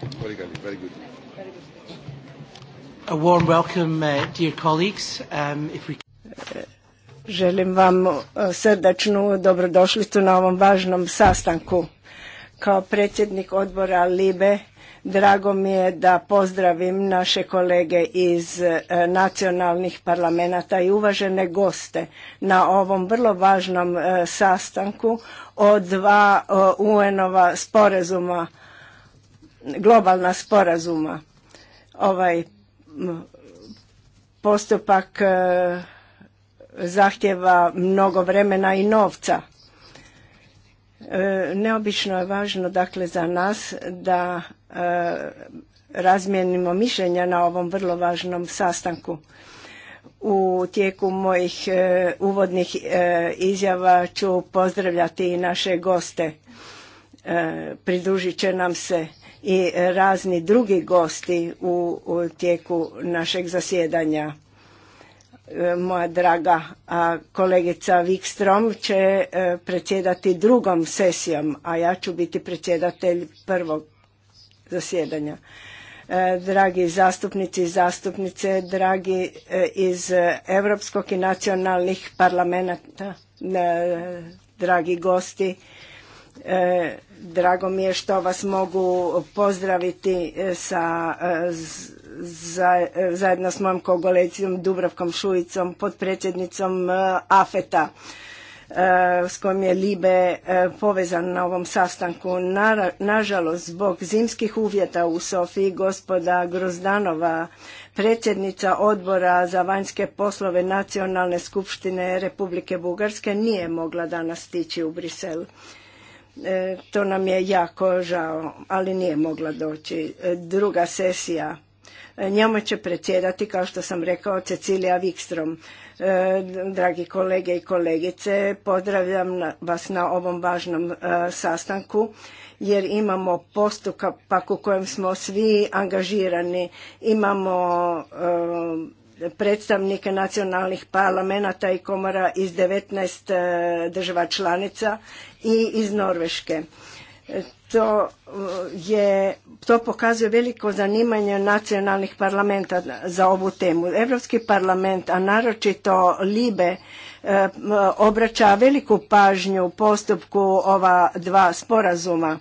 Very good. Želim vam uh, srdačnu dobrodošlicu na ovom važnom sastanku. Kao predsjednik odbora LIBE, drago mi je da pozdravim naše kolege iz uh, nacionalnih parlamenta i uvažene goste na ovom vrlo važnom uh, sastanku o dva UN-ova sporazuma globalna sporazuma. Ovaj postupak e, zahtjeva mnogo vremena i novca. E, neobično je važno dakle za nas da e, razmijenimo mišljenja na ovom vrlo važnom sastanku. U tijeku mojih uvodnih izjava ću pozdravljati i naše goste. pridružit će nam se i razni drugi gosti u, tijeku našeg zasjedanja. E, moja draga kolegica Wikstrom će e, predsjedati drugom sesijom, a ja ću biti predsjedatelj prvog zasjedanja. E, dragi zastupnici i zastupnice, dragi iz Europskog i nacionalnih parlamenta, dragi gosti, E, drago mi je što vas mogu pozdraviti e, sa, e, za, zajedno s mojom kolegicom Dubravkom Šuicom, potpredsjednicom AFETA s kojim je Libe povezan na ovom sastanku. nažalost, zbog zimskih uvjeta u Sofiji, gospoda Grozdanova, predsjednica odbora za vanjske poslove Nacionalne skupštine Republike Bugarske, nije mogla danas stići u Brisel. E, to nam je jako žao, ali nije mogla doći. E, druga sesija. E, njemu će predsjedati, kao što sam rekao, Cecilija Wikstrom. Dragi kolege i kolegice, pozdravljam vas na ovom važnom sastanku jer imamo postupak u kojem smo svi angažirani, imamo predstavnike nacionalnih parlamenata i komora iz 19 e, država članica i iz Norveške. E, to, e, je, to pokazuje veliko zanimanje nacionalnih parlamenta za ovu temu. Europski parlament, a naročito Libe, obraća veliku pažnju postupku ova dva sporazuma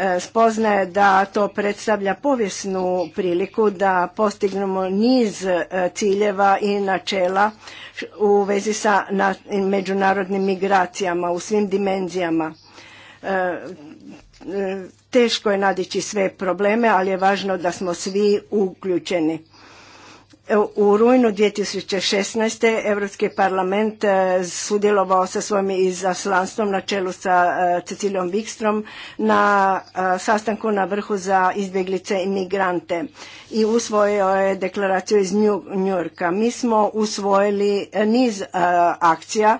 E, spoznaje da to predstavlja povijesnu priliku da postignemo niz e, ciljeva i načela u vezi sa međunarodnim migracijama u svim dimenzijama. E, teško je nadići sve probleme, ali je važno da smo svi uključeni. U rujnu 2016. Europski parlament e, sudjelovao sa svojim izaslanstvom na čelu sa e, Cecilijom Wikstrom na e, sastanku na vrhu za izbjeglice i migrante i usvojio je deklaraciju iz Njurka. Mi smo usvojili niz akcija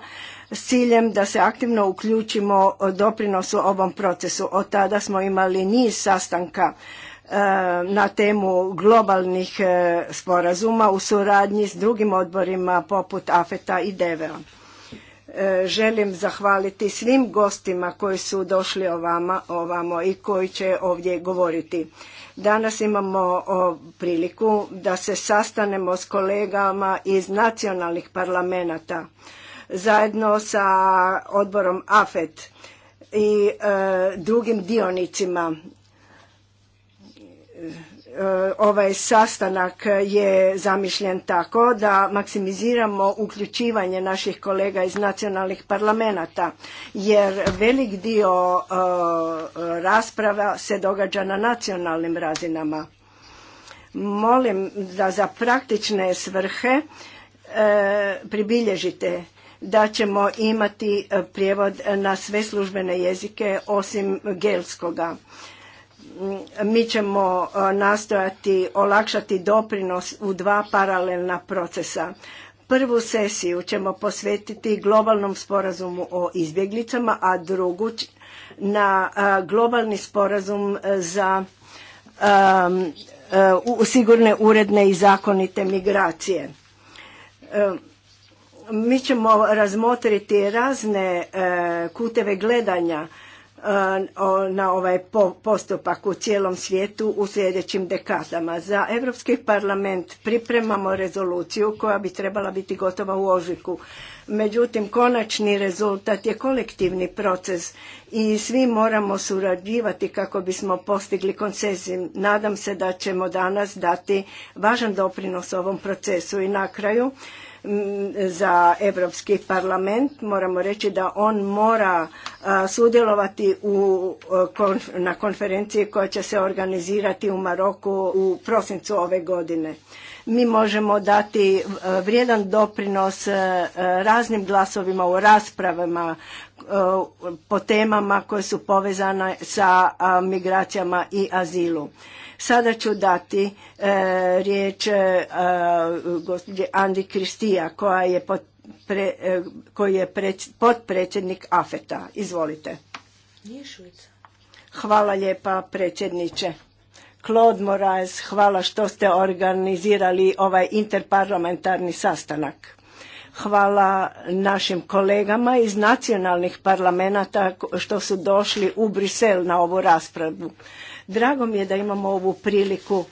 s ciljem da se aktivno uključimo doprinosu ovom procesu. Od tada smo imali niz sastanka E, na temu globalnih e, sporazuma u suradnji s drugim odborima poput AFETA i DEVEA. E, želim zahvaliti svim gostima koji su došli ovama, ovamo i koji će ovdje govoriti. Danas imamo priliku da se sastanemo s kolegama iz nacionalnih parlamenata zajedno sa odborom AFET i drugim dionicima Eh, ovaj sastanak je zamišljen tako da maksimiziramo uključivanje naših kolega iz nacionalnih parlamenata jer velik dio eh, rasprava se događa na nacionalnim razinama. Molim da za praktične svrhe eh, pribilježite da ćemo imati prijevod na sve službene jezike osim gelskoga. Mm, mi ćemo e, nastojati olakšati doprinos u dva paralelna procesa. Prvu sesiju ćemo posvetiti globalnom sporazumu o izbjeglicama, a drugu na e, globalni sporazum e, za sigurne, uredne i zakonite migracije. mi ćemo razmotriti razne kuteve gledanja na ovaj postupak u cijelom svijetu u sljedećim dekadama. Za Europski parlament pripremamo rezoluciju koja bi trebala biti gotova u ožiku. Međutim, konačni rezultat je kolektivni proces i svi moramo surađivati kako bismo postigli koncesiju. Nadam se da ćemo danas dati važan doprinos ovom procesu i na kraju za Europski parlament. Moramo reći da on mora sudjelovati u, na konferenciji koja će se organizirati u Maroku u prosincu ove godine. Mi možemo dati vrijedan doprinos raznim glasovima u raspravama po temama koje su povezane sa migracijama i azilu. Sada ću dati e, riječ e, gospođe Andi Kristija koja je pod e, koji je potpredsjednik AFETA. Izvolite. Hvala lijepa predsjedniče. Claude Moraes, hvala što ste organizirali ovaj interparlamentarni sastanak. Hvala našim kolegama iz nacionalnih parlamenta što su došli u Brisel na ovu raspravu. Drago mi je da imamo ovu priliku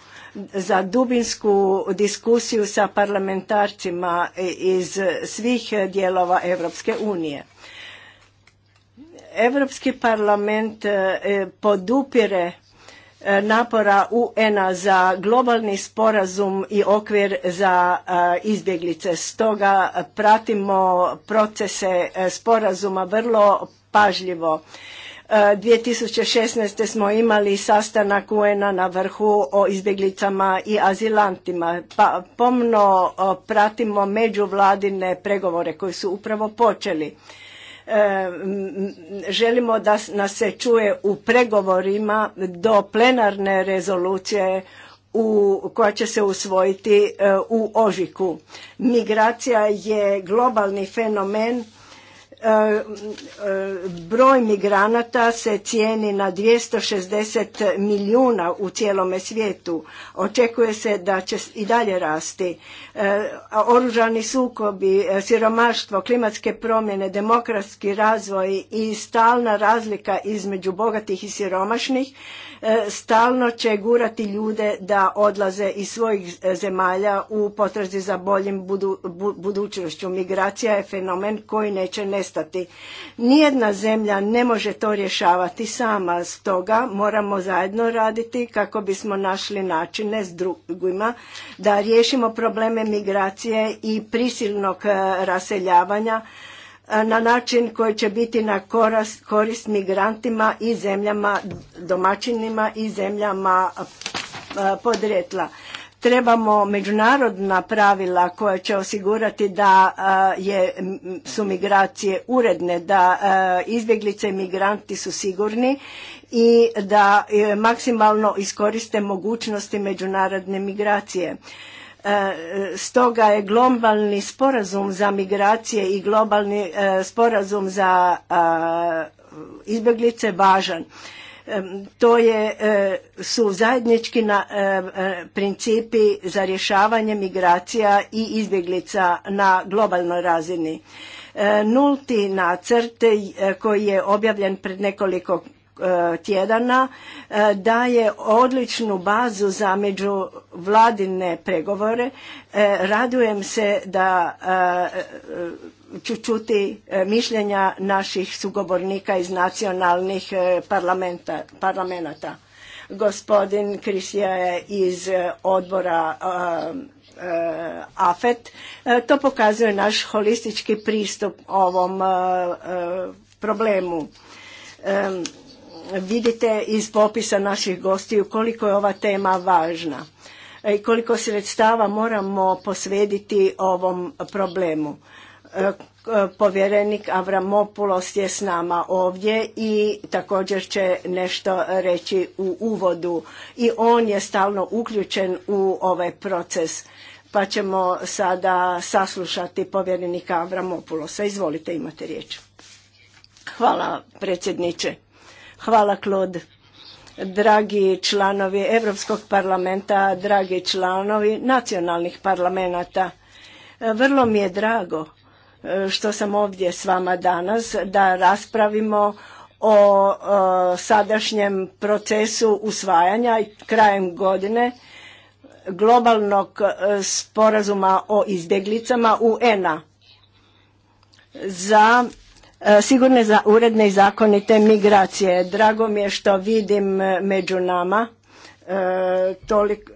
za dubinsku diskusiju sa parlamentarcima iz svih dijelova Europske unije. Europski parlament e, podupire e, napora UN-a za globalni sporazum i okvir za e, izbjeglice. Stoga pratimo procese sporazuma vrlo pažljivo 2016. smo imali sastanak UN-a na vrhu o izbjeglicama i azilantima. Pa pomno pratimo međuvladine pregovore koji su upravo počeli. E, želimo da nas se čuje u pregovorima do plenarne rezolucije u, koja će se usvojiti e, u ožiku. Migracija je globalni fenomen broj migranata se cijeni na 260 milijuna u cijelome svijetu. Očekuje se da će i dalje rasti. E, oružani sukobi, e, siromaštvo, klimatske promjene, demokratski razvoj i stalna razlika između bogatih i siromašnih E, stalno će gurati ljude da odlaze iz svojih zemalja u potrazi za boljim budu, budućnošću. Migracija je fenomen koji neće nestati. Nijedna zemlja ne može to rješavati sama, stoga moramo zajedno raditi kako bismo našli načine s drugima da riješimo probleme migracije i prisilnog e, raseljavanja na način koji će biti na korist migrantima i zemljama domaćinima i zemljama podrijetla. Trebamo međunarodna pravila koja će osigurati da je, su migracije uredne, da izbjeglice i migranti su sigurni i da e, maksimalno iskoriste mogućnosti međunarodne migracije. E, stoga je globalni sporazum za migracije i globalni e, sporazum za e, izbjeglice važan. To je, su zajednički na, principi za rješavanje migracija i izbjeglica na globalnoj razini. Nulti nacrt koji je objavljen pred nekoliko E, tjedana e, daje odličnu bazu za međuvladine pregovore. E, radujem se da ću čuti mišljenja naših sugovornika iz nacionalnih parlamenta, Gospodin Krisija je iz odbora AFET. To pokazuje naš holistički pristup ovom problemu vidite iz popisa naših gostiju koliko je ova tema važna e, i koliko sredstava moramo posvediti ovom problemu. E, povjerenik Avramopulos je s nama ovdje i također će nešto reći u uvodu i on je stalno uključen u ovaj proces. Pa ćemo sada saslušati povjerenika Avramopulosa. Izvolite, imate riječ. Hvala predsjedniče. Hvala Klod. Dragi članovi Europskog parlamenta, dragi članovi nacionalnih parlamenta, vrlo mi je drago e, što sam ovdje s vama danas da raspravimo o, e, sadašnjem procesu usvajanja krajem godine globalnog e, sporazuma o izbjeglicama UN-a za E, sigurne za uredne i zakonite migracije. Drago mi je što vidim e, među nama e, tolik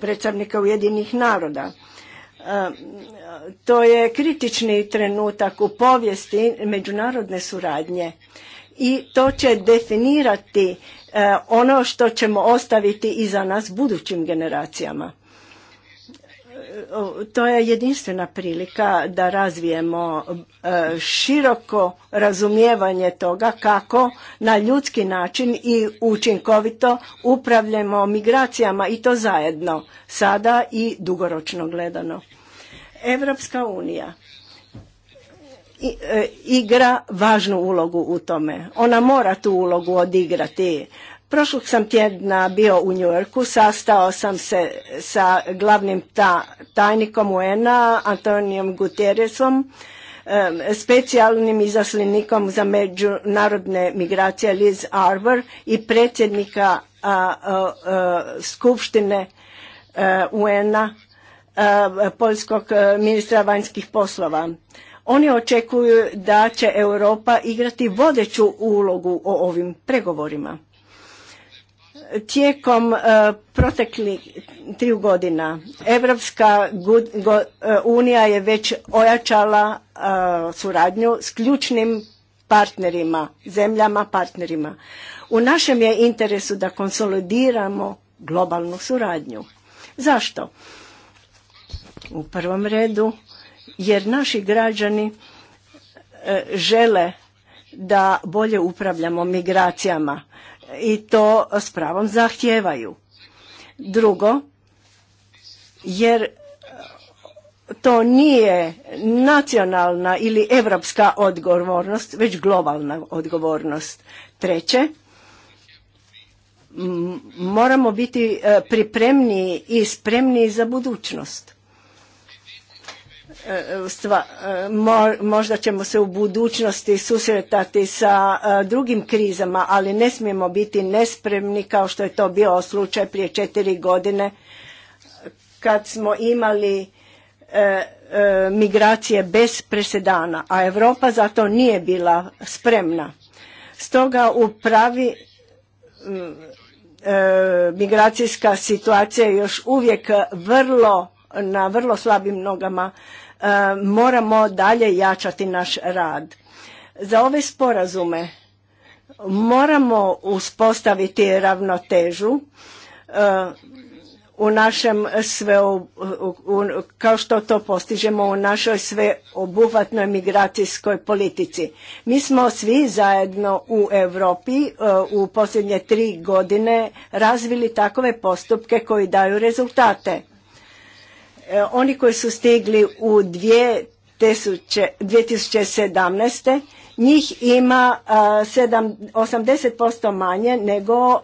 predstavnika Ujedinih naroda. To je kritični trenutak u povijesti međunarodne suradnje i to će definirati ono što ćemo ostaviti iza nas budućim generacijama to je jedinstvena prilika da razvijemo e, široko razumijevanje toga kako na ljudski način i učinkovito upravljamo migracijama i to zajedno, sada i dugoročno gledano. Evropska unija e, igra važnu ulogu u tome. Ona mora tu ulogu odigrati Prošlog sam tjedna bio u Njujorku, sastao sam se sa glavnim tajnikom UN-a, Antonijom Gutierrezom, specijalnim izaslenikom za međunarodne migracije Liz Arbor i predsjednika a, Skupštine e, UN-a, e, poljskog e, ministra vanjskih poslova. Oni očekuju da će Europa igrati vodeću ulogu o ovim pregovorima. Tijekom e, proteklih triju godina Evropska e, unija je već ojačala e, suradnju s ključnim partnerima, zemljama partnerima. U našem je interesu da konsolidiramo globalnu suradnju. Zašto? U prvom redu jer naši građani žele da bolje upravljamo migracijama i to s pravom zahtijevaju. Drugo, jer e, to nije nacionalna ili evropska odgovornost, već globalna odgovornost. Treće, moramo biti e, pripremni i spremni za budućnost možda ćemo se u budućnosti susretati sa e, drugim krizama, ali ne smijemo biti nespremni kao što je to bio slučaj prije četiri godine kad smo imali e, e, migracije bez presedana, a Europa zato nije bila spremna. Stoga u pravi migracijska situacija je još uvijek na vrlo slabim nogama E, moramo dalje jačati naš rad. Za ove sporazume moramo uspostaviti ravnotežu e, u našem sve kao što to postižemo u našoj sveobuhvatnoj migracijskoj politici. Mi smo svi zajedno u Europi e, u posljednje tri godine razvili takove postupke koji daju rezultate. E, oni koji su stigli u 2017. njih ima 80% e, manje nego e,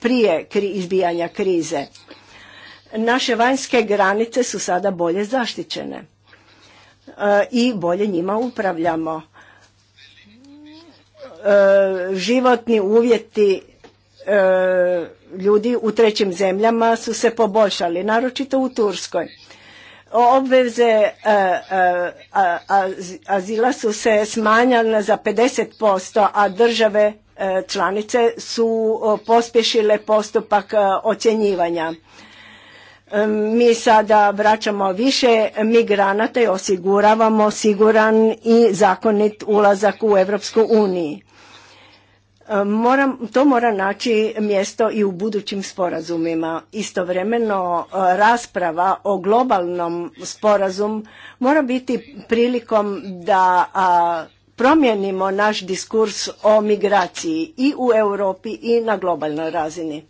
prije izbijanja krize. Naše vanjske granice su sada bolje zaštićene i bolje njima upravljamo. Životni uvjeti ljudi u trećim zemljama su se poboljšali, naročito u Turskoj. Obveze e, e, azila su se smanjile za 50%, a države e, članice su pospješile postupak ocjenjivanja. Mi sada vraćamo više migranata i osiguravamo siguran i zakonit ulazak u Europsku uniju to mora naći mjesto i u budućim sporazumima. Istovremeno e, rasprava o globalnom sporazumu mora biti prilikom da promijenimo naš diskurs o migraciji i u Europi i na globalnoj razini.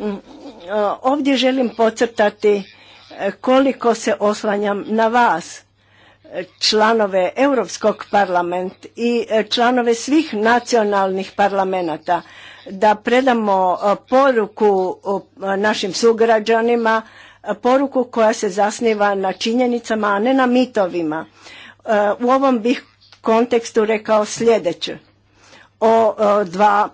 Mm, e, ovdje želim podcrtati e, koliko se oslanjam na vas članove Europskog parlamenta i e, članove svih nacionalnih parlamenta da predamo e, poruku e, našim sugrađanima, poruku koja se zasniva na činjenicama, a ne na mitovima. U ovom bih kontekstu rekao sljedeće o,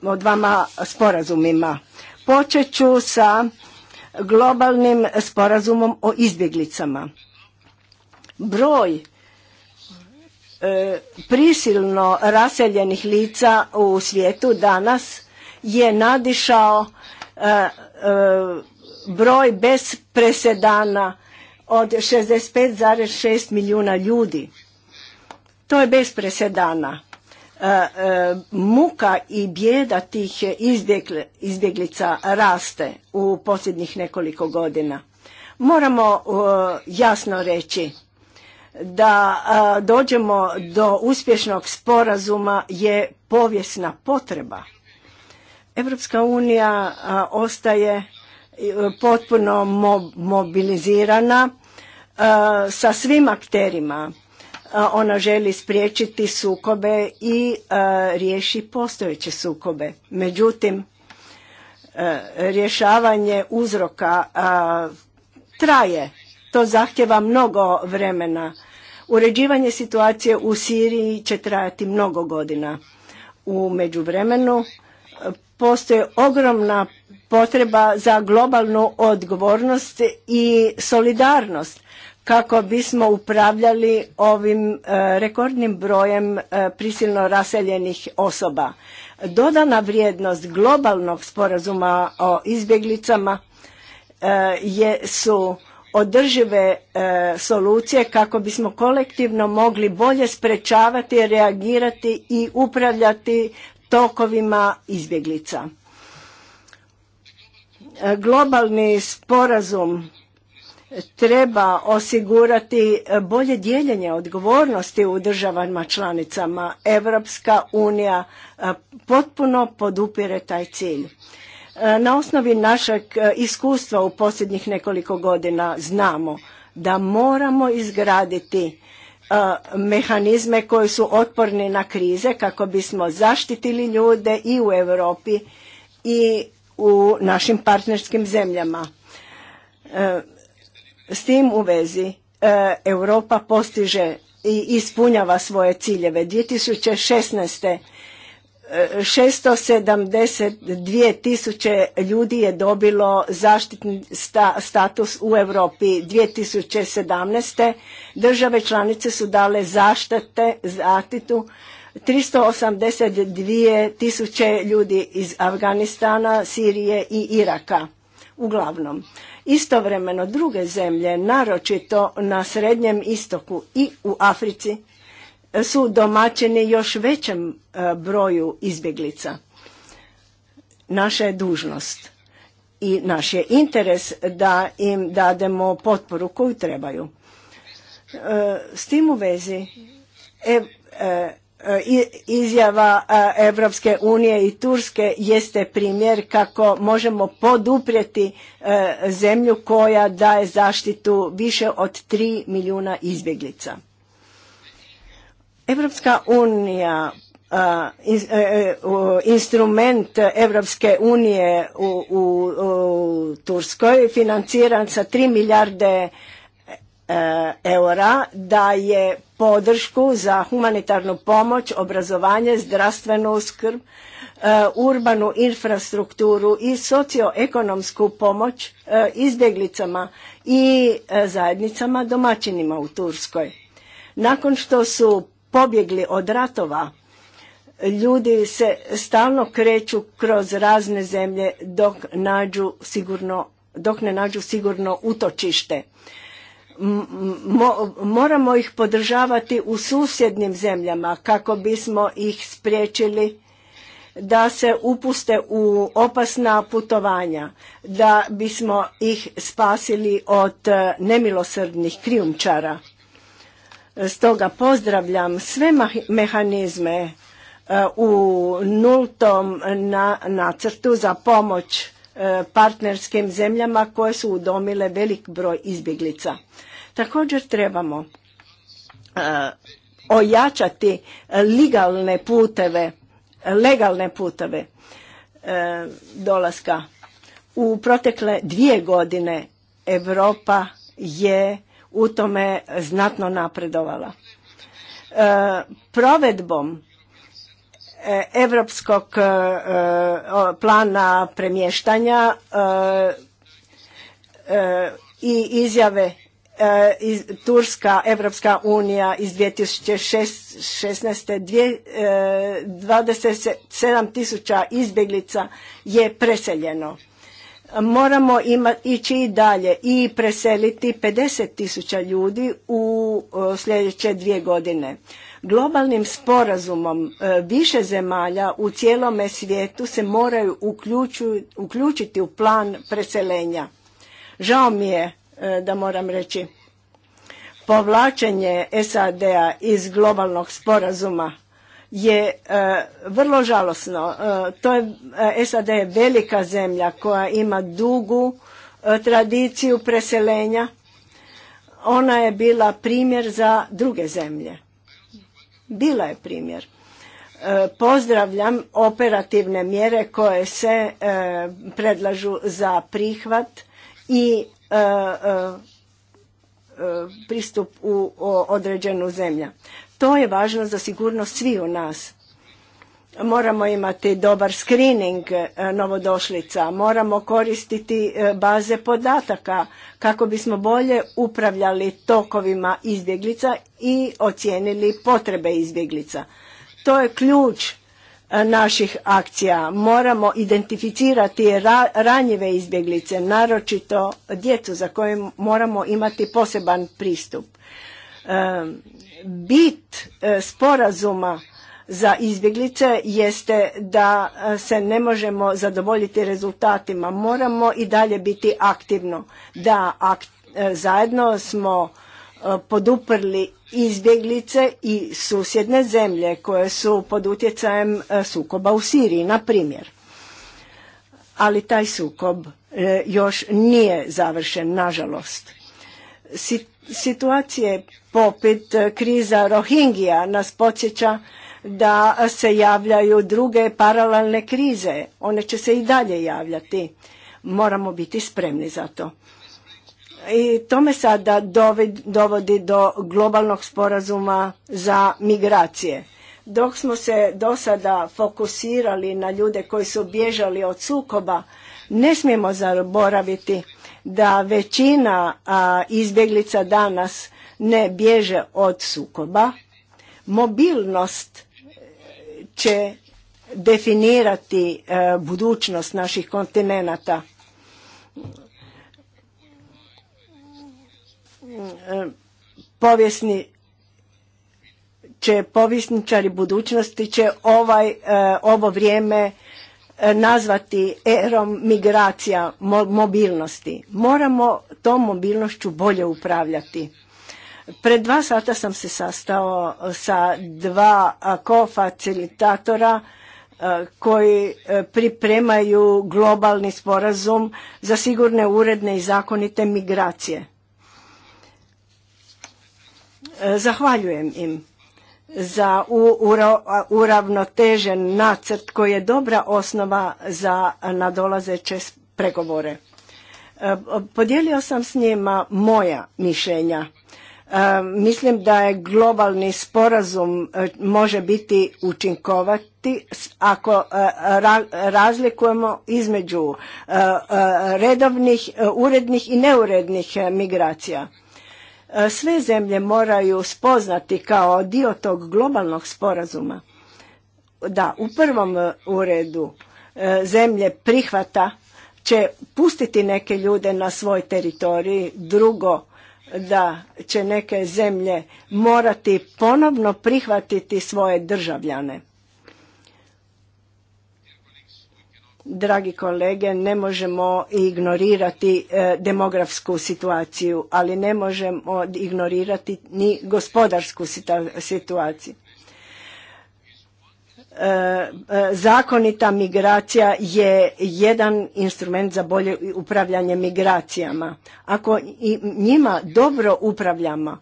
o dvama sporazumima. Počet ću sa globalnim sporazumom o izbjeglicama. Broj E, prisilno raseljenih lica u svijetu danas je nadišao e, e, broj bez presedana od 65,6 milijuna ljudi. To je bez presedana. Muka i bijeda tih izbjeglica raste u posljednjih nekoliko godina. Moramo jasno reći da dođemo do uspješnog sporazuma je povijesna potreba. Europska unija ostaje e, potpuno mobilizirana sa svim akterima. Ona želi spriječiti sukobe i riješi postojeće sukobe. Međutim, e, rješavanje uzroka traje. To zahtjeva mnogo vremena Uređivanje situacije u Siriji će trajati mnogo godina. U međuvremenu e, postoje ogromna potreba za globalnu odgovornost i solidarnost kako bismo upravljali ovim e, rekordnim brojem e, prisilno raseljenih osoba. Dodana vrijednost globalnog sporazuma o izbjeglicama je, su održive e, solucije kako bismo kolektivno mogli bolje sprečavati, reagirati i upravljati tokovima izbjeglica. E, globalni sporazum treba osigurati bolje dijeljenje odgovornosti u državama članicama. Evropska unija e, potpuno podupire taj cilj. E, na osnovi našeg e, iskustva u posljednjih nekoliko godina znamo da moramo izgraditi e, mehanizme koji su otporni na krize kako bismo zaštitili ljude i u Europi i u našim partnerskim zemljama. S tim u vezi Europa postiže i ispunjava svoje ciljeve. 2016. 672 tisuće ljudi je dobilo zaštitni status u Europi 2017. Države članice su dale zaštite, zaštitu 382 tisuće ljudi iz Afganistana, Sirije i Iraka uglavnom. Istovremeno druge zemlje, naročito na Srednjem istoku i u Africi, su domaćeni još većem e, broju izbjeglica. Naša je dužnost i naš je interes da im dademo potporu koju trebaju. E, s tim u vezi e, izjava Evropske unije i Turske jeste primjer kako možemo poduprijeti zemlju koja daje zaštitu više od 3 milijuna izbjeglica. Evropska unija e, e, instrument Evropske unije u, Turskoj financiran sa 3 milijarde e, eura daje podršku za humanitarnu pomoć, obrazovanje, zdravstvenu skrb, urbanu infrastrukturu i socioekonomsku pomoć izbjeglicama i zajednicama domaćinima u Turskoj. Nakon što su pobjegli od ratova. Ljudi se stalno kreću kroz razne zemlje dok, nađu sigurno, dok ne nađu sigurno utočište. moramo ih podržavati u susjednim zemljama kako bismo ih spriječili da se upuste u opasna putovanja, da bismo ih spasili od eh, nemilosrdnih krijumčara. Stoga pozdravljam sve mehanizme e, u nultom nacrtu za pomoć e, partnerskim zemljama koje su udomile velik broj izbjeglica. Također trebamo e, ojačati legalne puteve, legalne puteve dolaska. U protekle dvije godine Europa je u tome znatno napredovala. E, provedbom Europskog e, plana premještanja e, i izjave iz Turska, Evropska unija iz 2016. 27 tisuća izbjeglica je preseljeno moramo ima, ići i dalje i preseliti 50 tisuća ljudi u sljedeće dvije godine. Globalnim sporazumom e, više zemalja u cijelome svijetu se moraju uključiti u plan preselenja. Žao mi je e, da moram reći povlačenje SAD-a iz globalnog sporazuma je e, vrlo žalosno. E, to je, e, SAD je velika zemlja koja ima dugu tradiciju preselenja. Ona je bila primjer za druge zemlje. Bila je primjer. Pozdravljam operativne mjere koje se predlažu za prihvat i pristup u određenu zemlju. To je važno za sigurnost u nas. Moramo imati dobar screening e, novodošlica, moramo koristiti e, baze podataka kako bismo bolje upravljali tokovima izbjeglica i ocijenili potrebe izbjeglica. To je ključ e, naših akcija. Moramo identificirati ranjive izbjeglice, naročito djecu za koje moramo imati poseban pristup bit e, sporazuma za izbjeglice jeste da e, se ne možemo zadovoljiti rezultatima. Moramo i dalje biti aktivno. Da e, zajedno smo poduprli izbjeglice i susjedne zemlje koje su pod utjecajem sukoba u Siriji, na primjer. Ali taj sukob još nije završen, nažalost. Situacije poput e, kriza Rohingija nas podsjeća da se javljaju druge paralelne krize. One će se i dalje javljati. Moramo biti spremni za to. I to me sada dovodi do globalnog sporazuma za migracije. Dok smo se do sada fokusirali na ljude koji su bježali od sukoba, ne smijemo zaboraviti da većina izbjeglica danas ne bježe od sukoba. Mobilnost e, će definirati e, budućnost naših kontinenata. E, povjesni će povjesničari budućnosti će ovaj, ovo vrijeme nazvati erom migracija, mobilnosti. Moramo tom mobilnošću bolje upravljati. Pred dva sata sam se sastao e, sa dva kofacilitatora e, koji e, pripremaju globalni sporazum za sigurne, uredne i zakonite migracije. Zahvaljujem im za uravnotežen nacrt koji je dobra osnova za nadolazeće pregovore. E, podijelio sam s njima moja mišljenja. E, mislim da je globalni sporazum e, može biti učinkovati ako razlikujemo između redovnih, urednih i neurednih migracija sve zemlje moraju spoznati kao dio tog globalnog sporazuma. Da, u prvom e, uredu e, zemlje prihvata će pustiti neke ljude na svoj teritorij, drugo da će neke zemlje morati ponovno prihvatiti svoje državljane. Dragi kolege, ne možemo ignorirati e, demografsku situaciju, ali ne možemo ignorirati ni gospodarsku situaciju. E, e, zakonita migracija je jedan instrument za bolje upravljanje migracijama. Ako njima dobro upravljamo,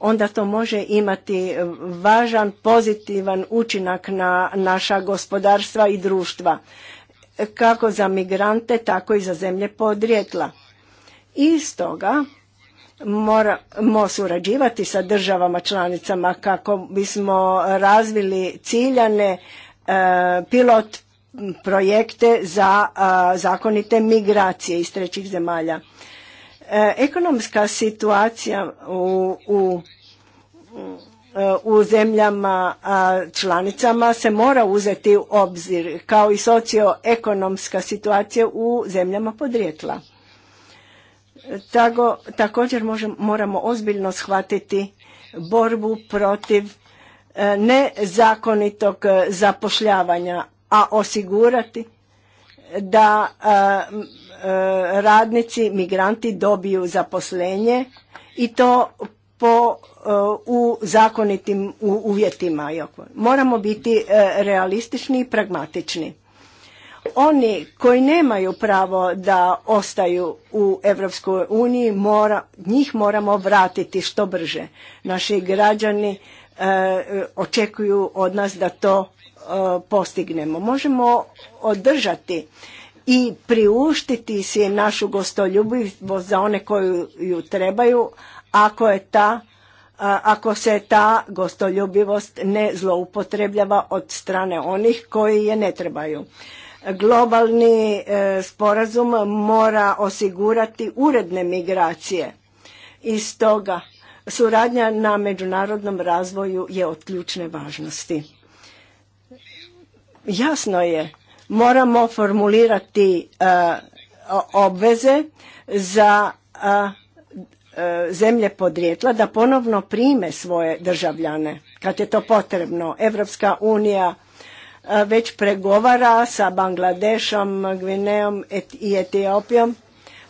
onda to može imati važan pozitivan učinak na naša gospodarstva i društva kako za migrante, tako i za zemlje podrijetla. I stoga moramo surađivati sa državama članicama kako bismo razvili ciljane e, pilot projekte za zakonite migracije iz trećih zemalja. E, ekonomska situacija u, u u zemljama članicama se mora uzeti u obzir kao i socioekonomska situacija u zemljama podrijetla. također moramo ozbiljno shvatiti borbu protiv e, nezakonitog e, zapošljavanja, a osigurati da e, radnici, migranti dobiju zaposlenje i to po u zakonitim uvjetima. Moramo biti e, realistični i pragmatični. Oni koji nemaju pravo da ostaju u Europskoj uniji, njih moramo vratiti što brže. Naši građani e, očekuju od nas da to e, postignemo. Možemo održati i priuštiti si našu gostoljubivost za one koju ju trebaju, ako je ta ako se ta gostoljubivost ne zloupotrebljava od strane onih koji je ne trebaju. Globalni e, sporazum mora osigurati uredne migracije i stoga suradnja na međunarodnom razvoju je od ključne važnosti. Jasno je, moramo formulirati e, obveze za e, E, zemlje podrijetla da ponovno prime svoje državljane kad je to potrebno. Evropska unija e, već pregovara sa Bangladešom, Gvinejom i Etiopijom.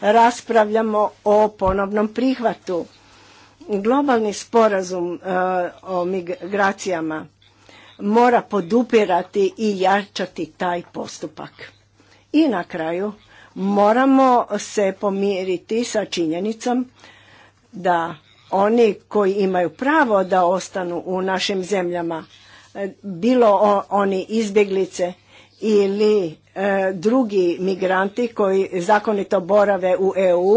Raspravljamo o ponovnom prihvatu. Globalni sporazum e, o migracijama mora podupirati i jačati taj postupak. I na kraju moramo se pomiriti sa činjenicom da oni koji imaju pravo da ostanu u našim zemljama, e, bilo oni izbjeglice ili e, drugi migranti koji zakonito borave u EU,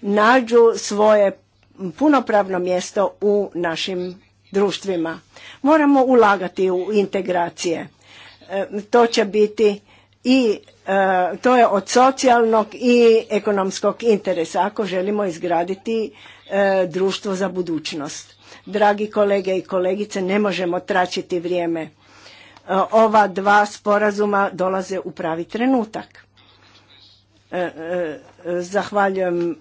nađu svoje punopravno mjesto u našim društvima. Moramo ulagati u integracije. E, to će biti i to je od socijalnog i ekonomskog interesa ako želimo izgraditi E, društvo za budućnost. Dragi kolege i kolegice, ne možemo tračiti vrijeme. E, ova dva sporazuma dolaze u pravi trenutak. E, zahvaljujem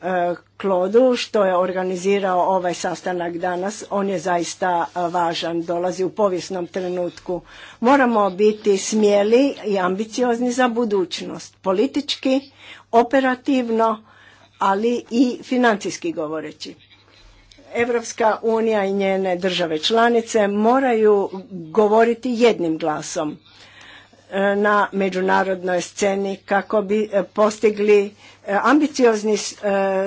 Klodu što je organizirao ovaj sastanak danas. On je zaista važan, dolazi u povijesnom trenutku. Moramo biti smjeli i ambiciozni za budućnost, politički, operativno, ali i financijski govoreći. Evropska unija i njene države članice moraju govoriti jednim glasom e, na međunarodnoj sceni kako bi e, postigli e, ambiciozni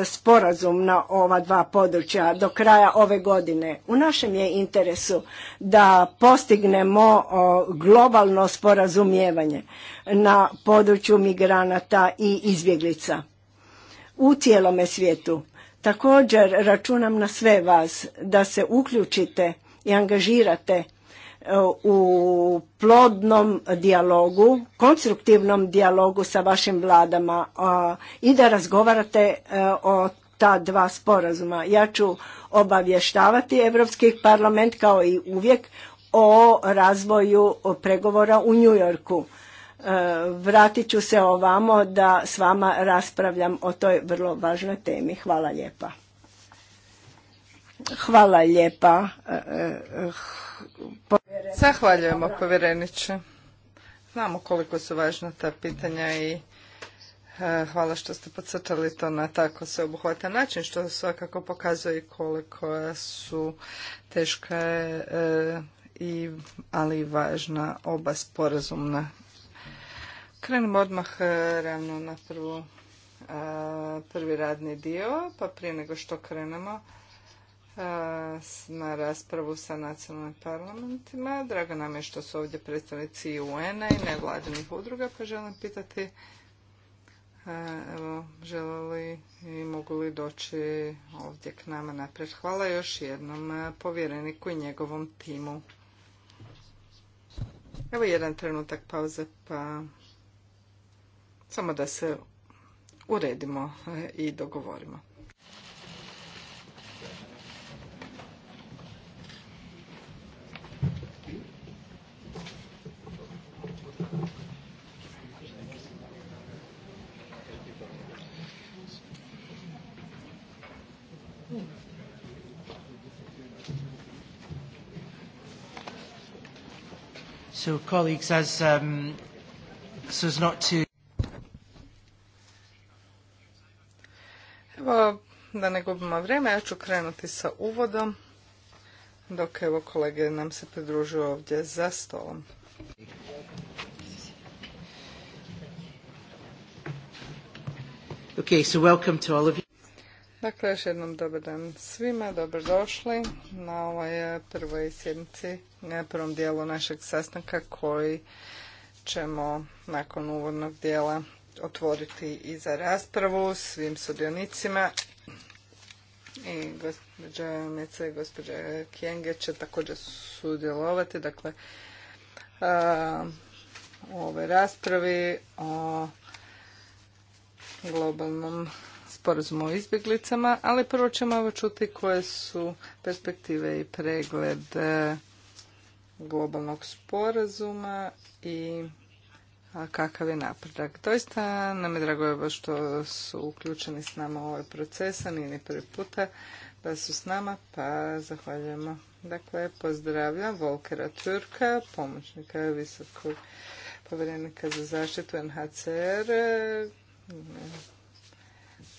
sporazum na ova dva područja do kraja ove godine. U našem je interesu da postignemo globalno sporazumijevanje na području migranata i izbjeglica u cijelome svijetu. Također računam na sve vas da se uključite i angažirate e, u plodnom dijalogu, konstruktivnom dijalogu sa vašim vladama i da razgovarate e, o ta dva sporazuma. Ja ću obavještavati Evropski parlament kao i uvijek o razvoju pregovora u Njujorku. E, vratit ću se ovamo da s vama raspravljam o toj vrlo važnoj temi. Hvala lijepa. Hvala lijepa. E, e, Zahvaljujemo povjereniče. Znamo koliko su važna ta pitanja i hvala što ste podcrtali to na tako sveobuhvatan način, što svakako pokazuje koliko su teška i ali važna oba sporazumna Krenemo odmah e, ravno na prvu, e, prvi radni dio, pa prije nego što krenemo e, na raspravu sa nacionalnim parlamentima. Drago nam je što su ovdje predstavnici UN-a i nevladinih udruga, pa želim pitati evo, žele li i mogu li doći ovdje k nama naprijed. Hvala još jednom povjereniku i njegovom timu. Evo jedan trenutak pauze pa samo da se uredimo e, i dogovorimo. So colleagues, as um, so as not to da ne gubimo vrijeme, ja ću krenuti sa uvodom, dok evo kolege nam se pridružuju ovdje za stolom. Okay, so welcome to all of you. Dakle, još jednom dobar dan svima, dobrodošli na ovoj eh, prvoj sjednici, na prvom dijelu našeg sastanka koji ćemo nakon uvodnog dijela otvoriti i za raspravu svim sudionicima. I gospođa Mece, i gospođa Kjenge će također sudjelovati dakle, u ovoj raspravi o globalnom sporazumu o izbjeglicama, ali prvo ćemo evo čuti koje su perspektive i pregled e, globalnog sporazuma i kakav je napredak. Doista nam je drago što su uključeni s nama u ovaj proces, a nije ni prvi puta da su s nama, pa zahvaljujemo. Dakle, pozdravljam Volkera Turka, pomoćnika visokog povjerenika za zaštitu NHCR,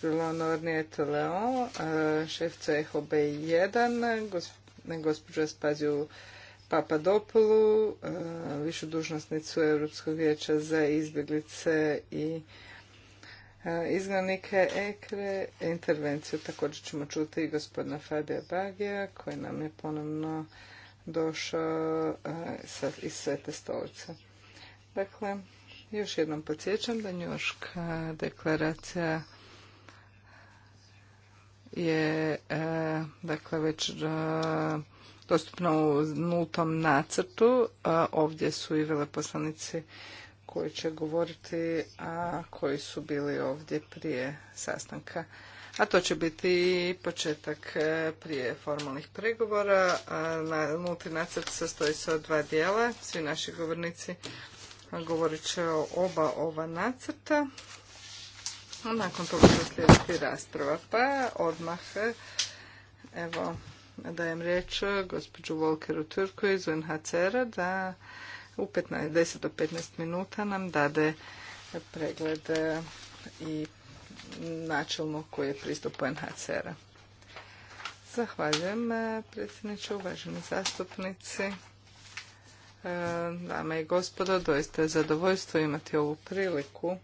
Leonor Nieto Leon, šef CHB1, gospođa Spaziju Papadopulu, eh, višu dužnosnicu Europskog vijeća za izbjeglice i eh, izgranike Ekre. Intervenciju također ćemo čuti i gospodina Fabija Bagija koji nam je ponovno došao eh, iz Svete stolice. Dakle, još jednom podsjećam da njuška deklaracija je dakle već dostupno u nultom nacrtu. Ovdje su i veleposlanici koji će govoriti, a koji su bili ovdje prije sastanka. A to će biti početak e, prije formalnih pregovora. Nulti nacrt sastoji se od dva dijela. Svi naši govornici govorit će o oba ova nacrta. Nakon toga će slijediti rasprava. Pa odmah, e, evo, dajem riječ eh, gospođu Volkeru Turku iz UNHCR-a da u 15, 10 do 15 minuta nam dade pregled eh, i načelno koji je pristup UNHCR-a. Zahvaljujem eh, predsjedniče, uvaženi zastupnici. Dame i gospodo, doista je zadovoljstvo imati ovu priliku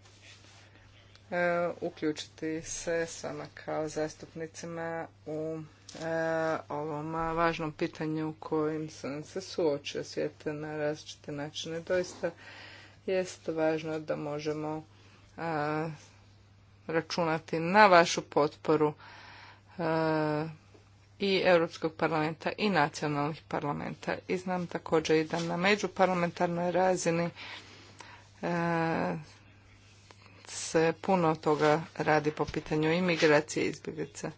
uključiti se s vama kao zastupnicima u E, ovom važnom pitanju kojim sam se suočio svijete na različite načine. Doista jest važno da možemo računati na vašu potporu e, i Europskog parlamenta i nacionalnih parlamenta. I znam također i da na međuparlamentarnoj razini e, se puno toga radi po pitanju imigracije i izbjeglica.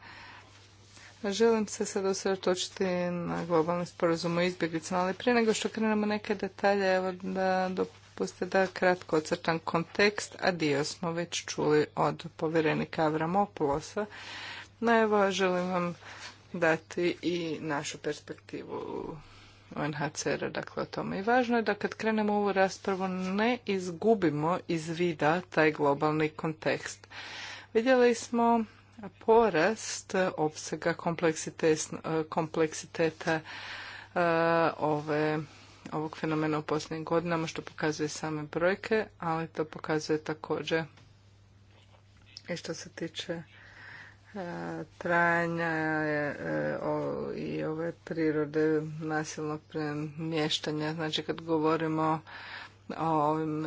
Želim se sad osvrtočiti na globalni sporazum o izbjeglicama, ali prije nego što krenemo neke detalje, evo da dopuste da kratko ocrtam kontekst, a dio smo već čuli od povjerenika Avramopulosa. No evo, želim vam dati i našu perspektivu UNHCR-a, dakle o tome. I važno je da kad krenemo u ovu raspravu ne izgubimo iz vida taj globalni kontekst. Vidjeli smo porast opsega kompleksiteta e, ove ovog fenomena u posljednjim godinama, što pokazuje same brojke, ali to pokazuje također i što se tiče e, trajanja e, i ove prirode nasilnog premještanja. Znači kad govorimo o ovim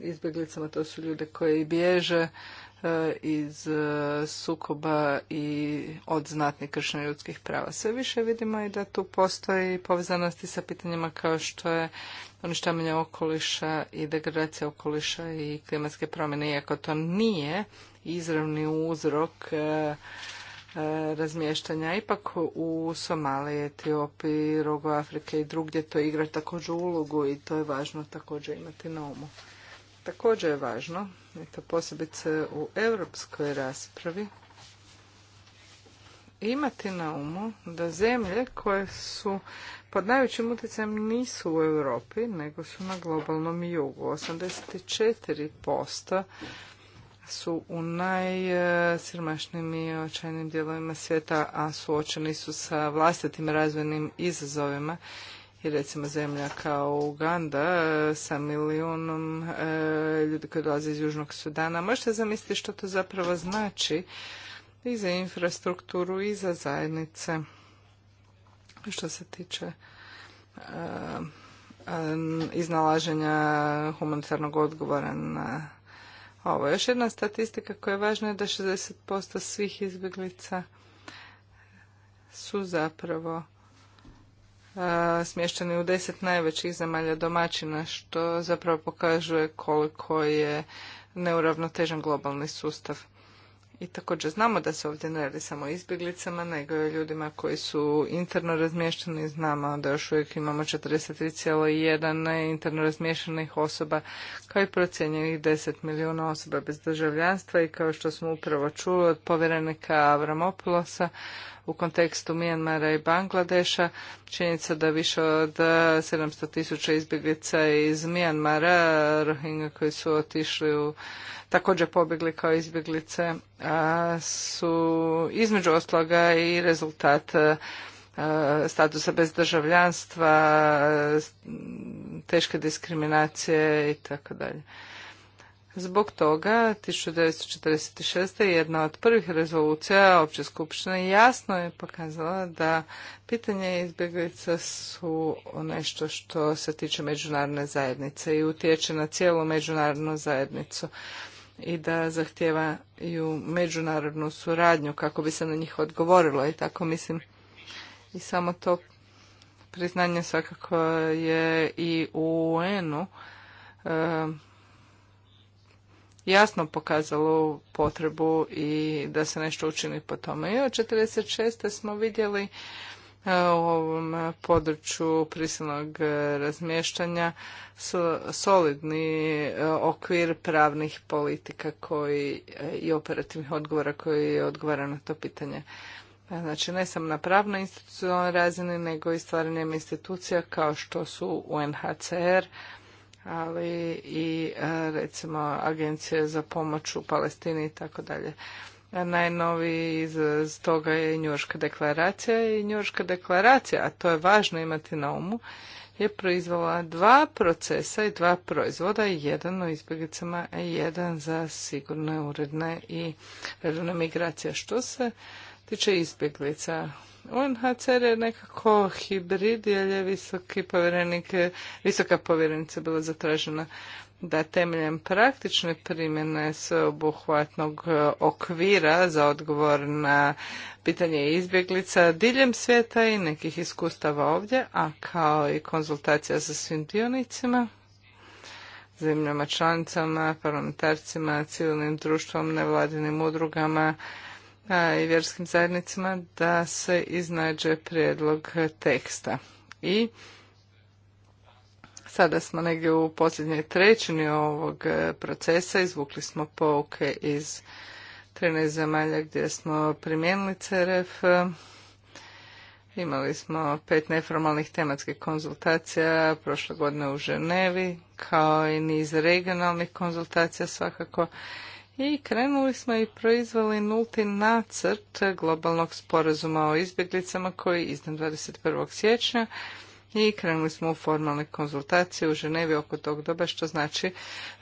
izbjeglicama, to su ljude koji bježe E, iz e, sukoba i od znatnih kršenja ljudskih prava. Sve više vidimo i da tu postoji povezanosti sa pitanjima kao što je uništavanje okoliša i degradacija okoliša i klimatske promjene, iako to nije izravni uzrok e, razmještanja. Ipak u Somaliji, Etiopiji, Rogu Afrike i drugdje to igra također ulogu i to je važno također imati na umu. Također je važno to posebice u europskoj raspravi, imati na umu da zemlje koje su pod najvećim utjecajem nisu u Europi, nego su na globalnom jugu. 84% su u najsiromašnijim i očajnim dijelovima svijeta, a suočeni su sa vlastitim razvojnim izazovima i recimo zemlja kao Uganda sa milijunom eh, ljudi koji dolaze iz Južnog Sudana. Možete zamisliti što to zapravo znači i za infrastrukturu i za zajednice što se tiče eh, eh, iznalaženja humanitarnog odgovora na ovo. Još jedna statistika koja je važna je da 60% svih izbjeglica su zapravo smješteni u deset najvećih zemalja domaćina, što zapravo pokazuje koliko je neuravnotežen globalni sustav. I također znamo da se ovdje ne radi samo o izbjeglicama, nego i o ljudima koji su interno razmješteni. Znamo da još uvijek imamo 43,1 interno razmještenih osoba, kao i procjenjenih 10 milijuna osoba bez državljanstva i kao što smo upravo čuli od povjerenika Avramopulosa, u kontekstu Mijanmara i Bangladeša. Činjenica da više od 700 tisuća izbjeglica iz Mijanmara, Rohingya koji su otišli u također pobjegli kao izbjeglice, su između ostaloga i rezultat statusa bez državljanstva, teške diskriminacije i tako dalje. Zbog toga 1946. jedna od prvih rezolucija Opće skupštine jasno je pokazala da pitanje izbjeglica su nešto što se tiče međunarodne zajednice i utječe na cijelu međunarodnu zajednicu i da zahtijevaju međunarodnu suradnju kako bi se na njih odgovorilo i tako mislim i samo to priznanje svakako je i u UN-u jasno pokazalo potrebu i da se nešto učini po tome. I od 1946. smo vidjeli e, u ovom području prisilnog razmještanja solidni e, okvir pravnih politika koji e, i operativnih odgovora koji je odgovara na to pitanje. Znači ne samo na pravnoj institucionalnoj razini, nego i stvaranjem institucija kao što su UNHCR, ali i e, recimo agencije za pomoć u Palestini i tako dalje. Najnoviji iz toga je Njurška deklaracija i Njurška deklaracija, a to je važno imati na umu, je proizvala dva procesa i dva proizvoda, jedan o izbjeglicama, i jedan za sigurne, uredne i redovne migracije. Što se tiče izbjeglica, UNHCR je nekako hibrid jer je visoki povjerenik, visoka povjerenica bila zatražena da temeljem praktične primjene sveobuhvatnog e, okvira za odgovor na pitanje izbjeglica diljem svijeta i nekih iskustava ovdje, a kao i konzultacija sa svim dionicima, zemljama članicama, parlamentarcima, civilnim društvom, nevladinim udrugama, i vjerskim zajednicama da se iznađe prijedlog teksta. I sada smo negdje u posljednjoj trećini ovog e, procesa, izvukli smo pouke iz 13 zemalja gdje smo primijenili CRF, Imali smo pet neformalnih tematskih konzultacija prošle godine u Ženevi, kao i niz regionalnih konzultacija svakako i krenuli smo i proizvali nulti nacrt globalnog sporazuma o izbjeglicama koji je izdan 21. siječnja i krenuli smo u formalne konzultacije u Ženevi oko tog doba, što znači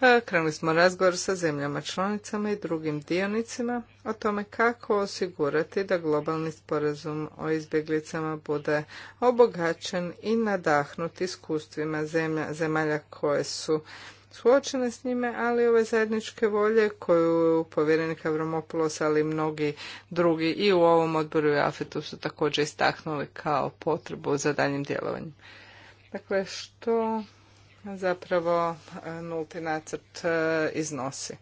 e, krenuli smo razgovor sa zemljama članicama i drugim dionicima o tome kako osigurati da globalni sporazum o izbjeglicama bude obogaćen i nadahnut iskustvima zemlja, zemalja koje su suočene s njime, ali ove zajedničke volje koju povjerenik Avramopoulos, ali i mnogi drugi i u ovom odboru i AFETU su također istaknuli kao potrebu za daljnjim djelovanjem. Dakle, što zapravo e, nulti nacrt e, iznosi.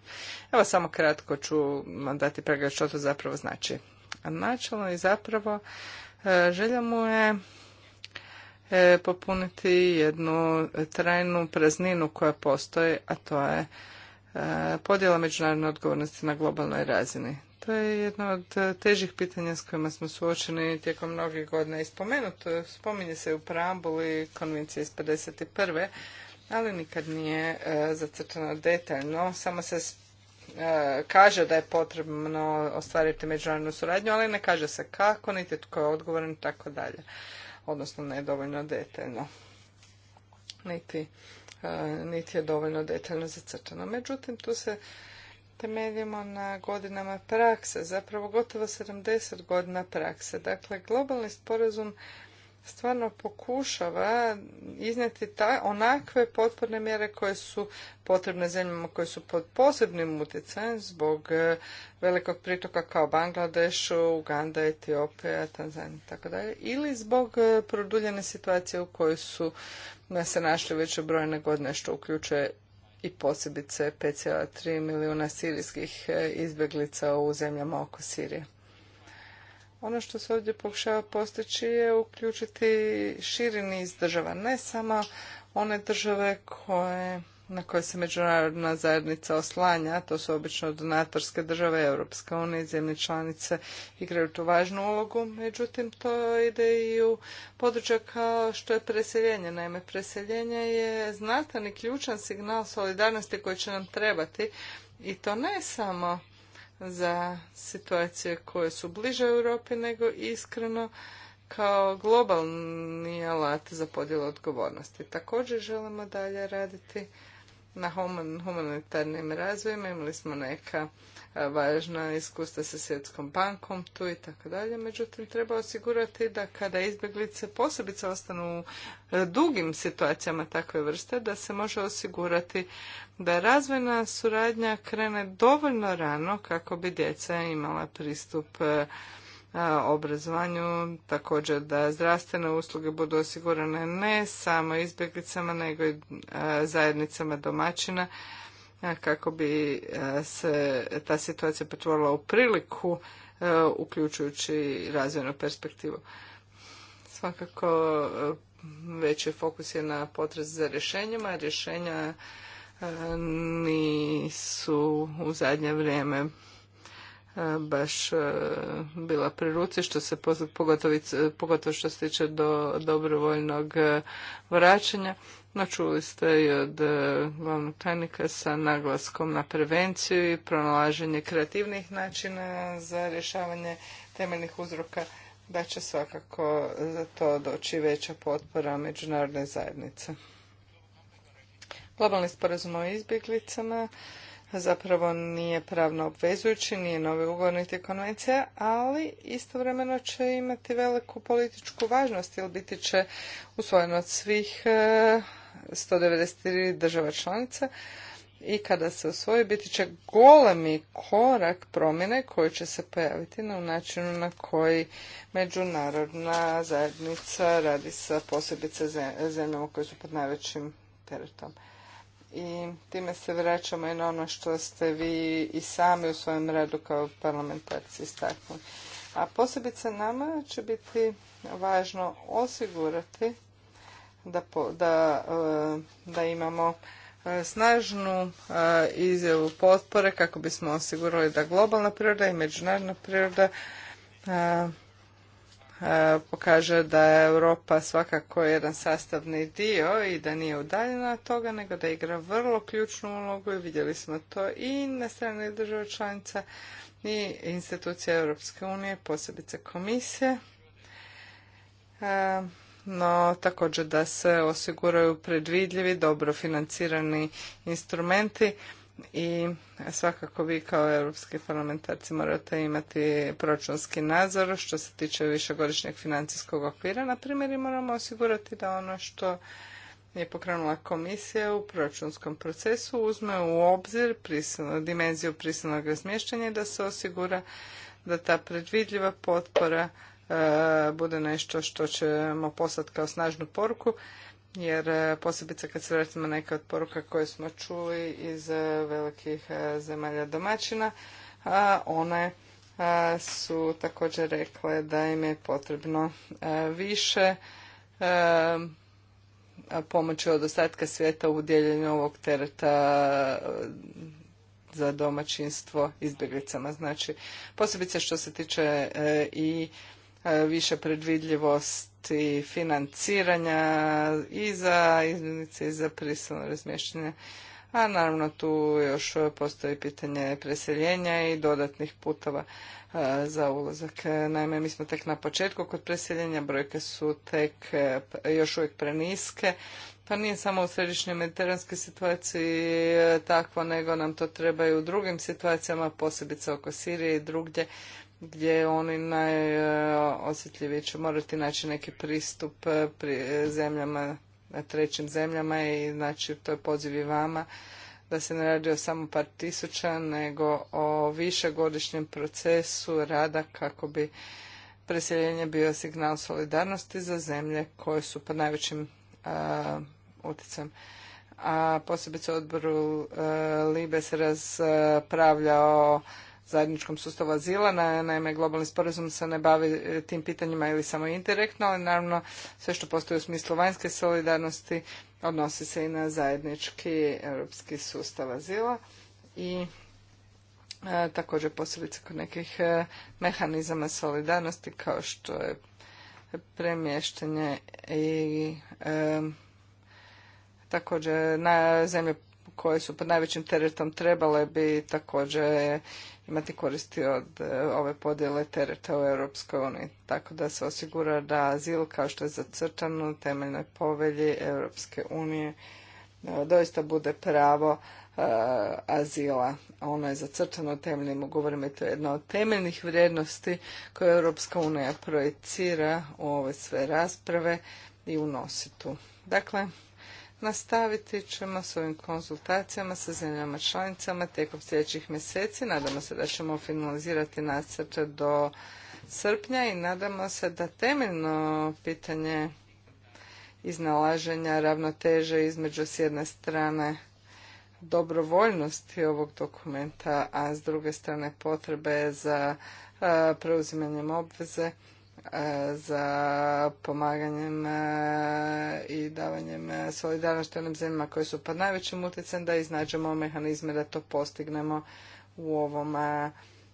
Evo samo kratko ću dati pregled što to zapravo znači. Načelno i zapravo e, želja mu je E, popuniti jednu trajnu prazninu koja postoji, a to je e, podjela međunarodne odgovornosti na globalnoj razini. To je jedno od težih pitanja s kojima smo suočeni tijekom mnogih godina i spomenuto. Spominje se u preambuli konvencije iz 51. ali nikad nije e, zacrtano detaljno. Samo se kaže da je potrebno ostvariti međunarodnu suradnju, ali ne kaže se kako, niti tko je odgovoran i tako dalje odnosno ne dovoljno detaljno. Niti, e, niti je dovoljno detaljno zacrtano. Međutim, tu se temeljimo na godinama prakse, zapravo gotovo 70 godina prakse. Dakle, globalni sporazum stvarno pokušava iznijeti onakve potporne mjere koje su potrebne zemljama koje su pod posebnim utjecajem zbog e, velikog pritoka kao Bangladešu, Uganda, Etiopija, Tanzanija i tako dalje, ili zbog e, produljene situacije u kojoj su e, se našli već brojne godine što uključuje i posebice 5,3 milijuna sirijskih izbjeglica u zemljama oko Sirije. Ono što se ovdje pokušava postići je uključiti širi niz država, ne samo one države koje, na koje se međunarodna zajednica oslanja, to su obično donatorske države, Europske i zemlje članice igraju tu važnu ulogu, međutim to ide i u područja kao što je preseljenje. Naime, preseljenje je znatan i ključan signal solidarnosti koji će nam trebati i to ne samo za situacije koje su bliže Europi nego iskreno kao globalni alat za podjelu odgovornosti. Također želimo dalje raditi na humanitarnim razvojima, imali smo neka važna iskustva sa svjetskom bankom tu i tako dalje. Međutim, treba osigurati da kada izbjeglice posebice ostanu u dugim situacijama takve vrste, da se može osigurati da razvojna suradnja krene dovoljno rano kako bi djeca imala pristup obrazovanju, također da zdravstvene usluge budu osigurane ne samo izbjeglicama nego i zajednicama domaćina kako bi se ta situacija pretvorila u priliku uključujući razvojnu perspektivu. Svakako veći fokus je na potres za rješenjima. Rješenja nisu u zadnje vrijeme baš bila pri ruci, što se pogotovo, što se tiče do dobrovoljnog vraćanja. No, čuli ste i od glavnog tajnika sa naglaskom na prevenciju i pronalaženje kreativnih načina za rješavanje temeljnih uzroka da će svakako za to doći veća potpora međunarodne zajednice. Globalni sporazum o izbjeglicama zapravo nije pravno obvezujući, nije nove ugovor niti konvencija, ali istovremeno će imati veliku političku važnost jer biti će usvojeno od svih 193 e, država članica i kada se usvoji biti će golemi korak promjene koji će se pojaviti na načinu na koji međunarodna zajednica radi sa posebice zemljama koje su pod najvećim teretom i time se vraćamo i na ono što ste vi i sami u svojem radu kao parlamentarci istaknuli. A posebice nama će biti važno osigurati da, da, e, da imamo e, snažnu e, izjavu potpore kako bismo osigurali da globalna priroda i međunarodna priroda E, pokaže da je Europa svakako jedan sastavni dio i da nije udaljena od toga, nego da igra vrlo ključnu ulogu i vidjeli smo to i na strani država članica i institucija Europske unije, posebice komisije. E, no, također da se osiguraju predvidljivi, dobro financirani instrumenti i svakako vi kao europski parlamentarci morate imati proračunski nadzor što se tiče višegodišnjeg financijskog okvira. Na primjer, moramo osigurati da ono što je pokrenula komisija u proračunskom procesu uzme u obzir prisilno, dimenziju prisilnog razmještanja i da se osigura da ta predvidljiva potpora e, bude nešto što ćemo poslati kao snažnu poruku jer e, posebice kad se vratimo neke od poruka koje smo čuli iz e, velikih e, zemalja domaćina, one su također rekle da im je potrebno više pomoći od ostatka svijeta u udjeljenju ovog tereta za domaćinstvo izbjeglicama. Znači, posebice što se tiče i E, više predvidljivosti financiranja i za izmjenice i za prisilno razmješćenje. A naravno tu još postoji pitanje preseljenja i dodatnih putova e, za ulazak. E, naime, mi smo tek na početku kod preseljenja, brojke su tek još uvijek preniske, pa nije samo u središnjoj mediteranskoj situaciji takvo, nego nam to treba i u drugim situacijama, posebice oko Sirije i drugdje, gdje oni najosjetljiviji će morati naći neki pristup e, pri e, zemljama, trećim zemljama i znači to je poziv i vama da se ne radi o samo par tisuća, nego o višegodišnjem procesu rada kako bi preseljenje bio signal solidarnosti za zemlje koje su pod najvećim e, utjecajem. A posebice odboru Libe se raspravlja o zajedničkom sustavu azila. naime, globalni sporazum se ne bavi e, tim pitanjima ili samo indirektno, ali naravno sve što postoji u smislu vanjske solidarnosti odnosi se i na zajednički europski sustav azila i e, također posljedice kod nekih e, mehanizama solidarnosti kao što je premještanje i također na zemlje koje su pod najvećim teretom trebale bi također imati koristi od e, ove podjele tereta u Europskoj uniji. Tako da se osigura da azil, kao što je zacrtano u temeljnoj povelji Europske unije, e, doista bude pravo e, azila. Ono je zacrtano temeljnim ugovorima i to je jedna od temeljnih vrijednosti koje Europska unija projicira u ove sve rasprave i unosi tu. Dakle, Nastaviti ćemo s ovim konzultacijama sa zemljama članicama tijekom sljedećih mjeseci. Nadamo se da ćemo finalizirati nacrt do srpnja i nadamo se da temeljno pitanje iznalaženja ravnoteže između s jedne strane dobrovoljnosti ovog dokumenta, a s druge strane potrebe za preuzimanjem obveze za pomaganjem e, i davanjem solidarnosti onim zemljama koje su pod najvećim utjecajem da iznađemo mehanizme da to postignemo u ovom e,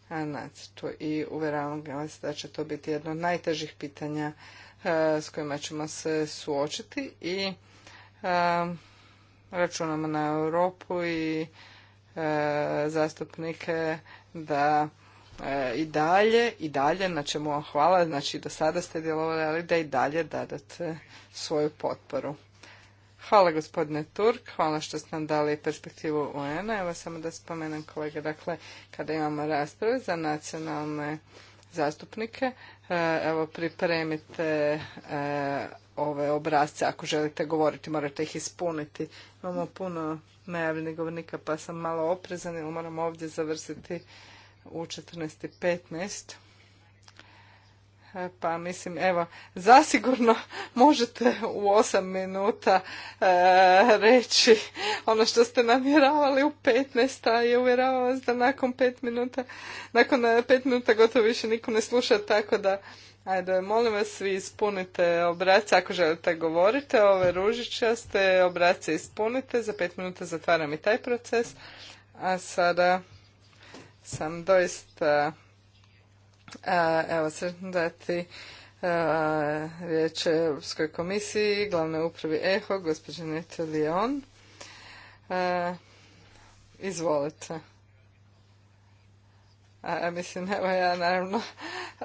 nacrtu. I uvjeravam se da će to biti jedno od najtežih pitanja e, s kojima ćemo se suočiti i računamo na Europu i zastupnike da E, i dalje, i dalje, na znači, čemu vam hvala, znači do sada ste djelovali, ali da i dalje dadate svoju potporu. Hvala gospodine Turk, hvala što ste nam dali perspektivu UN-a. Evo samo da spomenem kolege, dakle, kada imamo rasprave za nacionalne zastupnike, e, evo pripremite e, ove obrazce ako želite govoriti, morate ih ispuniti. Imamo puno najavljenih govornika pa sam malo oprezan jer moram ovdje završiti u 14.15. E, pa mislim, evo, zasigurno možete u 8 minuta e, reći ono što ste namjeravali u 15, a je uvjeravam vas da nakon 5 minuta, nakon 5 e, minuta gotovo više niko ne sluša, tako da Ajde, molim vas, vi ispunite obrace, ako želite govorite, ove ružičaste obrace ispunite, za pet minuta zatvaram i taj proces, a sada sam doista evo sretno dati riječ Europskoj komisiji, glavnoj upravi EHO, gospođe Nete Lijon. Izvolite. A, mislim, evo ja naravno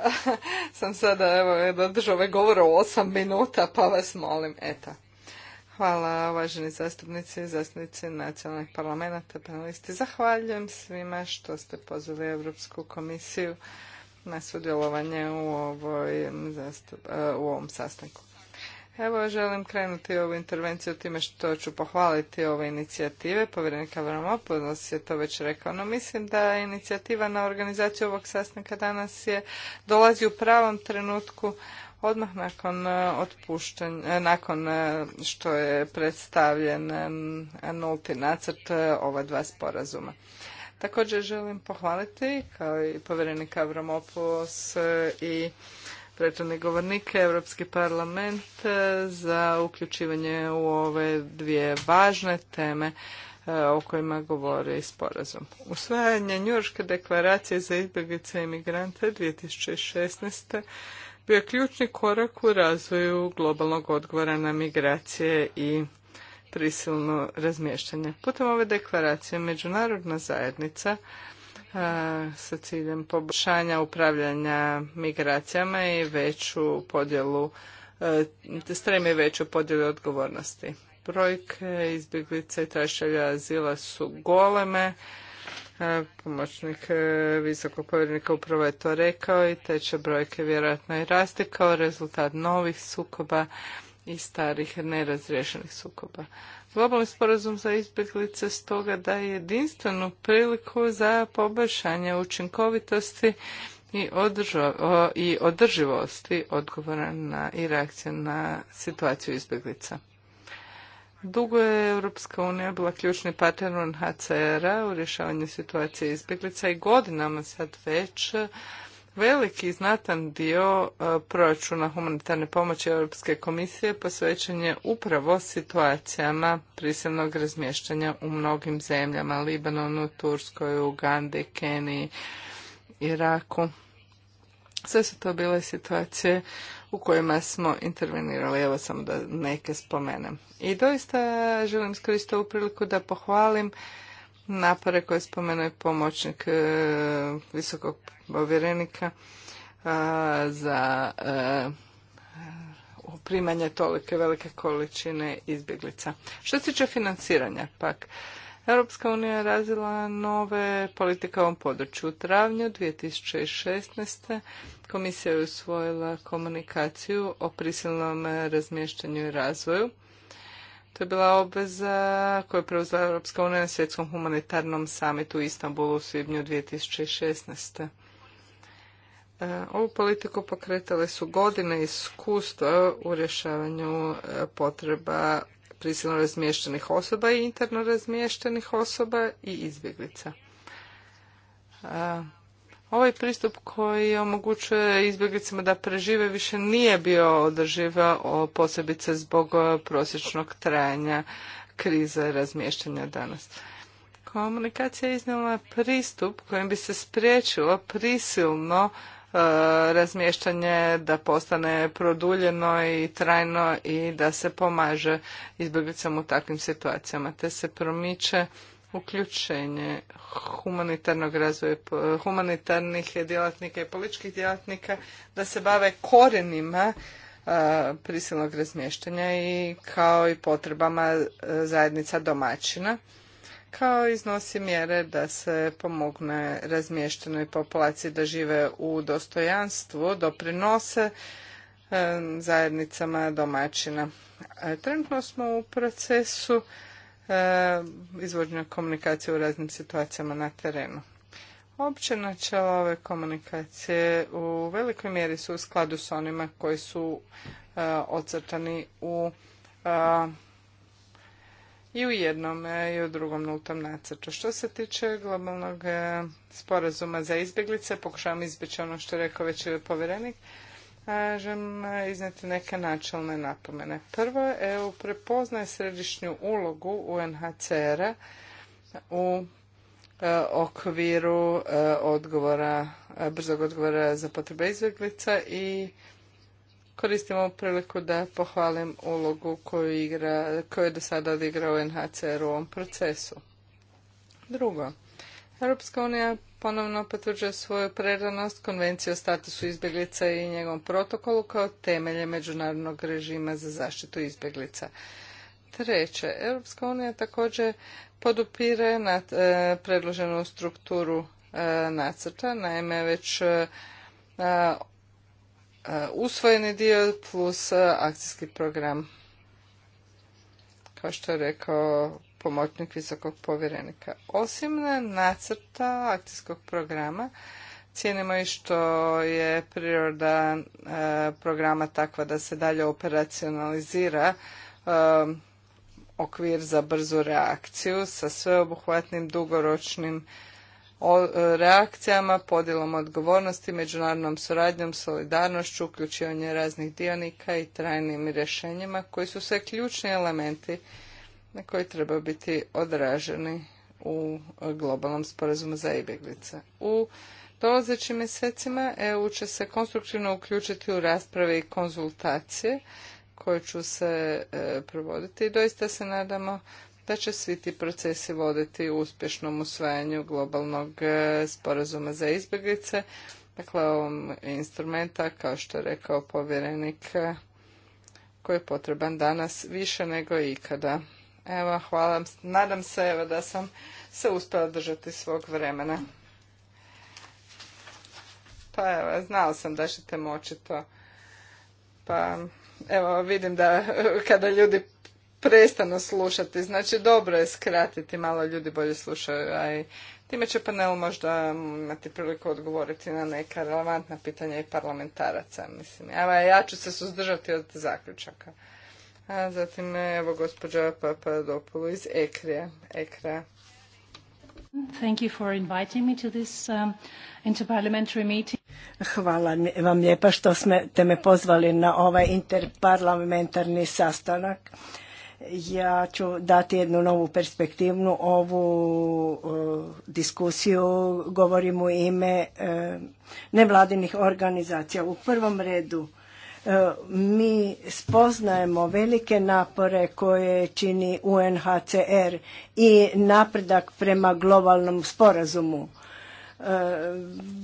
sam sada evo, dodržao ove ovaj govore u osam minuta, pa vas molim, eto. Hvala uvaženi zastupnici i zastupnici nacionalnih parlamenta, panelisti. Zahvaljujem svima što ste pozvali Europsku komisiju na sudjelovanje u, ovoj, e, u ovom sastanku. Evo, želim krenuti ovu intervenciju time što ću pohvaliti ove inicijative. Povjerenika Vramopoulos je to već rekao, no mislim da inicijativa na organizaciju ovog sastanka danas je, dolazi u pravom trenutku Odmah nakon e, otpuštenja, e, nakon e, što je predstavljen nulti nacrt ova dva sporazuma. Također želim pohvaliti kao i povjerenik Avramopoulos i prethodne govornike Europski parlament za uključivanje u ove dvije važne teme o kojima govori sporazum. Usvajanje Njurške deklaracije za izbjeglice i imigrante 2016 bio je ključni korak u razvoju globalnog odgovora na migracije i prisilno razmještanje. Putem ove deklaracije međunarodna zajednica sa ciljem poboljšanja upravljanja migracijama i veću podjelu a, stremi veću podjelu odgovornosti. Brojke izbjeglica i tražitelja azila su goleme E, pomoćnik e, visokog povjerenika upravo je to rekao i te će brojke vjerojatno i rasti kao rezultat novih sukoba i starih nerazriješenih sukoba. Globalni sporazum za izbjeglice stoga daje jedinstvenu priliku za poboljšanje učinkovitosti i, i održivosti odgovora na i reakcije na situaciju izbjeglica. Dugo je Europska unija bila ključni partner UNHCR-a u rješavanju situacije izbjeglica i godinama sad već veliki i znatan dio e, proračuna humanitarne pomoći Europske komisije posvećen je upravo situacijama prisilnog razmještanja u mnogim zemljama, Libanonu, Turskoj, Ugandi, Keniji, Iraku. Sve su to bile situacije u kojima smo intervenirali, evo samo da neke spomenem. I doista želim iskoristiti ovu priliku da pohvalim napore koje spomenuje pomoćnik e, visokog povjerenika e, za e, primanje tolike velike količine izbjeglica. Što se tiče financiranja pak, Europska unija je razvila nove politike u ovom području. U travnju 2016. komisija je usvojila komunikaciju o prisilnom razmještanju i razvoju. To je bila obveza koju je preuzela Europska unija na svjetskom humanitarnom samitu u Istanbulu u svibnju 2016. E, ovu politiku pokretale su godine iskustva u rješavanju e, potreba prisilno razmještenih osoba i interno razmještenih osoba i izbjeglica. Ovaj pristup koji omogućuje izbjeglicama da prežive više nije bio održiv posebice zbog prosječnog trajanja krize razmještenja danas. Komunikacija je pristup kojim bi se spriječilo prisilno E, razmještanje da postane produljeno i trajno i da se pomaže izbjeglicama u takvim situacijama te se promiče uključenje humanitarnog razvoja, humanitarnih djelatnika i političkih djelatnika da se bave korenima e, prisilnog razmještanja i kao i potrebama e, zajednica domaćina kao iznosi mjere da se pomogne razmještenoj populaciji da žive u dostojanstvu, doprinose e, zajednicama domaćina. E, trenutno smo u procesu e, izvođenja komunikacije u raznim situacijama na terenu. Opće načela ove komunikacije u velikoj mjeri su u skladu s onima koji su ocrtani u i u jednom e, i u drugom nultom nacrtu. Što se tiče globalnog e, sporazuma za izbjeglice, pokušavam izbjeći ono što je rekao već povjerenik, želim e, izneti neke načelne napomene. Prvo, EU prepoznaje središnju ulogu UNHCR-a u okviru odgovora, brzog odgovora za potrebe izbjeglica i Koristim ovu priliku da pohvalim ulogu koju, igra, koju je do sada odigrao UNHCR u ovom procesu. Drugo, Europska unija ponovno potvrđuje svoju predanost konvenciji o statusu izbjeglica i njegovom protokolu kao temelje međunarodnog režima za zaštitu izbjeglica. Treće, Europska unija također podupire na e, predloženu strukturu e, nacrta, naime već e, usvojeni dio plus e, akcijski program kao što je rekao pomoćnik visokog povjerenika. Osim nacrta akcijskog programa, cijenimo i što je priroda e, programa takva da se dalje operacionalizira e, okvir za brzu reakciju sa sveobuhvatnim dugoročnim o e, reakcijama, podjelom odgovornosti, međunarodnom suradnjom, solidarnošću, uključivanje raznih dionika i trajnim rješenjima koji su sve ključni elementi na koji treba biti odraženi u globalnom sporazumu za izbjeglice. U dolazećim mjesecima EU će se konstruktivno uključiti u rasprave i konzultacije koje ću se e, provoditi i doista se nadamo da će svi ti procesi voditi u uspješnom usvajanju globalnog e, sporazuma za izbjeglice. Dakle, ovom instrumenta, kao što je rekao povjerenik, e, koji je potreban danas više nego ikada. Evo, hvala. Nadam se evo, da sam se uspjela držati svog vremena. Pa evo, znao sam da ćete moći to. Pa evo, vidim da kada ljudi prestanu slušati. Znači, dobro je skratiti, malo ljudi bolje slušaju, a i time će panel možda imati priliku odgovoriti na neka relevantna pitanja i parlamentaraca, mislim. Evo, ja ću se suzdržati od zaključaka. A zatim, evo, gospođa Papadopoulou iz Ekrija. Ekra. Thank you for inviting me to this um, interparliamentary meeting. Hvala vam lijepa što ste me pozvali na ovaj interparlamentarni sastanak. Ja ću dati jednu novu perspektivnu ovu e, diskusiju, govorim u ime e, nevladinih organizacija. U prvom redu e, mi spoznajemo velike napore koje čini UNHCR i napredak prema globalnom sporazumu.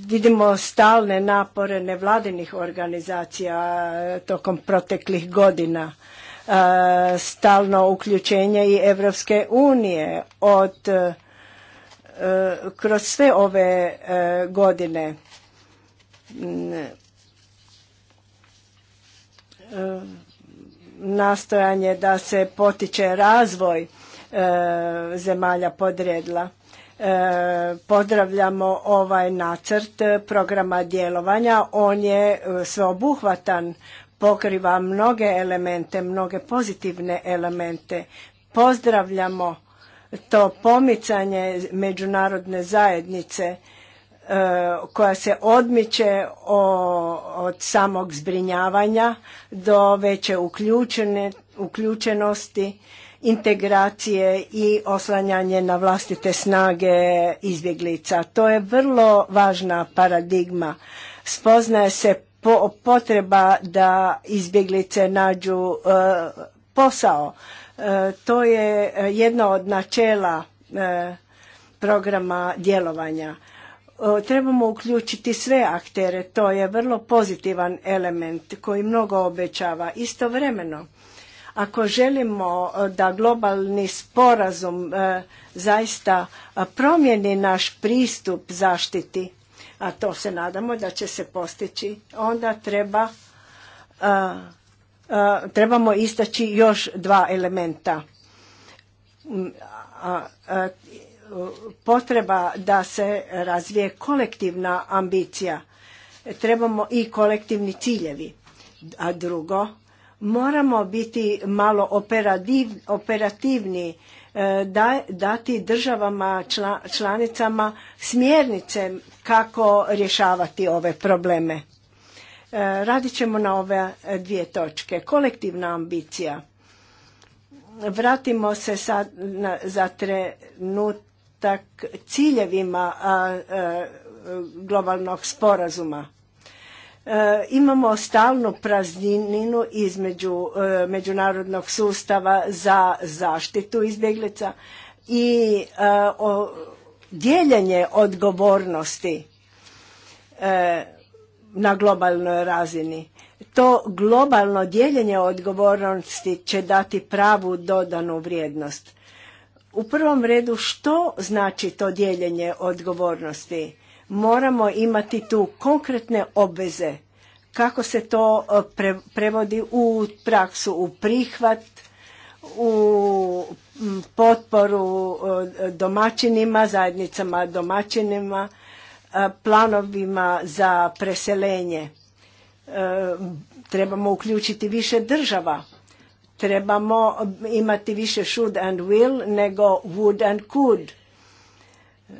Vidimo stalne napore nevladinih organizacija tokom proteklih godina E, stalno uključenje i Evropske unije od e, kroz sve ove e, godine mm, nastojanje da se potiče razvoj zemalja podredla. Pozdravljamo ovaj nacrt programa djelovanja. On je sveobuhvatan pokriva mnoge elemente, mnoge pozitivne elemente. Pozdravljamo to pomicanje međunarodne zajednice e, koja se odmiče od samog zbrinjavanja do veće uključenosti, integracije i oslanjanje na vlastite snage izbjeglica. To je vrlo važna paradigma. Spoznaje se po, potreba da izbjeglice nađu e, posao. E, to je jedno od načela e, programa djelovanja. Trebamo uključiti sve aktere, to je vrlo pozitivan element koji mnogo obećava. Istovremeno, ako želimo da globalni sporazum zaista promijeni naš pristup zaštiti, a to se nadamo da će se postići, onda treba, trebamo istaći još dva elementa. Mm, a, potreba da se razvije kolektivna ambicija, trebamo i kolektivni ciljevi. A drugo, moramo biti malo operativ, operativni E, dati državama članicama smjernice kako rješavati ove probleme. E, radit ćemo na ove dvije točke. Kolektivna ambicija. Vratimo se sad za trenutak ciljevima e, globalnog sporazuma. E, imamo stalnu prazninu između e, međunarodnog sustava za zaštitu izbjeglica i e, dijeljenje odgovornosti na globalnoj razini. To globalno dijeljenje odgovornosti će dati pravu dodanu vrijednost. U prvom redu što znači to dijeljenje odgovornosti? Moramo imati tu konkretne obveze kako se to e, prevodi u praksu, u prihvat, u potporu e, domaćinima, zajednicama domaćinima, e, planovima za preselenje. Trebamo uključiti više država. Trebamo imati više should and will nego would and could.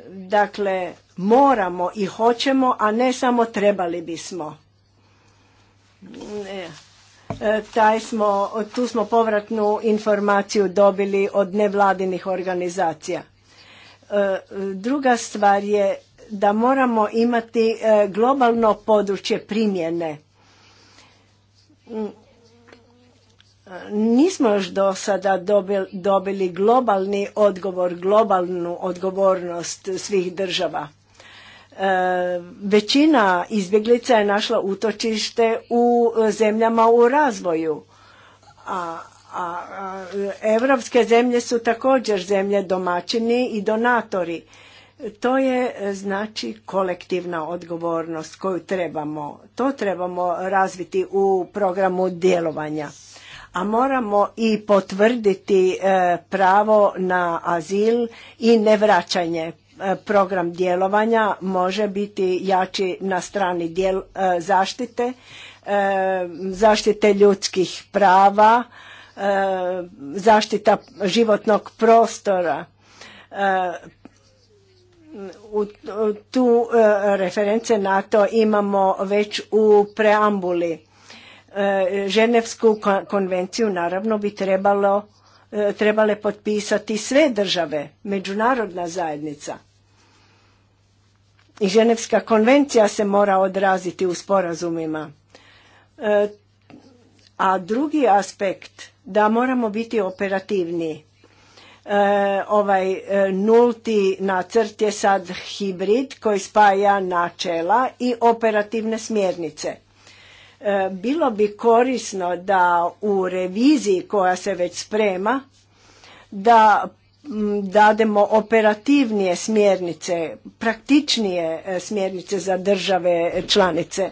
Dakle, moramo i hoćemo, a ne samo trebali bismo. E, taj smo, tu smo povratnu informaciju dobili od nevladinih organizacija. E, druga stvar je da moramo imati e, globalno područje primjene. Nismo još do sada dobili globalni odgovor, globalnu odgovornost svih država Većina izbjeglica je našla utočište u e, zemljama u razvoju, a, a, a evropske zemlje su također zemlje domaćini i donatori. To je e, znači kolektivna odgovornost koju trebamo, to trebamo razviti u programu djelovanja. A moramo i potvrditi e, pravo na azil i nevraćanje E, program djelovanja može biti jači na strani djel, e, zaštite, e, zaštite ljudskih prava, zaštita životnog prostora. Tu reference na to imamo već u preambuli. Ženevsku konvenciju naravno bi trebalo trebale potpisati sve države, međunarodna zajednica i Ženevska konvencija se mora odraziti u sporazumima. E, a drugi aspekt da moramo biti operativni. E, ovaj e, nulti nacrt je sad hibrid koji spaja načela i operativne smjernice. bilo bi korisno da u reviziji koja se već sprema da dademo operativnije smjernice, praktičnije e, smjernice za države članice,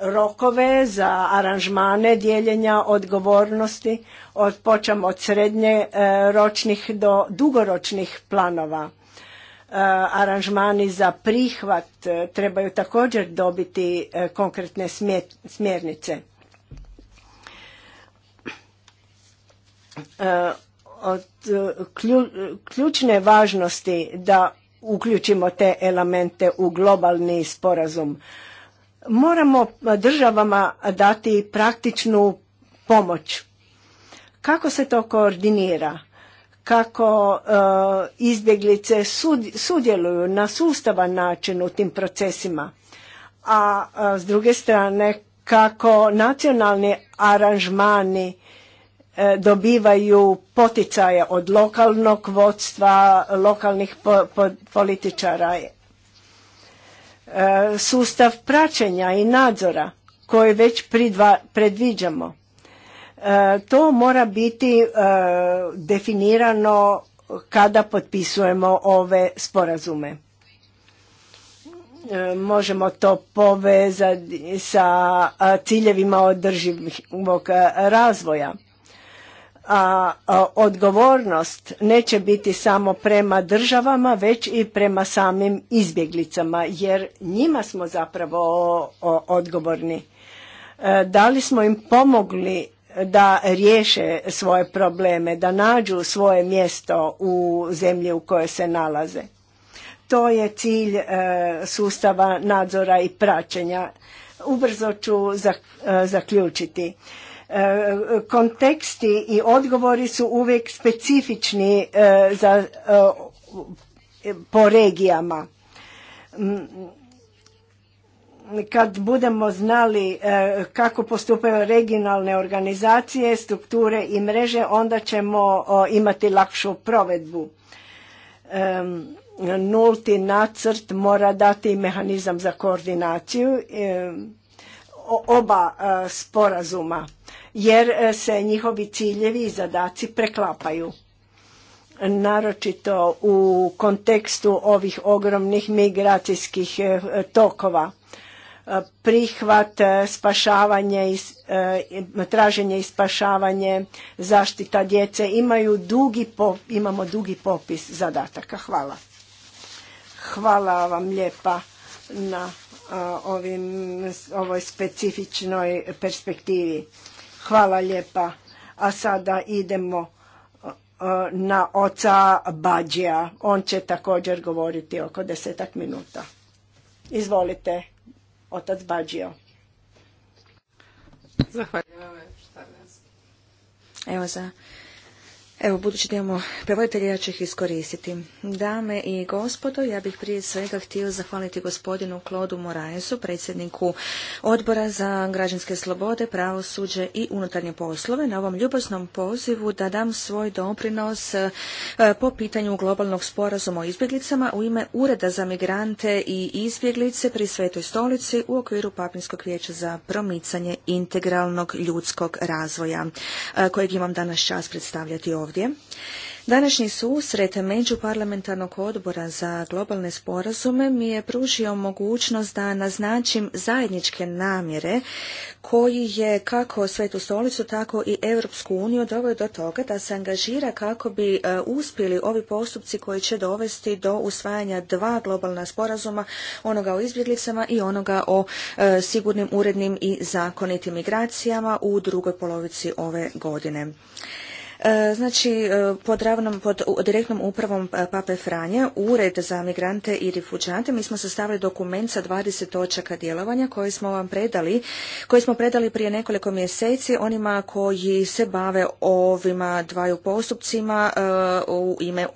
rokove za aranžmane dijeljenja odgovornosti, od počem od srednje e, ročnih do dugoročnih planova. E, aranžmani za prihvat trebaju također dobiti konkretne smjernice od e, ključne važnosti da uključimo te elemente u globalni sporazum. Moramo državama dati praktičnu pomoć. Kako se to koordinira? Kako e, izbjeglice sudjeluju na sustavan način u tim procesima? A, a s druge strane kako nacionalni aranžmani E, dobivaju poticaje od lokalnog vodstva, lokalnih političara. E, sustav praćenja i nadzora koji već predviđamo. E, to mora biti definirano kada potpisujemo ove sporazume. Možemo to povezati sa ciljevima održivog razvoja a odgovornost neće biti samo prema državama već i prema samim izbjeglicama jer njima smo zapravo odgovorni e, da li smo im pomogli da riješe svoje probleme da nađu svoje mjesto u zemlji u kojoj se nalaze to je cilj e, sustava nadzora i praćenja ubrzo ću e, zaključiti Konteksti i odgovori su uvijek specifični e, za, e, po regijama. Mm, kad budemo znali e, kako postupaju regionalne organizacije, strukture i mreže, onda ćemo imati lakšu provedbu. Nulti nacrt mora dati mehanizam za koordinaciju oba sporazuma jer e, se njihovi ciljevi i zadaci preklapaju naročito u kontekstu ovih ogromnih migracijskih e, tokova e, prihvat, spašavanje, traženje i spašavanje, zaštita djece. Imaju dugi imamo dugi popis zadataka. Hvala. Hvala vam lijepa na ovim, ovoj specifičnoj perspektivi. Hvala lijepa. A sada idemo uh, na oca Bađija. On će također govoriti oko desetak minuta. Izvolite, otac Bađio. Zahvaljujem. Evo za Evo, budući da imamo ja ću ih iskoristiti. Dame i gospodo, ja bih prije svega htio zahvaliti gospodinu Klodu Moraesu, predsjedniku odbora za građanske slobode, pravosuđe i unutarnje poslove, na ovom ljubaznom pozivu da dam svoj doprinos e, po pitanju globalnog sporazuma o izbjeglicama u ime Ureda za migrante i izbjeglice pri Svetoj stolici u okviru Papinskog vijeća za promicanje integralnog ljudskog razvoja, e, kojeg imam danas čas predstavljati ovdje ovdje. Današnji susret Međuparlamentarnog odbora za globalne sporazume mi je pružio mogućnost da naznačim zajedničke namjere koji je kako Svetu stolicu, tako i Europsku uniju doveo do toga da se angažira kako bi e, uspjeli ovi postupci koji će dovesti do usvajanja dva globalna sporazuma, onoga o izbjeglicama i onoga o e, sigurnim, urednim i zakonitim migracijama u drugoj polovici ove godine. E, znači, e, pod, pod direktnom upravom e, Pape Franje, Ured za migrante i rifuđante, mi smo sastavili dokument sa 20 točaka djelovanja koji smo vam predali, koji smo predali prije nekoliko mjeseci onima koji se bave ovima dvaju postupcima u ime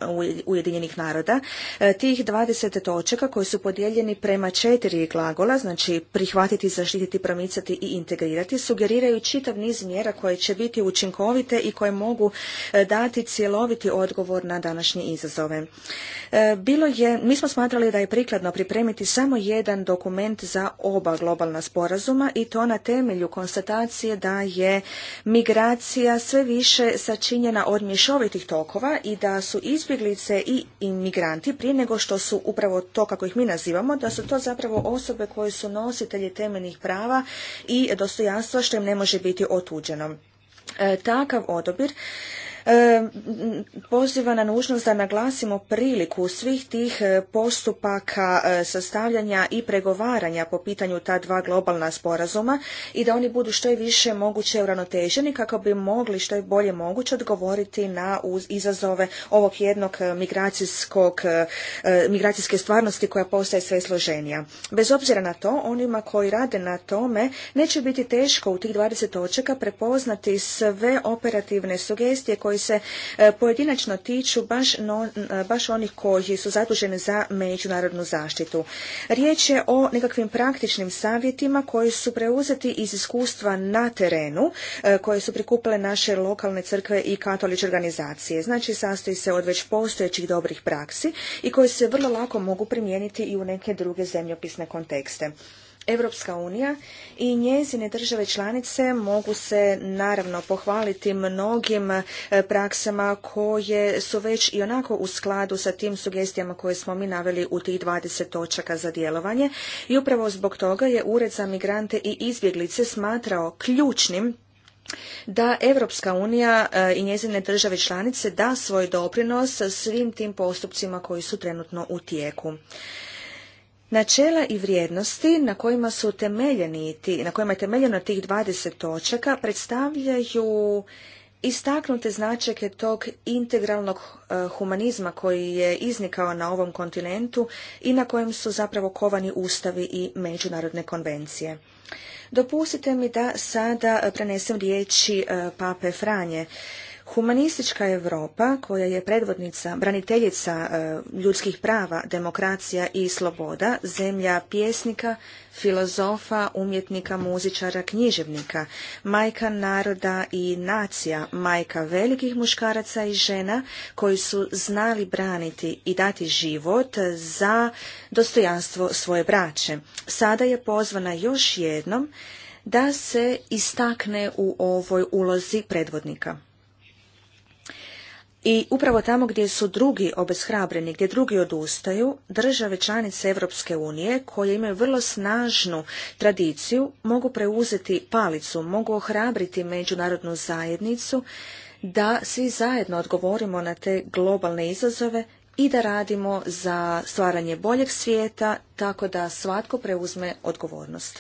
Ujedinjenih naroda. Tih 20 točaka koji su podijeljeni prema četiri glagola, znači prihvatiti, zaštititi, promicati i integrirati, sugeriraju čitav niz mjera koje će biti učinkovite i koje mogu E, dati cjeloviti odgovor na današnje izazove. E, bilo je, mi smo smatrali da je prikladno pripremiti samo jedan dokument za oba globalna sporazuma i to na temelju konstatacije da je migracija sve više sačinjena od mješovitih tokova i da su izbjeglice i imigranti prije nego što su upravo to kako ih mi nazivamo, da su to zapravo osobe koje su nositelji temeljnih prava i dostojanstva što im ne može biti otuđeno. E, takav odabir E, poziva na nužnost da naglasimo priliku svih tih e, postupaka e, sastavljanja i pregovaranja po pitanju ta dva globalna sporazuma i da oni budu što je više moguće uravnoteženi kako bi mogli što je bolje moguće odgovoriti na izazove ovog jednog migracijskog, migracijske stvarnosti koja postaje sve složenija. Bez obzira na to, onima koji rade na tome neće biti teško u tih 20 točaka prepoznati sve operativne sugestije koje koji se e, pojedinačno tiču baš, e, baš onih koji su zaduženi za međunarodnu zaštitu. Riječ je o nekakvim praktičnim savjetima koji su preuzeti iz iskustva na terenu e, koje su prikupile naše lokalne crkve i katoličke organizacije. Znači sastoji se od već postojećih dobrih praksi i koji se vrlo lako mogu primijeniti i u neke druge zemljopisne kontekste. Europska unija i njezine države članice mogu se naravno pohvaliti mnogim e, praksama koje su već i onako u skladu sa tim sugestijama koje smo mi naveli u tih 20 točaka za djelovanje i upravo zbog toga je Ured za migrante i izbjeglice smatrao ključnim da Europska unija e, i njezine države članice da svoj doprinos svim tim postupcima koji su trenutno u tijeku. Načela i vrijednosti na kojima su temeljeni, na kojima je temeljeno tih 20 točaka predstavljaju istaknute značajke tog integralnog e, humanizma koji je iznikao na ovom kontinentu i na kojem su zapravo kovani ustavi i međunarodne konvencije. Dopustite mi da sada prenesem riječi e, pape Franje Humanistička Europa, koja je predvodnica, braniteljica e, ljudskih prava, demokracija i sloboda, zemlja pjesnika, filozofa, umjetnika, muzičara, književnika, majka naroda i nacija, majka velikih muškaraca i žena koji su znali braniti i dati život za dostojanstvo svoje braće. Sada je pozvana još jednom da se istakne u ovoj ulozi predvodnika. I upravo tamo gdje su drugi obeshrabreni, gdje drugi odustaju, države članice Europske unije koje imaju vrlo snažnu tradiciju mogu preuzeti palicu, mogu ohrabriti međunarodnu zajednicu da svi zajedno odgovorimo na te globalne izazove i da radimo za stvaranje boljeg svijeta tako da svatko preuzme odgovornost.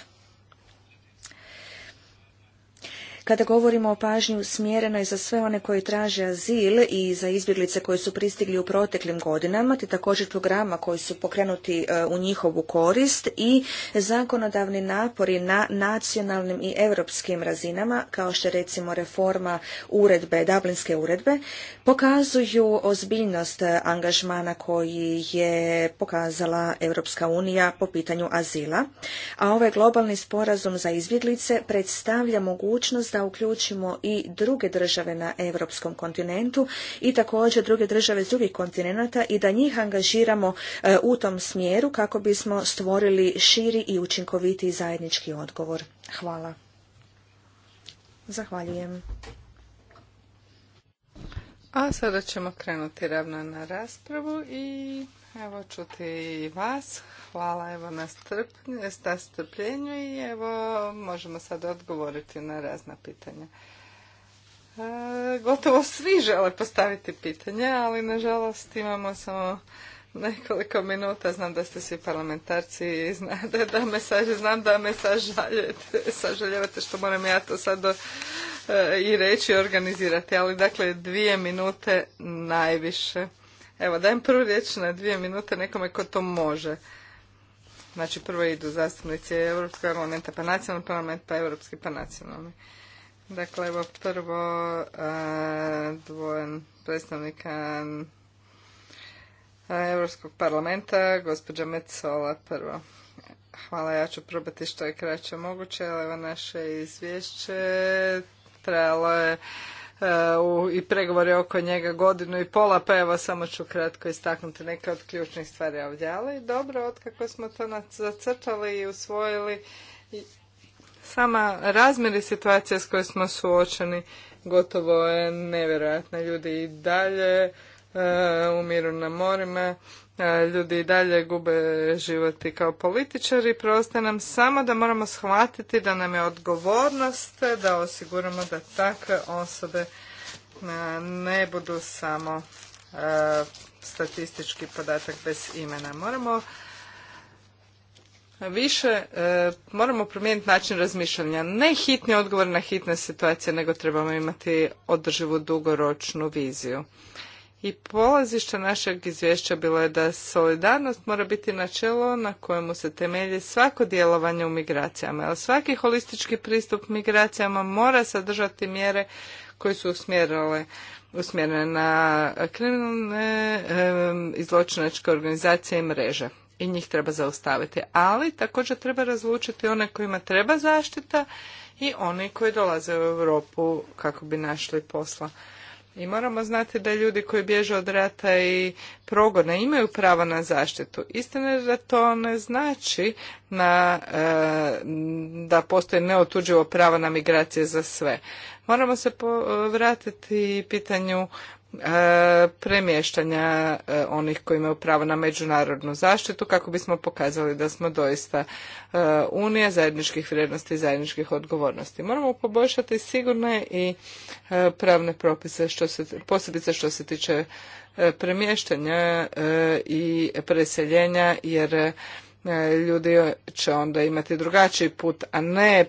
Kada govorimo o pažnju smjerenoj za sve one koji traže azil i za izbjeglice koji su pristigli u proteklim godinama, te također programa koji su pokrenuti e, u njihovu korist i zakonodavni napori na nacionalnim i europskim razinama, kao što je recimo reforma uredbe, Dublinske uredbe, pokazuju ozbiljnost angažmana koji je pokazala Europska unija po pitanju azila, a ovaj globalni sporazum za izbjeglice predstavlja mogućnost da uključimo i druge države na europskom kontinentu i također druge države s drugih kontinenta i da njih angažiramo e, u tom smjeru kako bismo stvorili širi i učinkoviti zajednički odgovor. Hvala. Zahvaljujem. A sada ćemo krenuti ravno na raspravu i Evo čuti i vas. Hvala evo na, strpljenju, i evo možemo sad odgovoriti na razna pitanja. E, gotovo svi žele postaviti pitanja, ali nažalost imamo samo nekoliko minuta. Znam da ste svi parlamentarci i da znam da me sažaljete, sažaljevate što moram ja to sad e, i reći i organizirati, ali dakle dvije minute najviše. Evo, dajem prvu riječ na dvije minute nekome ko to može. Znači, prvo idu zastupnici Europskog parlamenta pa nacionalni parlament pa Europski pa nacionalni. Dakle, evo prvo e, dvojen predstavnika e, Europskog parlamenta, gospođa Metzola prvo. Hvala, ja ću probati što je kraće moguće, ali evo naše izvješće trajalo je E, i pregovore oko njega godinu i pola, pa evo samo ću kratko istaknuti neke od ključnih stvari ovdje. Ali dobro, otkako smo to zacrtali i usvojili, sama razmjeri situacije s kojoj smo suočeni gotovo je nevjerojatna. Ljudi i dalje E, umiru na morima, e, ljudi i dalje gube život kao političari, preostaje nam samo da moramo shvatiti da nam je odgovornost da osiguramo da takve osobe e, ne budu samo statistički podatak bez imena. Moramo više moramo promijeniti način razmišljanja. Ne hitni odgovor na hitne situacije, nego trebamo imati održivu dugoročnu viziju i polazište našeg izvješća bilo je da solidarnost mora biti načelo na kojemu se temelji svako djelovanje u migracijama. jer svaki holistički pristup migracijama mora sadržati mjere koje su usmjerale usmjerene na kriminalne e, izločinačke organizacije i mreže i njih treba zaustaviti. Ali također treba razlučiti one kojima treba zaštita i one koji dolaze u Europu kako bi našli posla. I moramo znati da ljudi koji bježe od rata i progona imaju pravo na zaštitu. Istina je da to ne znači na, e, da postoji neotuđivo pravo na migracije za sve. Moramo se e, vratiti pitanju E, premještanja e, onih koji imaju pravo na međunarodnu zaštitu kako bismo pokazali da smo doista e, unija zajedničkih vrijednosti i zajedničkih odgovornosti. Moramo poboljšati sigurne i pravne propise što se, posebice što se tiče premještanja i preseljenja jer E, ljudi će onda imati drugačiji put, a ne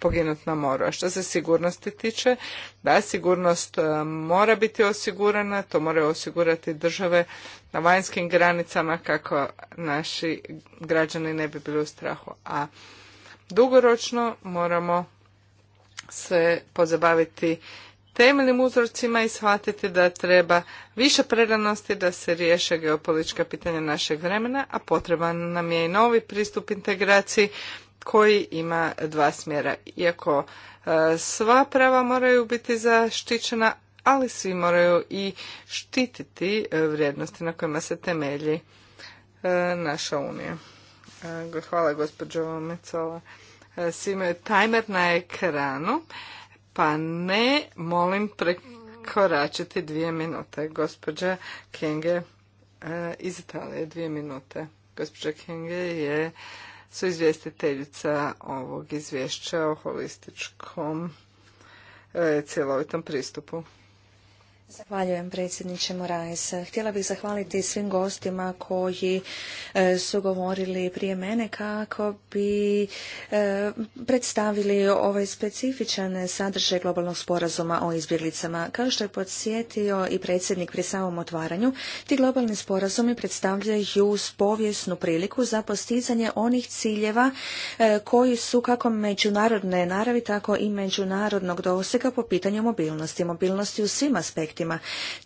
poginuti na moru. A što se sigurnosti tiče, da, sigurnost e, mora biti osigurana, to moraju osigurati države na vanjskim granicama kako naši građani ne bi bili u strahu. A dugoročno moramo se pozabaviti temeljnim uzorcima i shvatiti da treba više predanosti da se riješe geopolitička pitanja našeg vremena, a potreban nam je i novi pristup integraciji koji ima dva smjera. Iako e, sva prava moraju biti zaštićena, ali svi moraju i štititi e, vrijednosti na kojima se temelji e, naša unija. Hvala gospođo Mecola. Svi imaju tajmer na ekranu. Pa ne, molim prekoračiti dvije minute. Gospođa Kenge e, iz Italije, dvije minute. Gospođa Kenge je su izvjestiteljica ovog izvješća o holističkom e, cjelovitom pristupu. Zahvaljujem predsjedniče Moraes. Htjela bih zahvaliti svim gostima koji e, su govorili prije mene kako bi e, predstavili ovaj specifičan sadržaj globalnog sporazuma o izbjeglicama. Kao što je podsjetio i predsjednik pri samom otvaranju, ti globalni sporazumi predstavljaju povijesnu priliku za postizanje onih ciljeva e, koji su kako međunarodne naravi, tako i međunarodnog dosega po pitanju mobilnosti. Mobilnosti u svim aspektima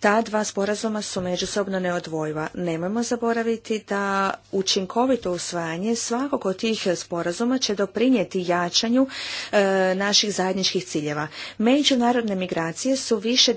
ta dva sporazuma su međusobno neodvojiva. Nemojmo zaboraviti da učinkovito usvajanje svakog od tih sporazuma će doprinijeti jačanju e, naših zajedničkih ciljeva. Međunarodne migracije su više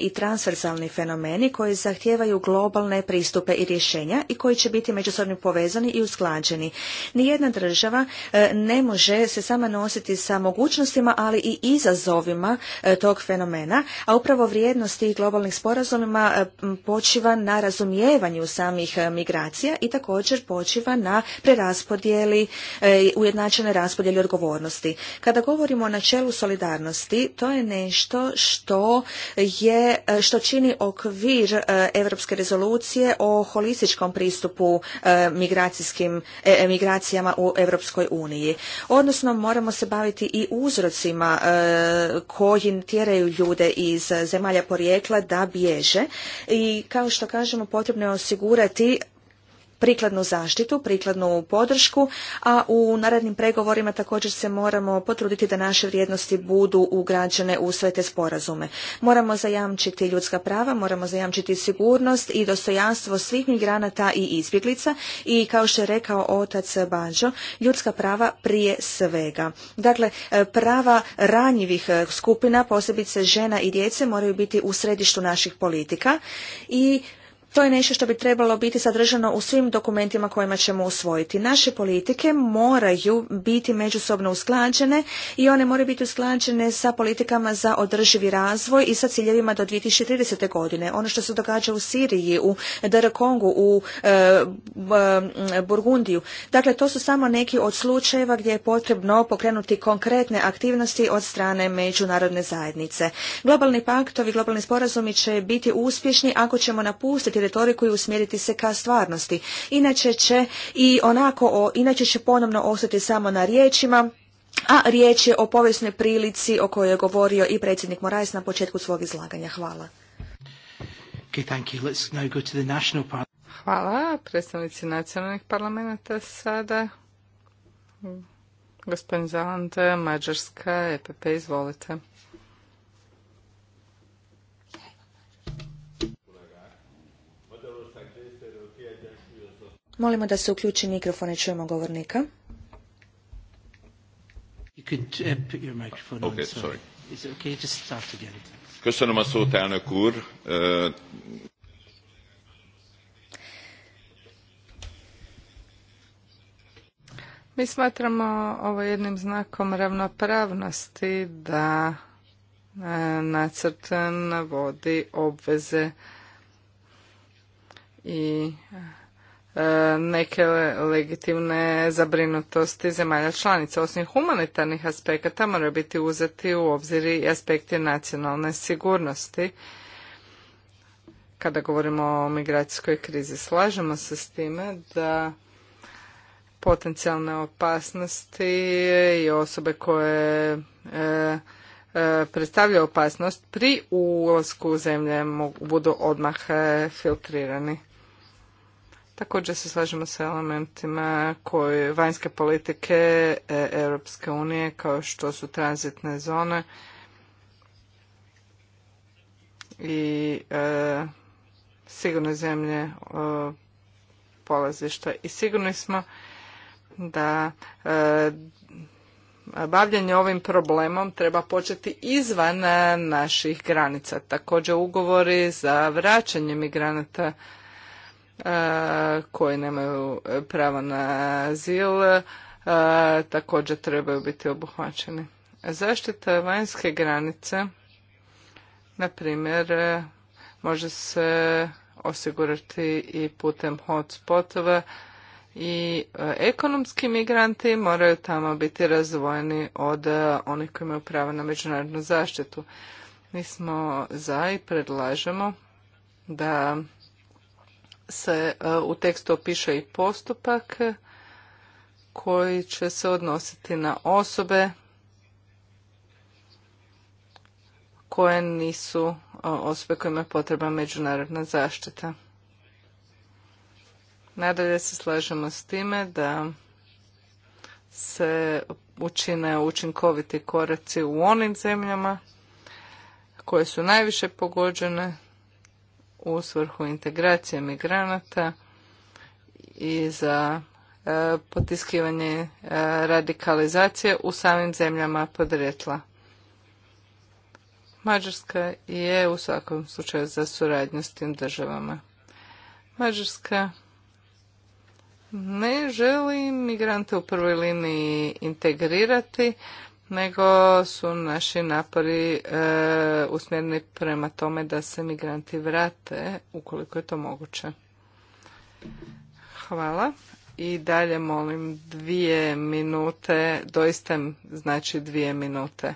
i transverzalni fenomeni koji zahtijevaju globalne pristupe i rješenja i koji će biti međusobno povezani i usklađeni. Nijedna država e, ne može se sama nositi sa mogućnostima, ali i izazovima e, tog fenomena, a upravo vrijedno vrijednost globalnih sporazumima e, počiva na razumijevanju samih e, migracija i također počiva na preraspodjeli, e, ujednačene raspodjeli odgovornosti. Kada govorimo o načelu solidarnosti, to je nešto što je, što čini okvir Europske rezolucije o holističkom pristupu migracijskim migracijama u Europskoj uniji. Odnosno, moramo se baviti i uzrocima koji tjeraju ljude iz zemalja porijekla da bježe i kao što kažemo potrebno je osigurati prikladnu zaštitu, prikladnu podršku, a u narednim pregovorima također se moramo potruditi da naše vrijednosti budu ugrađene u sve te sporazume. Moramo zajamčiti ljudska prava, moramo zajamčiti sigurnost i dostojanstvo svih migranata i izbjeglica i kao što je rekao otac Bađo, ljudska prava prije svega. Dakle, prava ranjivih skupina, posebice žena i djece, moraju biti u središtu naših politika i to je nešto što bi trebalo biti sadržano u svim dokumentima kojima ćemo usvojiti. Naše politike moraju biti međusobno usklađene i one moraju biti usklađene sa politikama za održivi razvoj i sa ciljevima do 2030. godine. Ono što se događa u Siriji, u DR u e, Burgundiju. Dakle, to su samo neki od slučajeva gdje je potrebno pokrenuti konkretne aktivnosti od strane međunarodne zajednice. Globalni paktovi, globalni sporazumi će biti uspješni ako ćemo napustiti retoriku i usmjeriti se ka stvarnosti. Inače će i onako, o, inače će ponovno ostati samo na riječima, a riječ je o povijesnoj prilici o kojoj je govorio i predsjednik Morais na početku svog izlaganja. Hvala. Hvala. Predstavnici nacionalnih parlamenta sada. Gospodin Zaland, Mađarska, EPP, izvolite. Molimo da se uključi mikrofon i čujemo govornika. Köszönöm a szót, elnök úr. Uh, Mi smatramo ovo jednim znakom ravnopravnosti da uh, nacrt navodi obveze i uh, neke legitimne zabrinutosti zemalja članica. Osim humanitarnih aspekata moraju biti uzeti u obzir i aspekti nacionalne sigurnosti. Kada govorimo o migracijskoj krizi, slažemo se s time da potencijalne opasnosti i osobe koje e, e, predstavljaju opasnost pri ulasku u zemlje budu odmah e, filtrirani. Također se slažemo sa elementima koje vanjske politike e, Europske unije kao što su tranzitne zone i e, sigurne zemlje e, polazišta. I sigurni smo da e, bavljanje ovim problemom treba početi izvan e, naših granica. Također ugovori za vraćanje migranata E, koji nemaju pravo na azil e, također trebaju biti obuhvaćeni. Zaštita vanjske granice, na primjer, e, može se osigurati i putem hotspotova i ekonomski migranti moraju tamo biti razvojeni od onih koji imaju pravo na međunarodnu zaštitu. Mi smo za i predlažemo da se e, u tekstu opiše i postupak koji će se odnositi na osobe koje nisu e, osobe kojima je potreba međunarodna zaštita. Nadalje se slažemo s time da se učine učinkoviti koraci u onim zemljama koje su najviše pogođene u svrhu integracije migranata i za e, potiskivanje e, radikalizacije u samim zemljama podrijetla. Mađarska je u svakom slučaju za suradnju s tim državama. Mađarska ne želi migrante u prvoj liniji integrirati, nego su naši napori e, usmjereni prema tome da se migranti vrate ukoliko je to moguće. Hvala. I dalje molim dvije minute, doista znači dvije minute,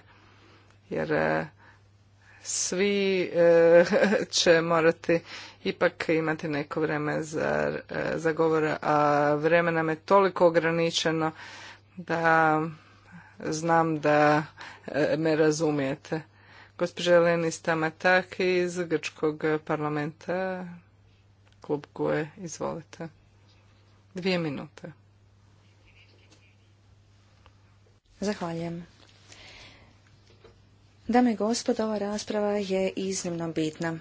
jer e, svi e, će morati ipak imati neko vreme za, e, za govor, a vremena je toliko ograničeno da znam da e, me razumijete. Gospođa Lenis Tamataki iz Grčkog parlamenta, klub goje izvolite. Dvije minute. Zahvaljujem. Dame i gospodo, ova rasprava je iznimno bitna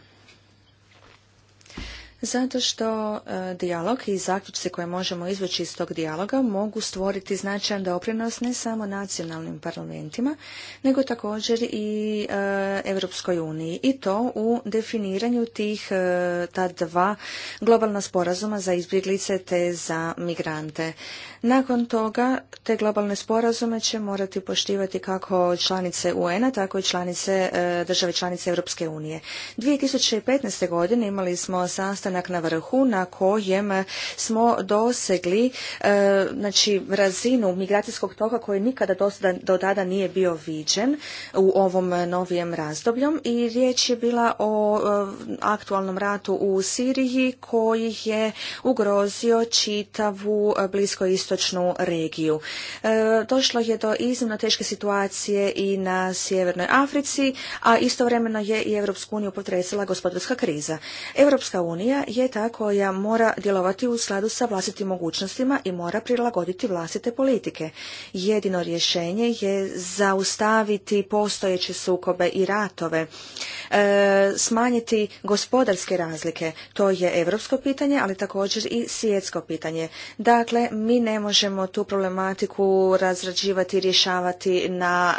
zato što e, dijalog i zaključci koje možemo izvući iz tog dijaloga mogu stvoriti značajan doprinos ne samo nacionalnim parlamentima, nego također i e, Europskoj uniji i to u definiranju tih e, ta dva globalna sporazuma za izbjeglice te za migrante. Nakon toga te globalne sporazume će morati poštivati kako članice UN-a, tako i članice, države članice Europske unije. 2015. godine imali smo sastav sastanak na vrhu na kojem smo dosegli e, znači razinu migracijskog toga koji nikada do tada nije bio viđen u ovom novijem razdobljom i riječ je bila o e, aktualnom ratu u Siriji koji je ugrozio čitavu bliskoistočnu regiju. E, došlo je do iznimno teške situacije i na sjevernoj Africi, a istovremeno je i Europsku uniju potresila gospodarska kriza. Europska unija je ta koja mora djelovati u skladu sa vlastitim mogućnostima i mora prilagoditi vlastite politike. Jedino rješenje je zaustaviti postojeće sukobe i ratove, e, smanjiti gospodarske razlike. To je europsko pitanje, ali također i svjetsko pitanje. Dakle, mi ne možemo tu problematiku razrađivati i rješavati na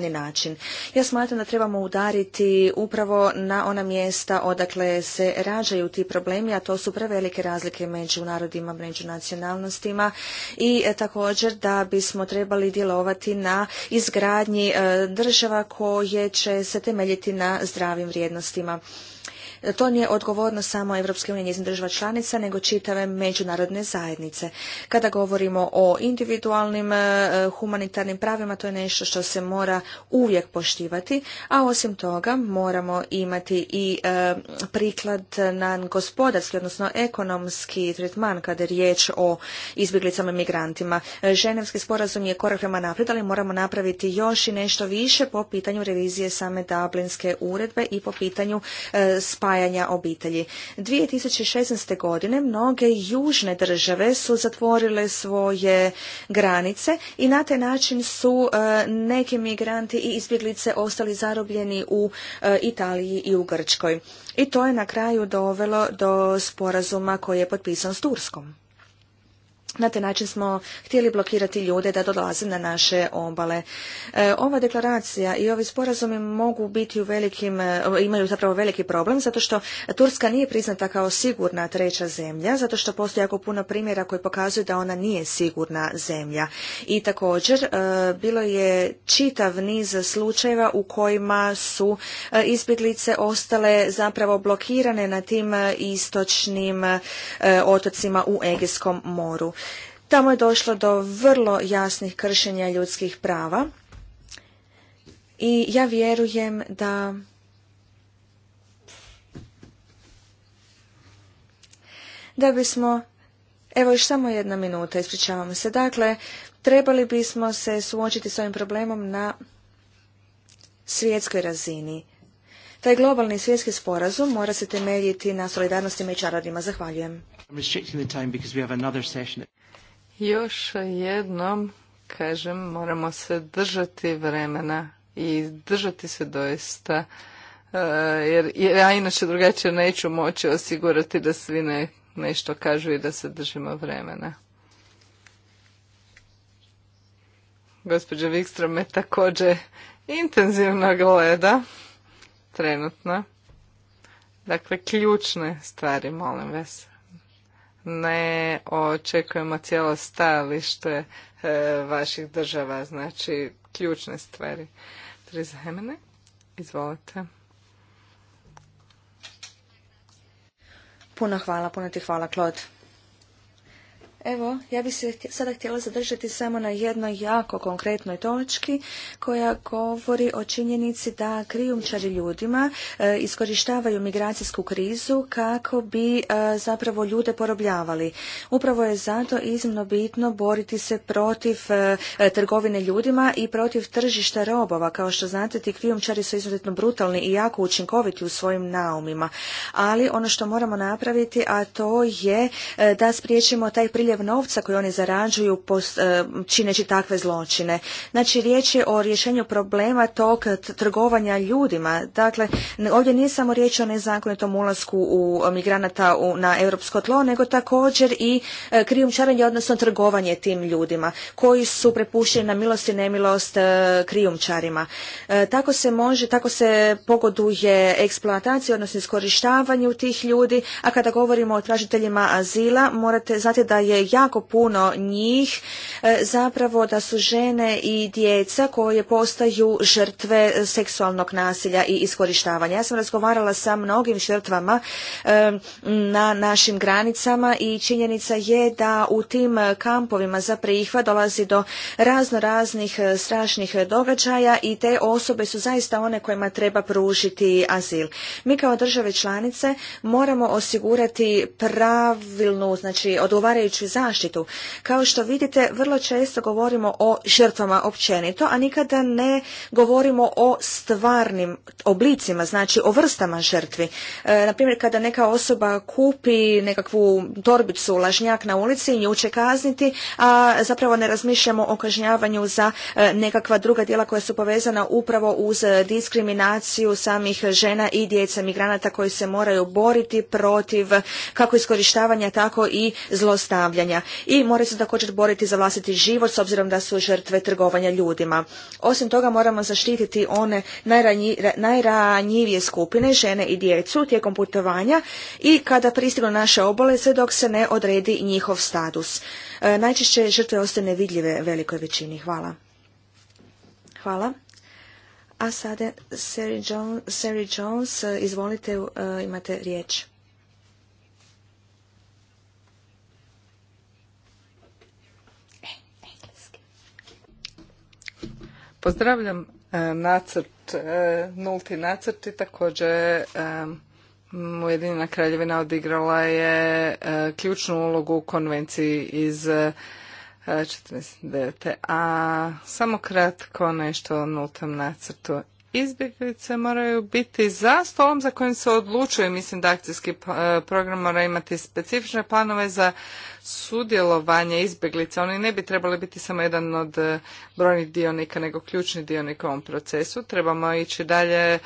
e, način. Ja smatram da trebamo udariti upravo na ona mjesta odakle se događaju ti problemi, a to su prevelike razlike među narodima, među nacionalnostima i e, također da bismo trebali djelovati na izgradnji e, država koje će se temeljiti na zdravim vrijednostima. E, to nije odgovornost samo Europske unije njezine država članica, nego čitave međunarodne zajednice. Kada govorimo o individualnim e, humanitarnim pravima, to je nešto što se mora uvijek poštivati, a osim toga moramo imati i e, priklad na gospodarski, odnosno ekonomski tretman kada je riječ o izbjeglicama i migrantima. Ženevski sporazum je korak prema naprijed, ali moramo napraviti još i nešto više po pitanju revizije same Dublinske uredbe i po pitanju spajanja spajanja obitelji. 2016. godine mnoge južne države su zatvorile svoje granice i na taj način su e, neki migranti i izbjeglice ostali zarobljeni u e, Italiji i u Grčkoj. I to je na kraju dovelo do sporazuma koji je potpisan s Turskom. Na taj način smo htjeli blokirati ljude da dolaze na naše obale. E, ova deklaracija i ovi sporazumi mogu biti u velikim, e, imaju zapravo veliki problem zato što Turska nije priznata kao sigurna treća zemlja, zato što postoji jako puno primjera koji pokazuju da ona nije sigurna zemlja. I također e, bilo je čitav niz slučajeva u kojima su izbjeglice ostale zapravo blokirane na tim istočnim otocima u Egejskom moru. Tamo je došlo do vrlo jasnih kršenja ljudskih prava i ja vjerujem da da bismo Evo još samo jedna minuta, ispričavam se. Dakle, trebali bismo se suočiti s ovim problemom na svjetskoj razini. Taj globalni svjetski sporazum mora se temeljiti na solidarnosti među narodima. Zahvaljujem. Još jednom kažem, moramo se držati vremena i držati se doista, e, jer, ja inače drugačije neću moći osigurati da svi nešto kažu i da se držimo vremena. Gospođa Vikstrom me također intenzivno gleda trenutno. Dakle, ključne stvari, molim vas ne očekujemo cijelo stajalište e, vaših država, znači ključne stvari. tri Hemene, izvolite. Puno hvala, puno ti hvala, Klod. Evo, ja bih se sada htjela zadržati samo na jednoj jako konkretnoj točki koja govori o činjenici da krijumčari ljudima e, iskorištavaju migracijsku krizu kako bi e, zapravo ljude porobljavali. Upravo je zato iznimno bitno boriti se protiv e, trgovine ljudima i protiv tržišta robova. Kao što znate, ti krijumčari su izuzetno brutalni i jako učinkoviti u svojim naumima. Ali ono što moramo napraviti, a to je da spriječimo taj priljev priljev novca koji oni zarađuju e, čineći takve zločine. Znači riječ je o rješenju problema tog trgovanja ljudima. Dakle, ovdje nije samo riječ o nezakonitom ulasku u e, migranata na europsko tlo, nego također i e, krijumčarenje, odnosno trgovanje tim ljudima koji su prepušteni na milost i nemilost krijumčarima. Tako se može, tako se pogoduje eksploatacija, odnosno iskorištavanju tih ljudi, a kada govorimo o tražiteljima azila, morate znati da je jako puno njih e, zapravo da su žene i djeca koje postaju žrtve seksualnog nasilja i iskorištavanja. Ja sam razgovarala sa mnogim žrtvama e, na našim granicama i činjenica je da u tim kampovima za prihvat dolazi do razno raznih e, strašnih događaja i te osobe su zaista one kojima treba pružiti azil. Mi kao države članice moramo osigurati pravilnu, znači odgovarajuću zaštitu. Kao što vidite, vrlo često govorimo o žrtvama općenito, a nikada ne govorimo o stvarnim oblicima, znači o vrstama žrtvi. E, naprimjer, kada neka osoba kupi nekakvu torbicu, lažnjak na ulici i nju će kazniti, a zapravo ne razmišljamo o kažnjavanju za e, nekakva druga djela koja su povezana upravo uz diskriminaciju samih žena i djece migranata koji se moraju boriti protiv kako iskorištavanja, tako i zlostavljanja i moraju se također boriti za vlastiti život s obzirom da su žrtve trgovanja ljudima. Osim toga moramo zaštititi one najranjivije skupine, žene i djecu tijekom putovanja i kada pristignu naše obole dok se ne odredi njihov status. E, najčešće žrtve ostaju nevidljive velikoj većini. Hvala. Hvala. A sada Sari Sari Jones izvolite, e, imate riječ. Pozdravljam e, nacrt, e, nulti nacrt i također e, Ujedinjena kraljevina odigrala je ključnu ulogu u konvenciji iz 49. A samo kratko nešto o nultom nacrtu izbjeglice moraju biti za stolom za kojim se odlučuje. Mislim da akcijski pa, e, program mora imati specifične planove za sudjelovanje izbjeglica. Oni ne bi trebali biti samo jedan od e, brojnih dionika, nego ključni dionik u ovom procesu. Trebamo ići dalje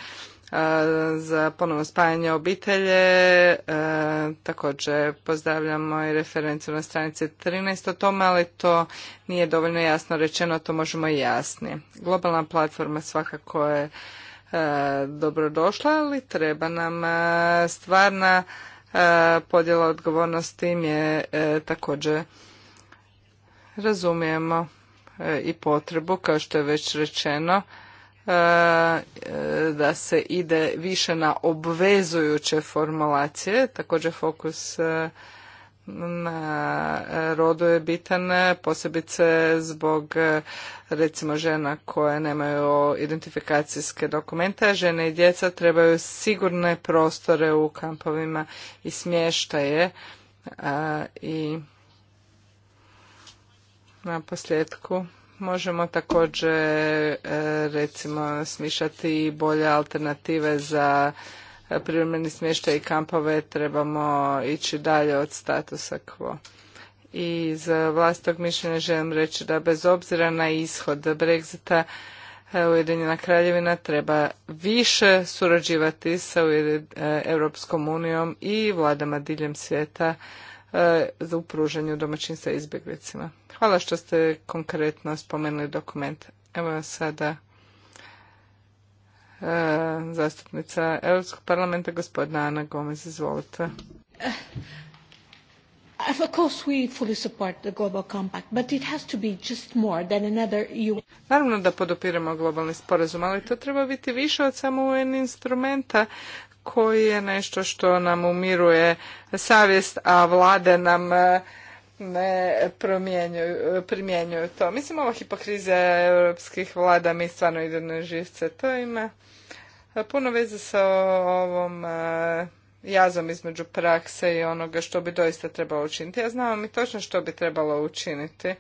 za ponovno spajanje obitelje. Također pozdravljamo i referenciju na stranici 13 o tome, ali to nije dovoljno jasno rečeno, to možemo i jasnije. Globalna platforma svakako je dobrodošla, ali treba nam stvarna podjela odgovornosti im je e, također razumijemo e, i potrebu, kao što je već rečeno, E, da se ide više na obvezujuće formulacije, također fokus e, na rodu je bitan, posebice zbog e, recimo žena koje nemaju identifikacijske dokumente, žene i djeca trebaju sigurne prostore u kampovima i smještaje i na posljedku Možemo također e, recimo smišati bolje alternative za privremeni smještaj i kampove. Trebamo ići dalje od statusa quo. I iz vlastog mišljenja želim reći da bez obzira na ishod Brexita e, Ujedinjena kraljevina treba više surađivati sa e, Europskom unijom i vladama diljem svijeta za pružanju domaćinstva izbjeglicima. Hvala što ste konkretno spomenuli dokument. Evo sada e, zastupnica Europskog parlamenta, gospodina Ana Gomez, izvolite. Global Naravno da podopiramo globalni sporazum, ali to treba biti više od samo UN instrumenta koji je nešto što nam umiruje savjest, a vlade nam eh, ne primjenjuju to. Mislim, ova hipokrizija europskih vlada mi stvarno ide na živce. To ima puno veze sa ovom e, jazom između prakse i onoga što bi doista trebalo učiniti. Ja znam mi točno što bi trebalo učiniti. E,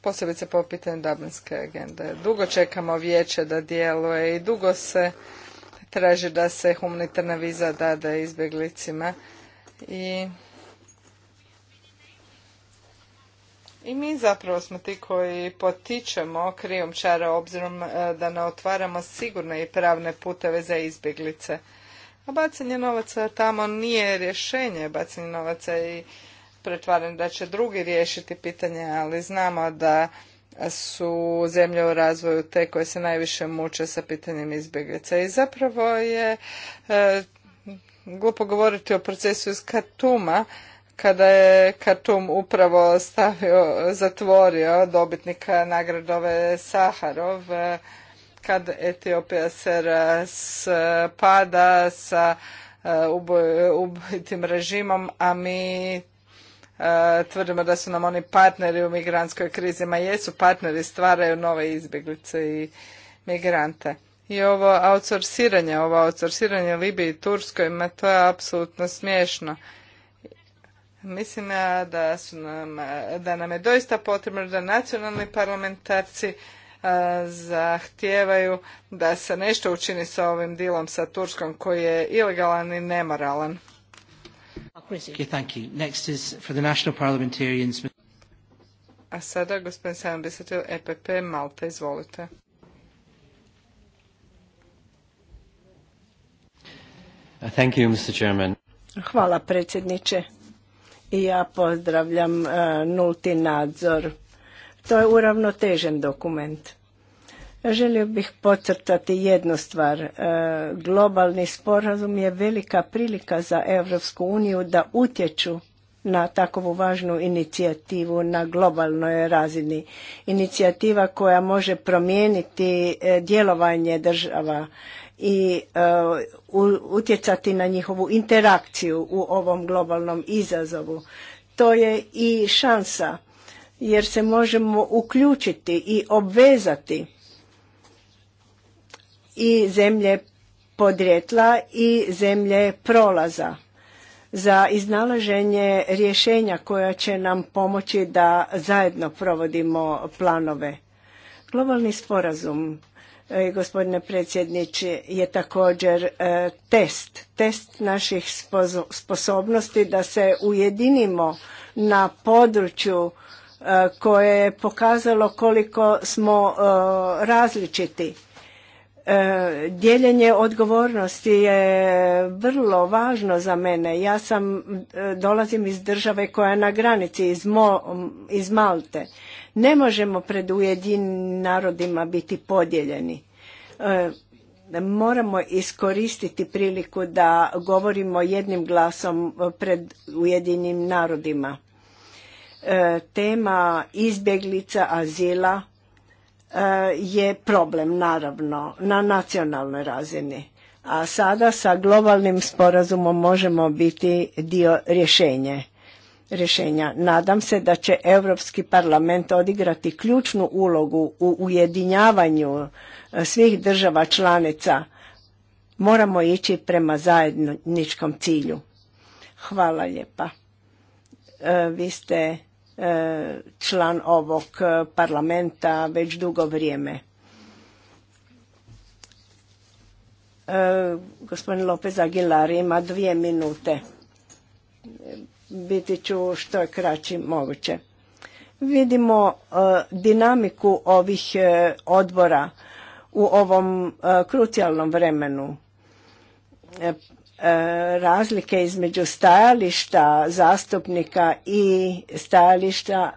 posebice po pitanju Dublinske agende. Dugo čekamo vijeće da djeluje i dugo se traži da se humanitarna viza dade izbjeglicima i i mi zapravo smo ti koji potičemo čara obzirom e, da ne otvaramo sigurne i pravne puteve za izbjeglice. A bacanje novaca tamo nije rješenje, bacanje novaca i pretvaram da će drugi riješiti pitanje, ali znamo da su zemlje u razvoju te koje se najviše muče sa pitanjem izbjeglica. I zapravo je e, glupo govoriti o procesu iz Katuma, kada je Katum upravo stavio, zatvorio dobitnika nagradove Saharov, kad Etiopija se pada sa uh, ubojitim režimom, a mi uh, tvrdimo da su nam oni partneri u migrantskoj krizi, ma jesu partneri, stvaraju nove izbjeglice i migrante i ovo outsourciranje, ovo outsourciranje Libiji i Turskoj, ma to je apsolutno smiješno. Mislim ja da, nam, da nam je doista potrebno da nacionalni parlamentarci zahtijevaju da se nešto učini sa ovim dilom sa Turskom koji je ilegalan i nemoralan. A sada gospodin Sajan EPP e Malta, izvolite. Hvala predsjedniče. I ja pozdravljam e, nulti nadzor. To je uravnotežen dokument. Želio bih pocrtati jednu stvar. E, globalni sporazum je velika prilika za Europsku uniju da utječu na takovu važnu inicijativu na globalnoj razini. Inicijativa koja može promijeniti e, djelovanje država i e, utjecati na njihovu interakciju u ovom globalnom izazovu. To je i šansa jer se možemo uključiti i obvezati i zemlje podrijetla i zemlje prolaza za iznalaženje rješenja koja će nam pomoći da zajedno provodimo planove. Globalni sporazum E, gospodine predsjedniče, je također e, test. Test naših sposobnosti da se ujedinimo na području e, koje je pokazalo koliko smo različiti. Dijeljenje odgovornosti je vrlo važno za mene. Ja sam, dolazim iz države koja je na granici, iz, iz Malte ne možemo pred ujedinim narodima biti podijeljeni. E, moramo iskoristiti priliku da govorimo jednim glasom pred ujedinim narodima. E, tema izbjeglica azila e, je problem naravno na nacionalnoj razini a sada sa globalnim sporazumom možemo biti dio rješenje rješenja. Nadam se da će Europski parlament odigrati ključnu ulogu u ujedinjavanju e, svih država članica. Moramo ići prema zajedničkom cilju. Hvala lijepa. E, vi ste e, član ovog parlamenta već dugo vrijeme. Gospodin Lopez Aguilar ima dvije minute biti ću što je kraći moguće. Vidimo e, dinamiku ovih e, odbora u ovom e, krucijalnom vremenu. Razlike između stajališta zastupnika i stajališta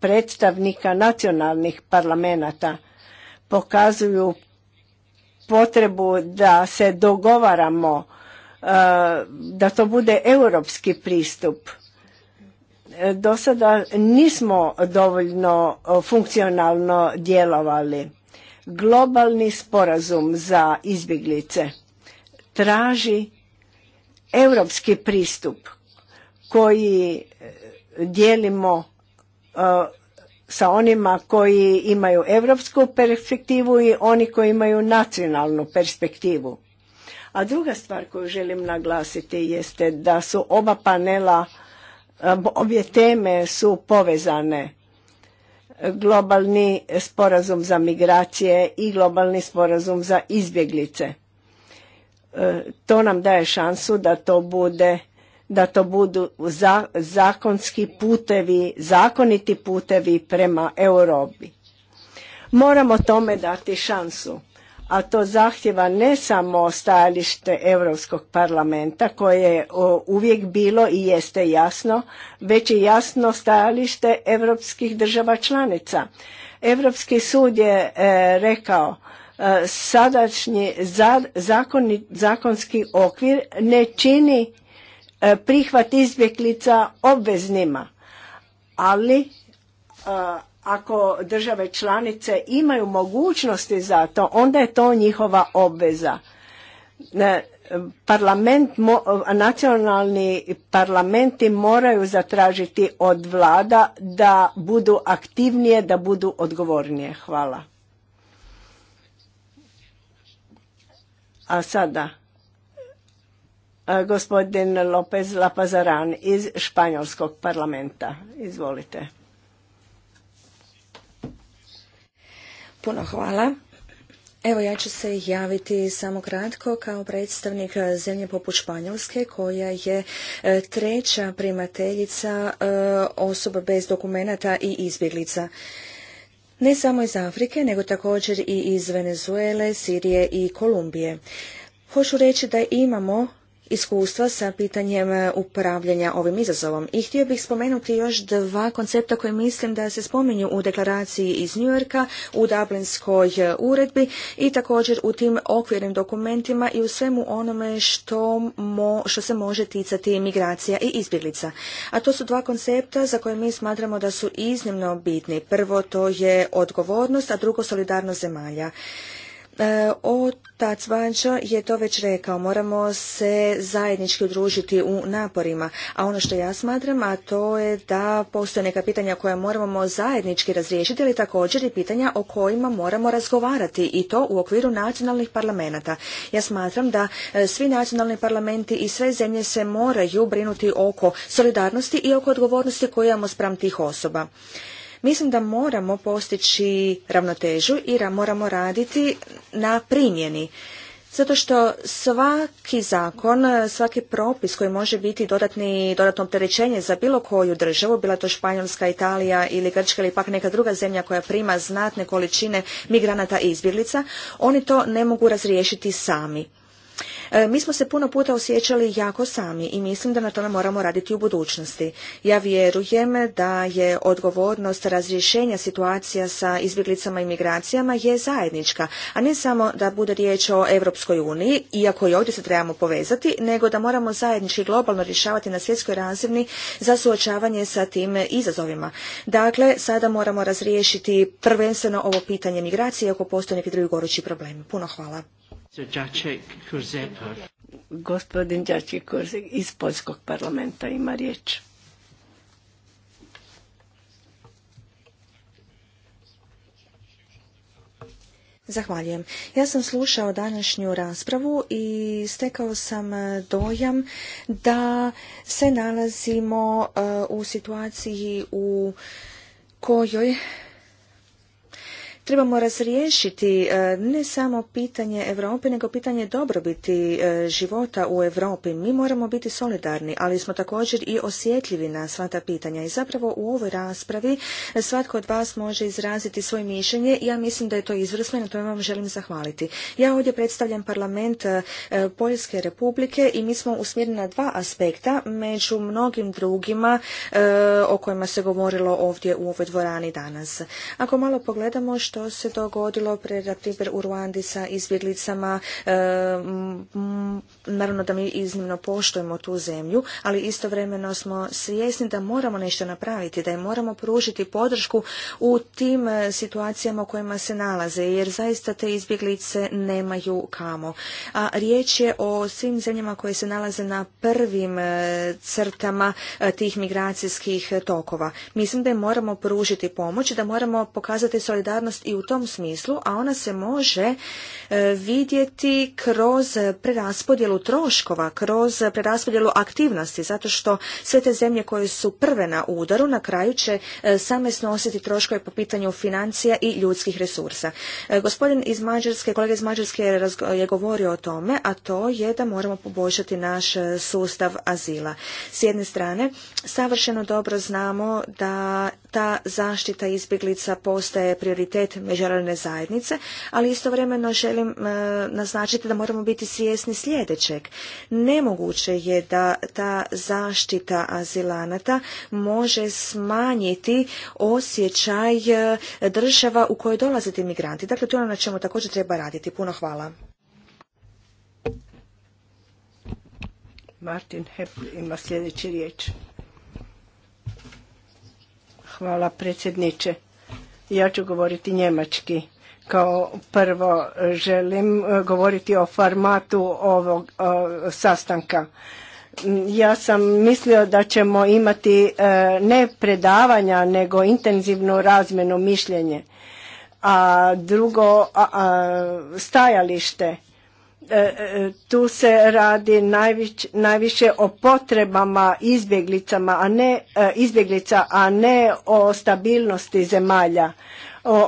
predstavnika nacionalnih parlamenata pokazuju potrebu da se dogovaramo E, da to bude europski pristup. E, do sada nismo dovoljno funkcionalno djelovali. Globalni sporazum za izbjeglice traži europski pristup koji dijelimo e, sa onima koji imaju europsku perspektivu i oni koji imaju nacionalnu perspektivu a druga stvar koju želim naglasiti jeste da su oba panela, obje teme su povezane. Globalni sporazum za migracije i globalni sporazum za izbjeglice. E, to nam daje šansu da to bude da to budu za, zakonski putevi, zakoniti putevi prema Europi. Moramo tome dati šansu a to zahtjeva ne samo stajalište Europskog parlamenta koje je uvijek bilo i jeste jasno, već i jasno stajalište europskih država članica. Europski sud je e, rekao e, sadašnji za, zakonski okvir ne čini e, prihvat izbjeglica obveznima, ali ako države članice imaju mogućnosti za to, onda je to njihova obveza. Parlament, nacionalni parlamenti moraju zatražiti od vlada da budu aktivnije, da budu odgovornije. Hvala. A sada e, gospodin Lopez Lapazaran iz Španjolskog parlamenta. Izvolite. Puno hvala. Evo ja ću se javiti samo kratko kao predstavnik zemlje poput Španjolske koja je e, treća primateljica e, osoba bez dokumenata i izbjeglica. Ne samo iz Afrike, nego također i iz Venezuele, Sirije i Kolumbije. Hoću reći da imamo iskustva sa pitanjem e, upravljanja ovim izazovom. I htio bih spomenuti još dva koncepta koje mislim da se spominju u deklaraciji iz Njujorka, u Dublinskoj e, uredbi i također u tim okvirnim dokumentima i u svemu onome što, što se može ticati migracija i izbjeglica. A to su dva koncepta za koje mi smatramo da su iznimno bitni. Prvo to je odgovornost, a drugo solidarnost zemalja. E, otac Vančo je to već rekao, moramo se zajednički udružiti u naporima, a ono što ja smatram, a to je da postoje neka pitanja koja moramo zajednički razriješiti, ali također i pitanja o kojima moramo razgovarati i to u okviru nacionalnih parlamenta. Ja smatram da e, svi nacionalni parlamenti i sve zemlje se moraju brinuti oko solidarnosti i oko odgovornosti koju imamo spram tih osoba. Mislim da moramo postići ravnotežu i da moramo raditi na primjeni. Zato što svaki zakon, svaki propis koji može biti dodatni, dodatno opterećenje za bilo koju državu, bila to Španjolska, Italija ili Grčka ili pak neka druga zemlja koja prima znatne količine migranata i izbjeglica, oni to ne mogu razriješiti sami. E, mi smo se puno puta osjećali jako sami i mislim da na tome moramo raditi u budućnosti. Ja vjerujem da je odgovornost razrješenja situacija sa izbjeglicama i migracijama je zajednička, a ne samo da bude riječ o Europskoj uniji, iako i ovdje se trebamo povezati, nego da moramo zajednički globalno rješavati na svjetskoj razini za suočavanje sa tim izazovima. Dakle, sada moramo razriješiti prvenstveno ovo pitanje migracije, ako postoje neki drugi gorući problemi. Puno hvala. Gospodin Đaček Kurzep iz Poljskog parlamenta ima riječ. Zahvaljujem. Ja sam slušao današnju raspravu i stekao sam e, dojam da se nalazimo e, u situaciji u kojoj trebamo razriješiti e, ne samo pitanje Europe, nego pitanje dobrobiti e, života u Europi. Mi moramo biti solidarni, ali smo također i osjetljivi na sva ta pitanja. I zapravo u ovoj raspravi svatko od vas može izraziti svoje mišljenje. Ja mislim da je to izvrsno i na tome vam želim zahvaliti. Ja ovdje predstavljam parlament e, Poljske republike i mi smo usmjereni na dva aspekta među mnogim drugima o kojima se govorilo ovdje u ovoj dvorani danas. Ako malo pogledamo što što se dogodilo pre, na u Ruandi sa izbjeglicama. E, naravno da mi iznimno poštujemo tu zemlju, ali istovremeno smo svjesni da moramo nešto napraviti, da je moramo pružiti podršku u tim e, situacijama u kojima se nalaze, jer zaista te izbjeglice nemaju kamo. A riječ je o svim zemljama koje se nalaze na prvim e, crtama tih migracijskih tokova. Mislim da je moramo pružiti pomoć, da moramo pokazati solidarnost i u tom smislu, a ona se može e, vidjeti kroz preraspodjelu troškova, kroz preraspodjelu aktivnosti, zato što sve te zemlje koje su prve na udaru na kraju će e, same snositi troškove po pitanju financija i ljudskih resursa. E, gospodin iz Mađarske, kolega iz Mađarske je govorio o tome, a to je da moramo poboljšati naš sustav azila. S jedne strane, savršeno dobro znamo da ta zaštita izbjeglica postaje prioritet međunarodne zajednice, ali istovremeno želim e, naznačiti da moramo biti svjesni sljedećeg. Nemoguće je da ta zaštita azilanata može smanjiti osjećaj e, država u koje dolaze ti migranti. Dakle, to je ono na čemu također treba raditi. Puno hvala. Martin Hepp ima sljedeći riječ. Hvala predsjedniče. Ja ću govoriti njemački. Kao prvo želim e, govoriti o formatu ovog e, sastanka. Ja sam mislio da ćemo imati e, ne predavanja nego intenzivnu razmenu mišljenje. A drugo a, a, stajalište E, e, tu se radi najviše o potrebama izbjeglicama, a ne, e, izbjeglica, a ne o stabilnosti zemalja.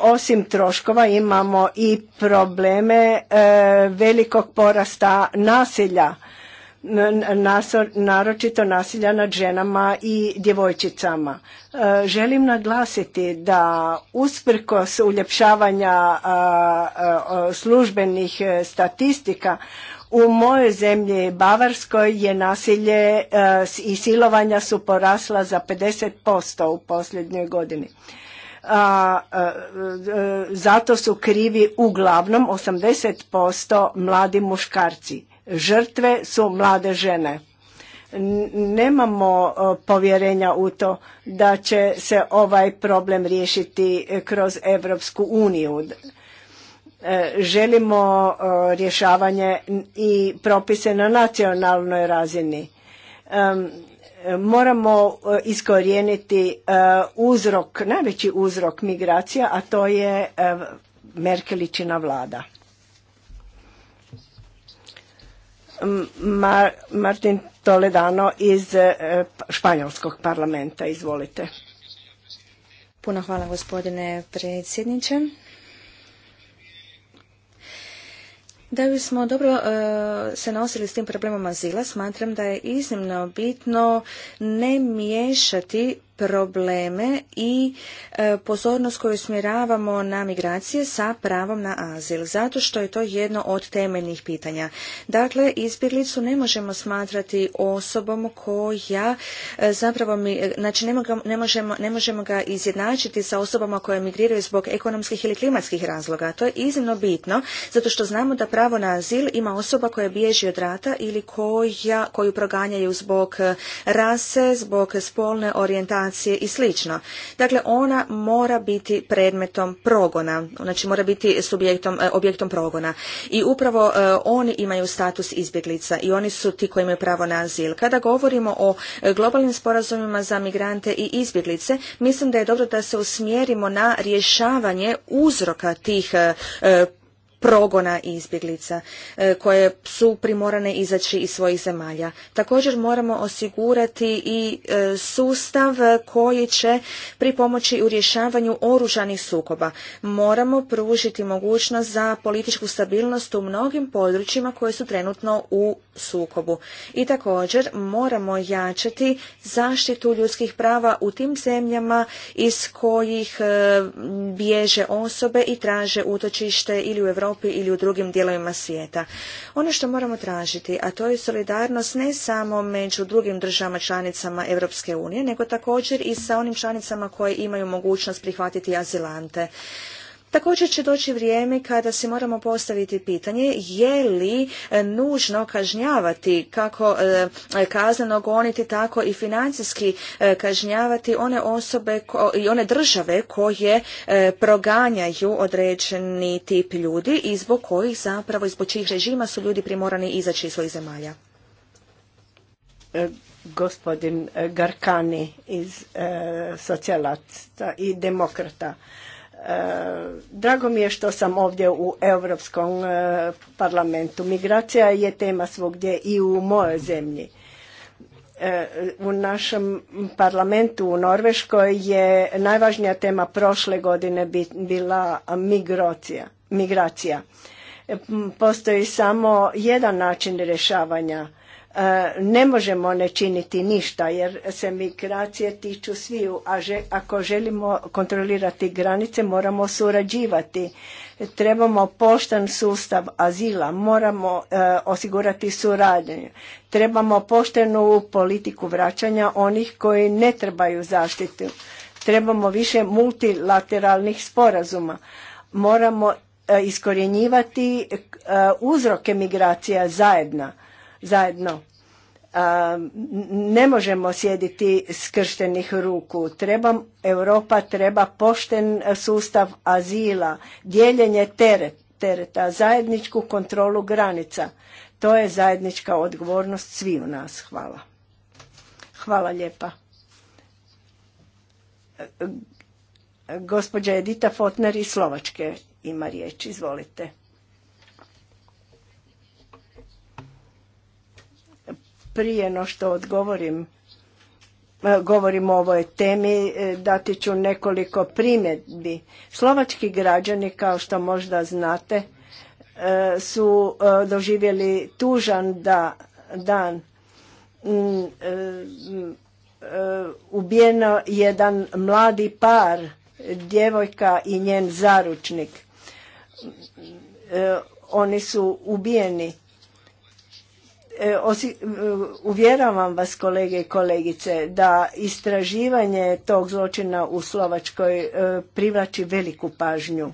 Osim troškova imamo i probleme velikog porasta nasilja naročito nasilja nad ženama i djevojčicama. E, želim naglasiti da usprkos uljepšavanja službenih e, statistika u mojoj zemlji Bavarskoj je nasilje e, i silovanja su porasla za 50% u posljednjoj godini. Zato su krivi uglavnom 80% mladi muškarci Žrtve su mlade žene. Nemamo e, povjerenja u to da će se ovaj problem riješiti e, kroz Europsku uniju. E, želimo rješavanje i propise na nacionalnoj razini moramo iskorijeniti uzrok, najveći uzrok migracija, a to je Merkeličina vlada. Martin Toledano iz e, Španjolskog parlamenta. Izvolite. Puno hvala gospodine predsjedniče. Da bismo dobro e, se nosili s tim problemom azila, smatram da je iznimno bitno ne miješati probleme i e, pozornost koju smjeravamo na migracije sa pravom na azil, zato što je to jedno od temeljnih pitanja. Dakle, izbjeglicu ne možemo smatrati osobom koja e, zapravo, mi, e, znači ne, možemo, ne možemo ga izjednačiti sa osobama koje migriraju zbog ekonomskih ili klimatskih razloga. To je iznimno bitno, zato što znamo da pravo na azil ima osoba koja bježi od rata ili koja, koju proganjaju zbog rase, zbog spolne orijentacije i slično. Dakle, ona mora biti predmetom progona, znači mora biti subjektom, e, objektom progona. I upravo e, oni imaju status izbjeglica i oni su ti koji imaju pravo na azil. Kada govorimo o e, globalnim sporazumima za migrante i izbjeglice, mislim da je dobro da se usmjerimo na rješavanje uzroka tih progona izbjeglica e, koje su primorane izaći iz svojih zemalja. Također moramo osigurati i e, sustav koji će pripomoći u rješavanju oružanih sukoba. Moramo pružiti mogućnost za političku stabilnost u mnogim područjima koje su trenutno u sukobu. I također moramo jačati zaštitu ljudskih prava u tim zemljama iz kojih e, bježe osobe i traže utočište ili u Evropi Europi ili u drugim dijelovima svijeta. Ono što moramo tražiti, a to je solidarnost ne samo među drugim državama članicama Europske unije, nego također i sa onim članicama koje imaju mogućnost prihvatiti azilante. Također će doći vrijeme kada si moramo postaviti pitanje je li e, nužno kažnjavati kako e, kazneno goniti tako i financijski e, kažnjavati one osobe i one države koje proganjaju određeni tip ljudi i zbog kojih zapravo i zbog čijih režima su ljudi primorani izaći iz svojih zemalja. gospodin Garkani iz i demokrata. E, drago mi je što sam ovdje u Europskom e, parlamentu. Migracija je tema svugdje i u mojoj zemlji. E, u našem parlamentu u Norveškoj je najvažnija tema prošle godine bila migracija. migracija. Postoji samo jedan način rješavanja E, ne možemo ne činiti ništa jer se migracije tiču sviju, a ako želimo kontrolirati granice moramo surađivati. Trebamo pošten sustav azila, moramo e, osigurati suradnju. Trebamo poštenu politiku vraćanja onih koji ne trebaju zaštitu. Trebamo više multilateralnih sporazuma. Moramo e, iskorjenjivati e, uzroke migracija zajedno zajedno. Ne možemo sjediti skrštenih ruku. Treba, Europa treba pošten sustav azila, dijeljenje teret, tereta, zajedničku kontrolu granica. To je zajednička odgovornost svi u nas. Hvala. Hvala lijepa. Gospođa Edita Fotner iz Slovačke ima riječ. Izvolite. Prije no što odgovorim, e, govorim o ovoj temi, e, dati ću nekoliko primjedbi. Slovački građani, kao što možda znate, e, su doživjeli tužan da, dan. Mm, mm, ubijeno jedan mladi par, djevojka i njen zaručnik. Oni su ubijeni E, e, uvjeravam vas kolege i kolegice da istraživanje tog zločina u Slovačkoj e, privlači veliku pažnju.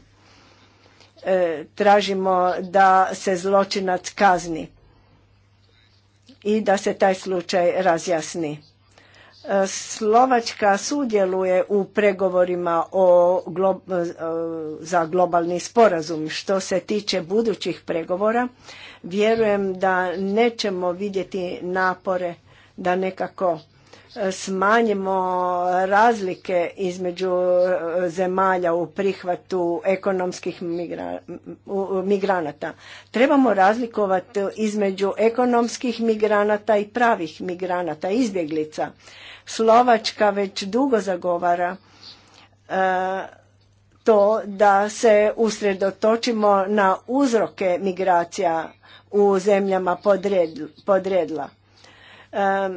Tražimo da se zločinac kazni i da se taj slučaj razjasni. Slovačka sudjeluje u pregovorima o e, za globalni sporazum. Što se tiče budućih pregovora, vjerujem da nećemo vidjeti napore da nekako e, smanjimo razlike između e, zemalja u prihvatu ekonomskih migranata. Trebamo razlikovati između ekonomskih migranata i pravih migranata, izbjeglica. Slovačka već dugo zagovara e, to da se usredotočimo na uzroke migracija u zemljama podredla. E,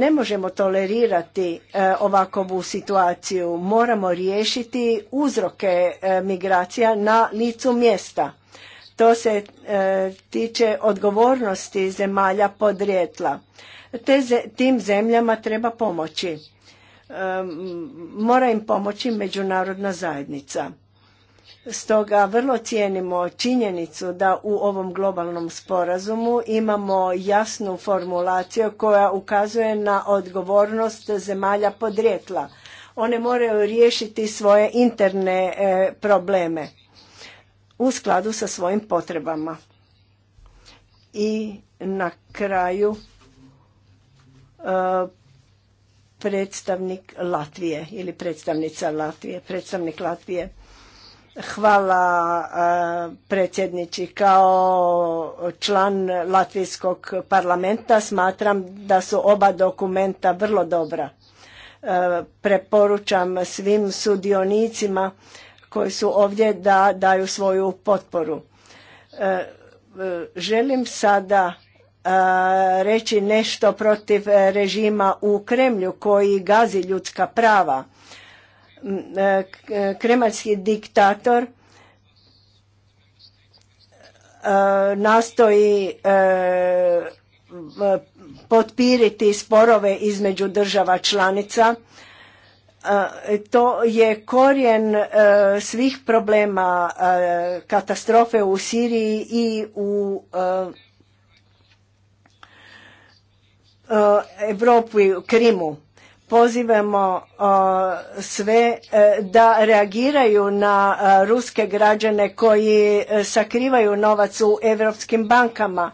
ne možemo tolerirati e, ovakovu situaciju. Moramo riješiti uzroke migracija na licu mjesta. To se e, tiče odgovornosti zemalja podrijetla. Te, tim zemljama treba pomoći. E, mora im pomoći međunarodna zajednica. Stoga vrlo cijenimo činjenicu da u ovom globalnom sporazumu imamo jasnu formulaciju koja ukazuje na odgovornost zemalja podrijetla. One moraju riješiti svoje interne e, probleme u skladu sa svojim potrebama. I na kraju e, predstavnik Latvije ili predstavnica Latvije, predstavnik Latvije. Hvala e, predsjednici. Kao član Latvijskog parlamenta smatram da su oba dokumenta vrlo dobra. E, preporučam svim sudionicima koji su ovdje da daju svoju potporu. E, e, želim sada e, reći nešto protiv režima u Kremlju koji gazi ljudska prava. Kremaljski diktator nastoji potpiriti sporove između država članica E, to je korijen e, svih problema e, katastrofe u Siriji i u Europi, Krimu. Pozivamo sve da reagiraju na ruske građane koji sakrivaju novac u europskim bankama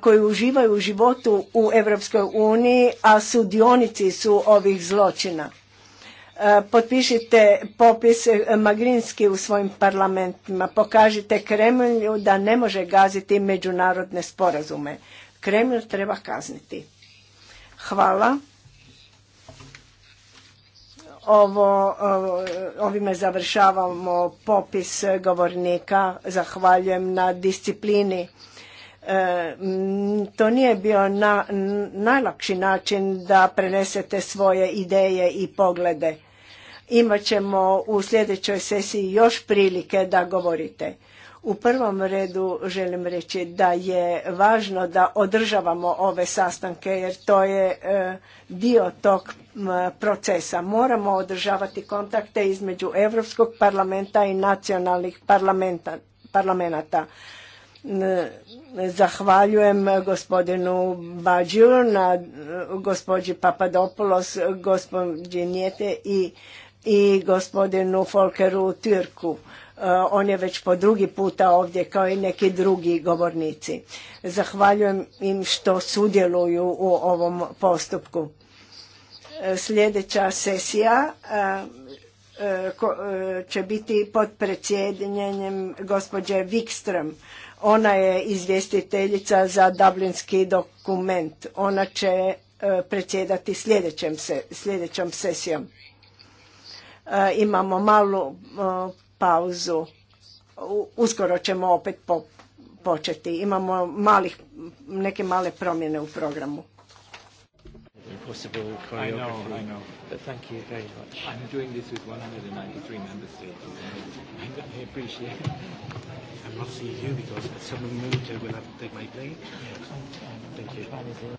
koji uživaju u životu u Europskoj uniji, a sudionici su ovih zločina. E, potpišite popis e, Magrinski u svojim parlamentima, pokažite Kremlju da ne može gaziti međunarodne sporazume. Kremlju treba kazniti. Hvala. Ovo, ovime završavamo popis govornika. Zahvaljujem na disciplini. E, to nije bio na, najlakši način da prenesete svoje ideje i poglede. Imat ćemo u sljedećoj sesiji još prilike da govorite. U prvom redu želim reći da je važno da održavamo ove sastanke jer to je e, dio tog procesa. Moramo održavati kontakte između Europskog parlamenta i nacionalnih parlamenta. Zahvaljujem gospodinu Bađu, na e, gospođi Papadopoulos, gospođi Njete i i gospodinu Folkeru Tyrku. E, on je već po drugi puta ovdje kao i neki drugi govornici. Zahvaljujem im što sudjeluju u ovom postupku. E, sljedeća sesija e, će biti pod predsjedinjenjem gospođe Wikström. Ona je izvjestiteljica za Dublinski dokument. Ona će predsjedati sljedećom sesijom. E, imamo malu e, pauzu. Uskoro ćemo opet početi. Imamo malih, neke male promjene u programu. Impossible choreography. I know, I know. But thank you very much. I'm doing this with 193 member states. I appreciate it. I'm not seeing you because someone moved will have to take my plane. Yes. Thank you.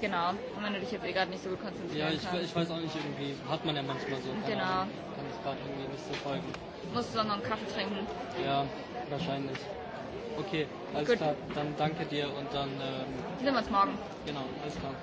Genau, und wenn du dich jetzt eh gerade nicht so gut konzentrieren Ja, ich, ich weiß auch nicht, irgendwie hat man ja manchmal so. Genau. Ahnung, kann ich gerade irgendwie nicht so folgen. Musst du dann noch einen Kaffee trinken? Ja, wahrscheinlich. Okay, alles Gut. klar. Dann danke dir und dann... Ähm, Sehen wir uns morgen. Genau, alles klar.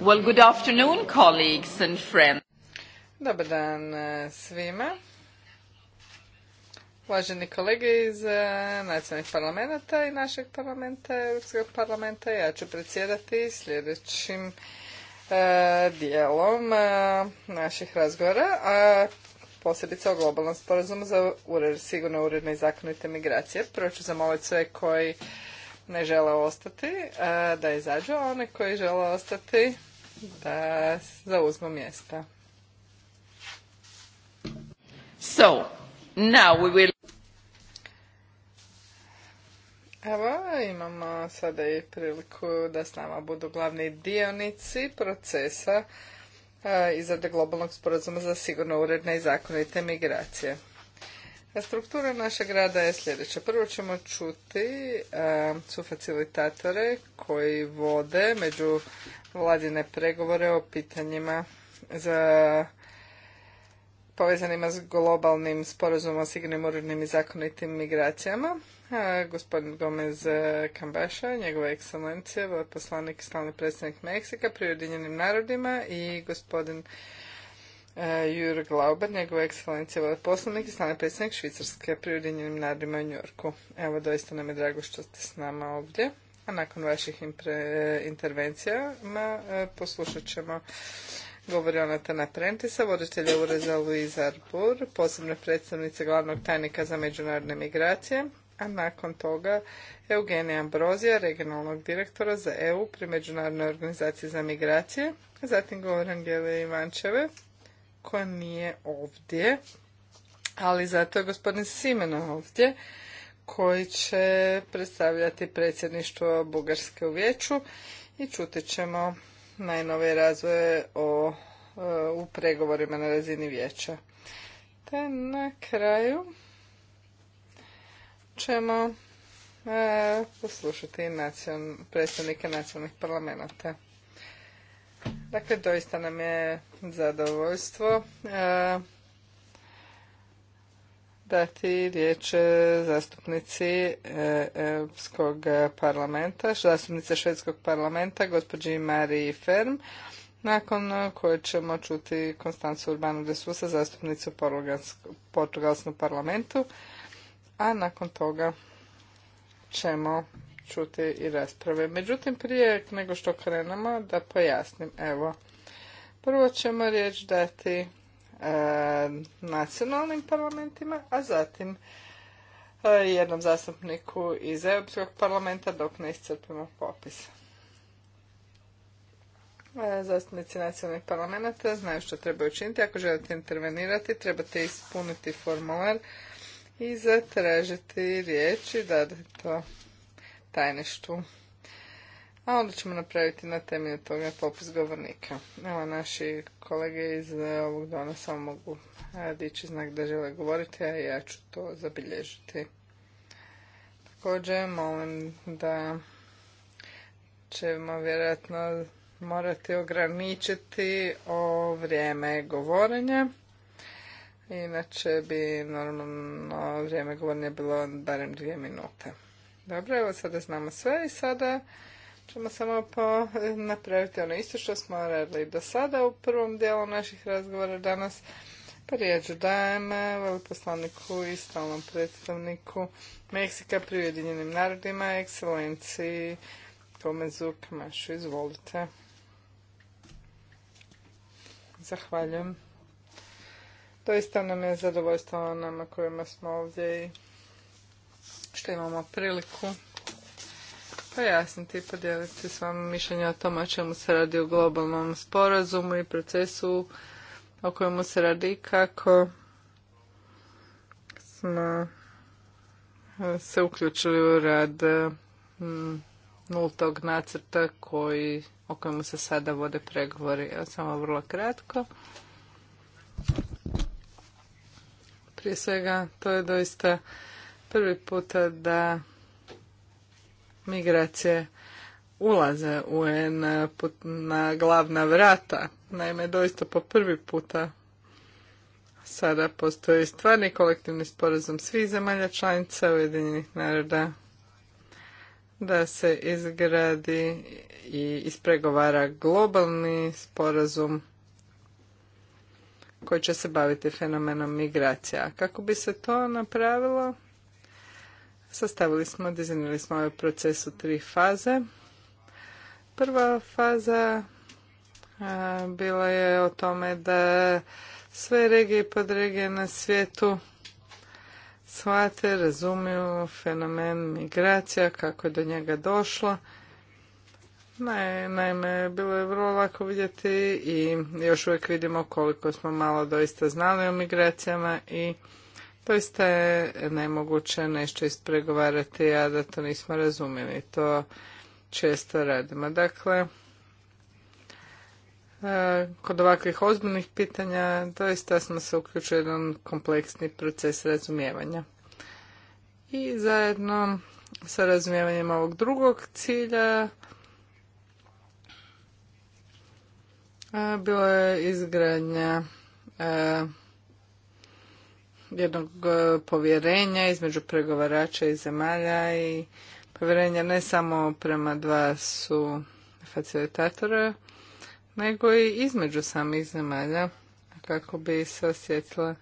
Well, good afternoon, colleagues and friends. Dobar dan eh, svima. Uvaženi kolege iz eh, nacionalnih parlamenta i našeg parlamenta, Europskog parlamenta, ja ću predsjedati sljedećim eh, dijelom naših razgovora, a posebice o globalnom sporazumu za sigurno uredne i zakonite migracije. Prvo ću zamoliti sve koji ne žele ostati, e, da izađu, a oni koji žele ostati da zauzmu mjesta. So, now we will... Evo, imamo sada i priliku da s nama budu glavni dionici procesa e, izrade globalnog sporazuma za sigurno uredne i zakonite migracije. E, struktura našeg rada je sljedeća. Prvo ćemo čuti e, facilitatore koji vode među vladine pregovore o pitanjima za povezanima s globalnim sporazumom o sigurnim, urednim i zakonitim migracijama. E, gospodin Gomez Kambaša, njegova ekscelencija, poslanik i stalni predstavnik Meksika pri Ujedinjenim narodima i gospodin Jure Glauber, njegova ekscelencija veleposlanik ovaj i stalni predsjednik Švicarske pri Ujedinjenim narodima u Njorku. Evo, doista nam je drago što ste s nama ovdje. A nakon vaših eh, intervencija eh, poslušat ćemo govori Onatana Prentisa, voditelja ureza Luiz Arbur, posebne predstavnice glavnog tajnika za međunarodne migracije, a nakon toga Eugenija Ambrozija, regionalnog direktora za EU pri Međunarodnoj organizaciji za migracije, zatim govori Angele Ivančeve, koja nije ovdje, ali zato je gospodin Simeno ovdje koji će predstavljati predsjedništvo Bugarske u vijeću i čuti ćemo najnove razvoje o, e, u pregovorima na razini vijeća. Te na kraju ćemo e, poslušati predstavnike nacionalnih parlamenta. Dakle, doista nam je zadovoljstvo e, dati riječ zastupnici e, Europskog parlamenta, zastupnice Švedskog parlamenta, gospođi Mariji Ferm, nakon koje ćemo čuti Konstancu Urbanu de Sousa, zastupnicu Portugalskom parlamentu, a nakon toga ćemo čuti i rasprave. Međutim, prije nego što krenemo, da pojasnim. Evo, prvo ćemo riječ dati e, nacionalnim parlamentima, a zatim e, jednom zastupniku iz Europskog parlamenta dok ne iscrpimo popis. E, zastupnici nacionalnih parlamenta znaju što treba učiniti. Ako želite intervenirati, trebate ispuniti formular i zatražiti riječi da to tajništvu. A onda ćemo napraviti na temelju toga popis govornika. Evo, naši kolege iz e, ovog dona samo mogu e, dići znak da žele govoriti, a ja ću to zabilježiti. Također, molim da ćemo vjerojatno morati ograničiti o vrijeme govorenja. Inače bi normalno vrijeme govorenja bilo barem dvije minute. Dobro, evo sada znamo sve i sada ćemo samo po e, napraviti ono isto što smo radili do sada u prvom dijelu naših razgovora danas. Prijeđu pa dajem veliposlaniku i stalnom predstavniku Meksika pri Ujedinjenim narodima, ekscelenciji Tomezu Kamašu. Izvolite. Zahvaljujem. Doista nam je zadovoljstvo nama kojima smo ovdje i što imamo priliku pojasniti pa i podijeliti s vama mišljenje o tom o čemu se radi u globalnom sporazumu i procesu o kojemu se radi i kako smo e, se uključili u rad nultog nacrta koji, o kojemu se sada vode pregovori. Ja samo vrlo kratko. Prije svega, to je doista prvi puta da migracije ulaze u UN na glavna vrata. Naime, doista po prvi puta sada postoji stvarni kolektivni sporazum svih zemalja članica Ujedinjenih naroda da se izgradi i ispregovara globalni sporazum koji će se baviti fenomenom migracija. Kako bi se to napravilo, Sastavili smo, dizajnili smo ovaj proces u tri faze. Prva faza bila je o tome da sve regije i podregije na svijetu shvate, razumiju fenomen migracija, kako je do njega došlo. Naime, bilo je vrlo lako vidjeti i još uvijek vidimo koliko smo malo doista znali o migracijama i Doista je nemoguće nešto ispregovarati, a da to nismo razumjeli. To često radimo. Dakle, e, kod ovakvih ozbiljnih pitanja doista smo se uključili u jedan kompleksni proces razumijevanja. I zajedno sa razumijevanjem ovog drugog cilja bilo je izgradnja e, jednog e, povjerenja između pregovarača i zemalja i povjerenja ne samo prema dva su facilitatora, nego i između samih zemalja kako bi se osjetila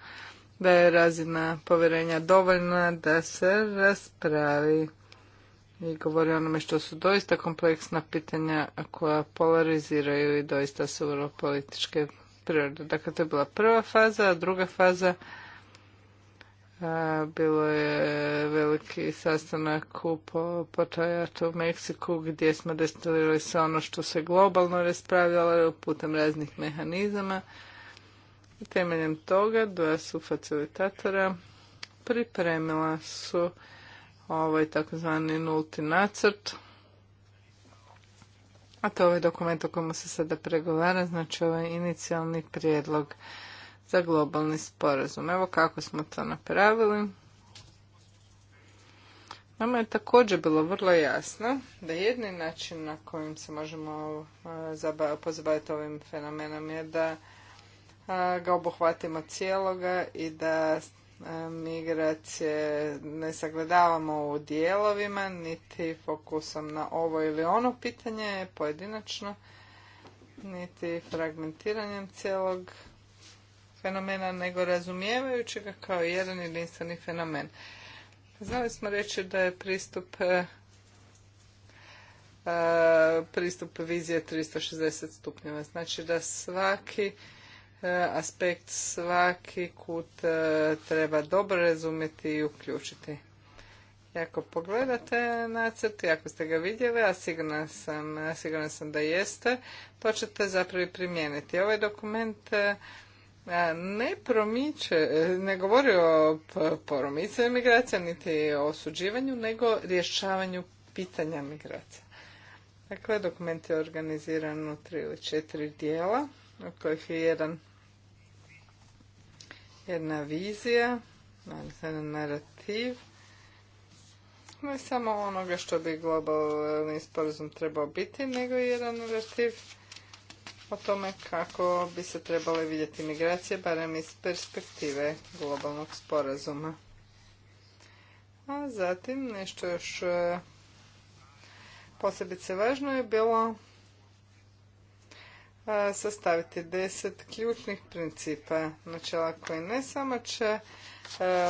da je razina povjerenja dovoljna da se raspravi i govori o onome što su doista kompleksna pitanja koja polariziraju i doista su vrlo političke prirode. Dakle, to je bila prva faza, a druga faza bilo je veliki sastanak u Potajatu u Meksiku gdje smo destilirali sve ono što se globalno raspravljalo putem raznih mehanizama. I temeljem toga dva su facilitatora pripremila su ovaj takozvani nulti nacrt. A to je ovaj dokument o kojemu se sada pregovara, znači ovaj inicijalni prijedlog za globalni sporazum. Evo kako smo to napravili. Nama je također bilo vrlo jasno da jedni način na kojim se možemo pozabaviti ovim fenomenom je da ga obuhvatimo cijeloga i da migracije ne sagledavamo u dijelovima niti fokusom na ovo ili ono pitanje pojedinačno niti fragmentiranjem cijelog fenomena, nego razumijevajući ga kao jedan jedinstveni fenomen. Znali smo reći da je pristup e, e, pristup vizije 360 stupnjeva. Znači da svaki e, aspekt, svaki kut treba dobro razumjeti i uključiti. I ako pogledate nacrt i ako ste ga vidjeli, a sam, siguran sam da jeste, to ćete zapravo primijeniti. Ovaj dokument ne promiče, e, ne govori o promicanju migracija niti o osuđivanju, nego rješavanju pitanja migracija. Dakle, dokument je organiziran u tri ili četiri dijela, od kojih je jedan jedna vizija, jedan narativ, ne samo onoga što bi globalni sporazum trebao biti, nego i jedan narativ o tome kako bi se trebale vidjeti migracije, barem iz perspektive globalnog sporazuma. A zatim nešto još e, posebice važno je bilo e, sastaviti deset ključnih principa načela koje ne samo će e,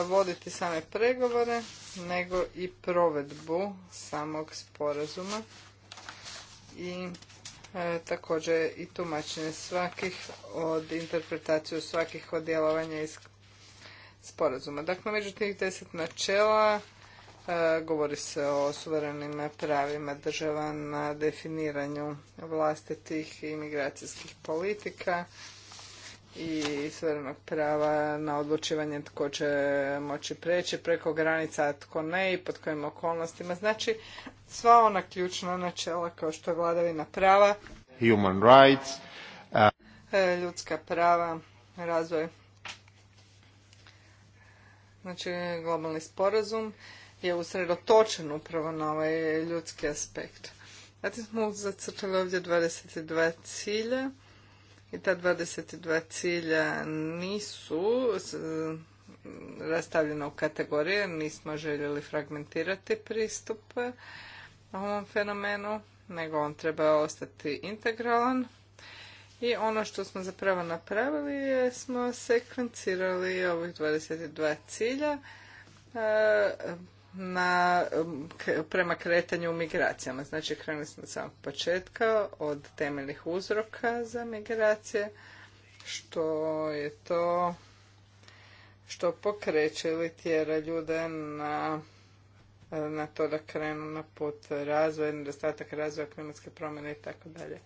voditi same pregovore, nego i provedbu samog sporazuma i E, također i tumačenje svakih od interpretaciju svakih od djelovanja iz sporazuma. Dakle, među tih deset načela e, govori se o suverenim pravima država na definiranju vlastitih imigracijskih politika, i suverenog prava na odlučivanje tko će moći preći preko granica, a tko ne i pod kojim okolnostima. Znači, sva ona ključna načela kao što je vladavina prava, human rights, e, ljudska prava, razvoj. Znači, globalni sporazum je usredotočen upravo na ovaj ljudski aspekt. Zatim smo zacrtali ovdje 22 cilja i ta 22 cilja nisu rastavljena u kategorije, nismo željeli fragmentirati pristup ovom fenomenu, nego on treba ostati integralan. I ono što smo zapravo napravili je smo sekvencirali ovih 22 cilja e, na, um, prema kretanju u migracijama. Znači, krenuli smo od samog početka, od temeljnih uzroka za migracije, što je to što pokreće ili tjera ljude na, na to da krenu na put razvoja, nedostatak razvoja, klimatske promjene i tako dalje.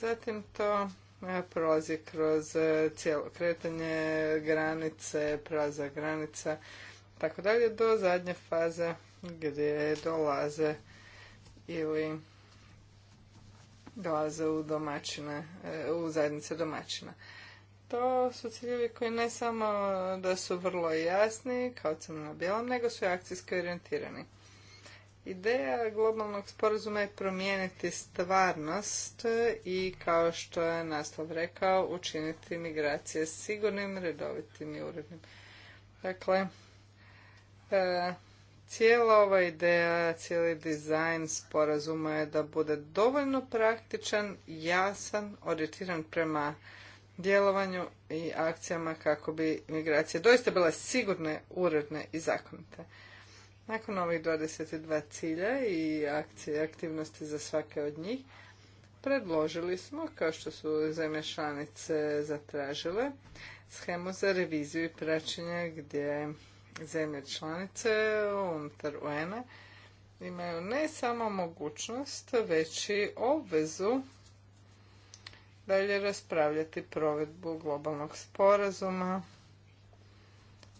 Zatim to e, prolazi kroz e, cijelo kretanje granice, prolaza granica, tako dalje, do zadnje faze gdje dolaze ili dolaze u domaćine, e, u zajednice domaćina. To su ciljevi koji ne samo da su vrlo jasni, kao sam na bijelom, nego su i akcijski orijentirani. Ideja globalnog sporazuma je promijeniti stvarnost i, kao što je naslov rekao, učiniti migracije sigurnim, redovitim i urednim. Dakle, E, cijela ova ideja, cijeli dizajn sporazuma je da bude dovoljno praktičan, jasan, orijentiran prema djelovanju i akcijama kako bi migracije doista bila sigurne, uredne i zakonite. Nakon ovih 22 cilja i akcije aktivnosti za svake od njih, predložili smo, kao što su zemlje članice zatražile, schemu za reviziju i praćenje gdje zemlje članice unutar UN-a imaju ne samo mogućnost, već i obvezu dalje raspravljati provedbu globalnog sporazuma,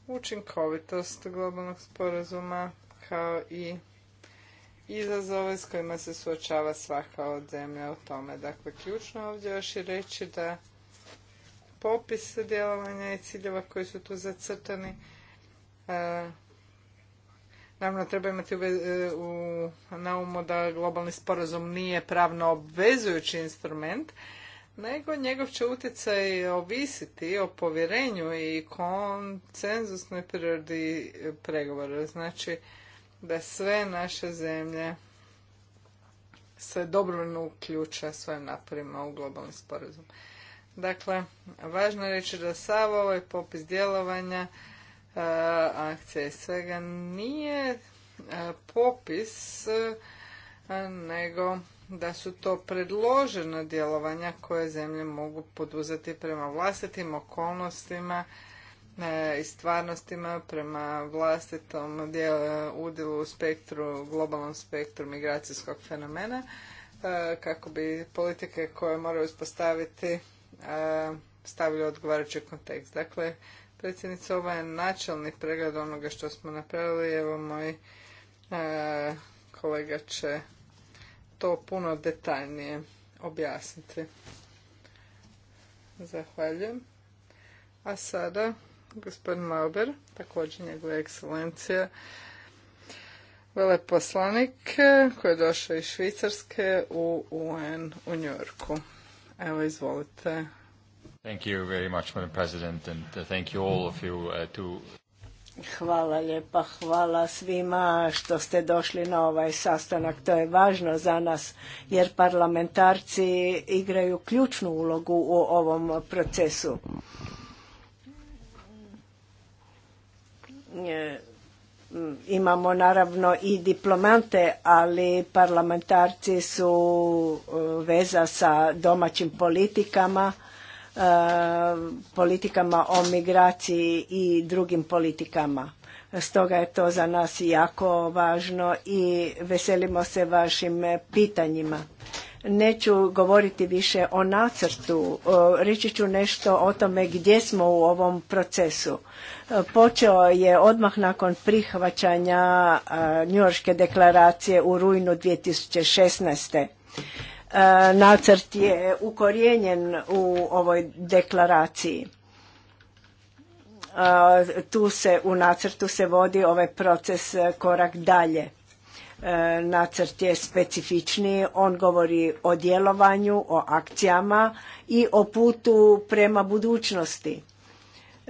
učinkovitost globalnog sporazuma, kao i izazove s kojima se suočava svaka od zemlja u tome. Dakle, ključno ovdje još i reći da popis djelovanja i ciljeva koji su tu zacrtani E, naravno, treba imati e, u, na umu da globalni sporazum nije pravno obvezujući instrument, nego njegov će utjecaj ovisiti o povjerenju i koncenzusnoj prirodi pregovora. Znači da sve naše zemlje se dobro uključe svojim naporima u globalni sporazum. Dakle, važno je reći da sav ovaj popis djelovanja akcija svega nije e, popis, e, nego da su to predložena djelovanja koje zemlje mogu poduzeti prema vlastitim okolnostima e, i stvarnostima prema vlastitom udjelu u spektru, globalnom spektru migracijskog fenomena kako bi politike koje moraju uspostaviti stavili odgovarajući kontekst. Dakle, predsjednice. Ovo je načelni pregled onoga što smo napravili. Evo moj e, kolega će to puno detaljnije objasniti. Zahvaljujem. A sada gospodin Mauber, također njegova ekscelencija, veleposlanik koji je došao iz Švicarske u UN u Njorku. Evo, izvolite, Thank you very much, Hvala lijepa, hvala svima što ste došli na ovaj sastanak. To je važno za nas jer parlamentarci igraju ključnu ulogu u ovom procesu. E, imamo naravno i diplomante, ali parlamentarci su e, veza sa domaćim politikama Eh, politikama o migraciji i drugim politikama. Stoga je to za nas jako važno i veselimo se vašim pitanjima. Neću govoriti više o nacrtu, eh, reći ću nešto o tome gdje smo u ovom procesu. Eh, počeo je odmah nakon prihvaćanja Njujorške deklaracije u rujnu 2016. E, nacrt je ukorijenjen u ovoj deklaraciji. E, tu se u nacrtu se vodi ovaj proces korak dalje. E, nacrt je specifičniji, on govori o djelovanju, o akcijama i o putu prema budućnosti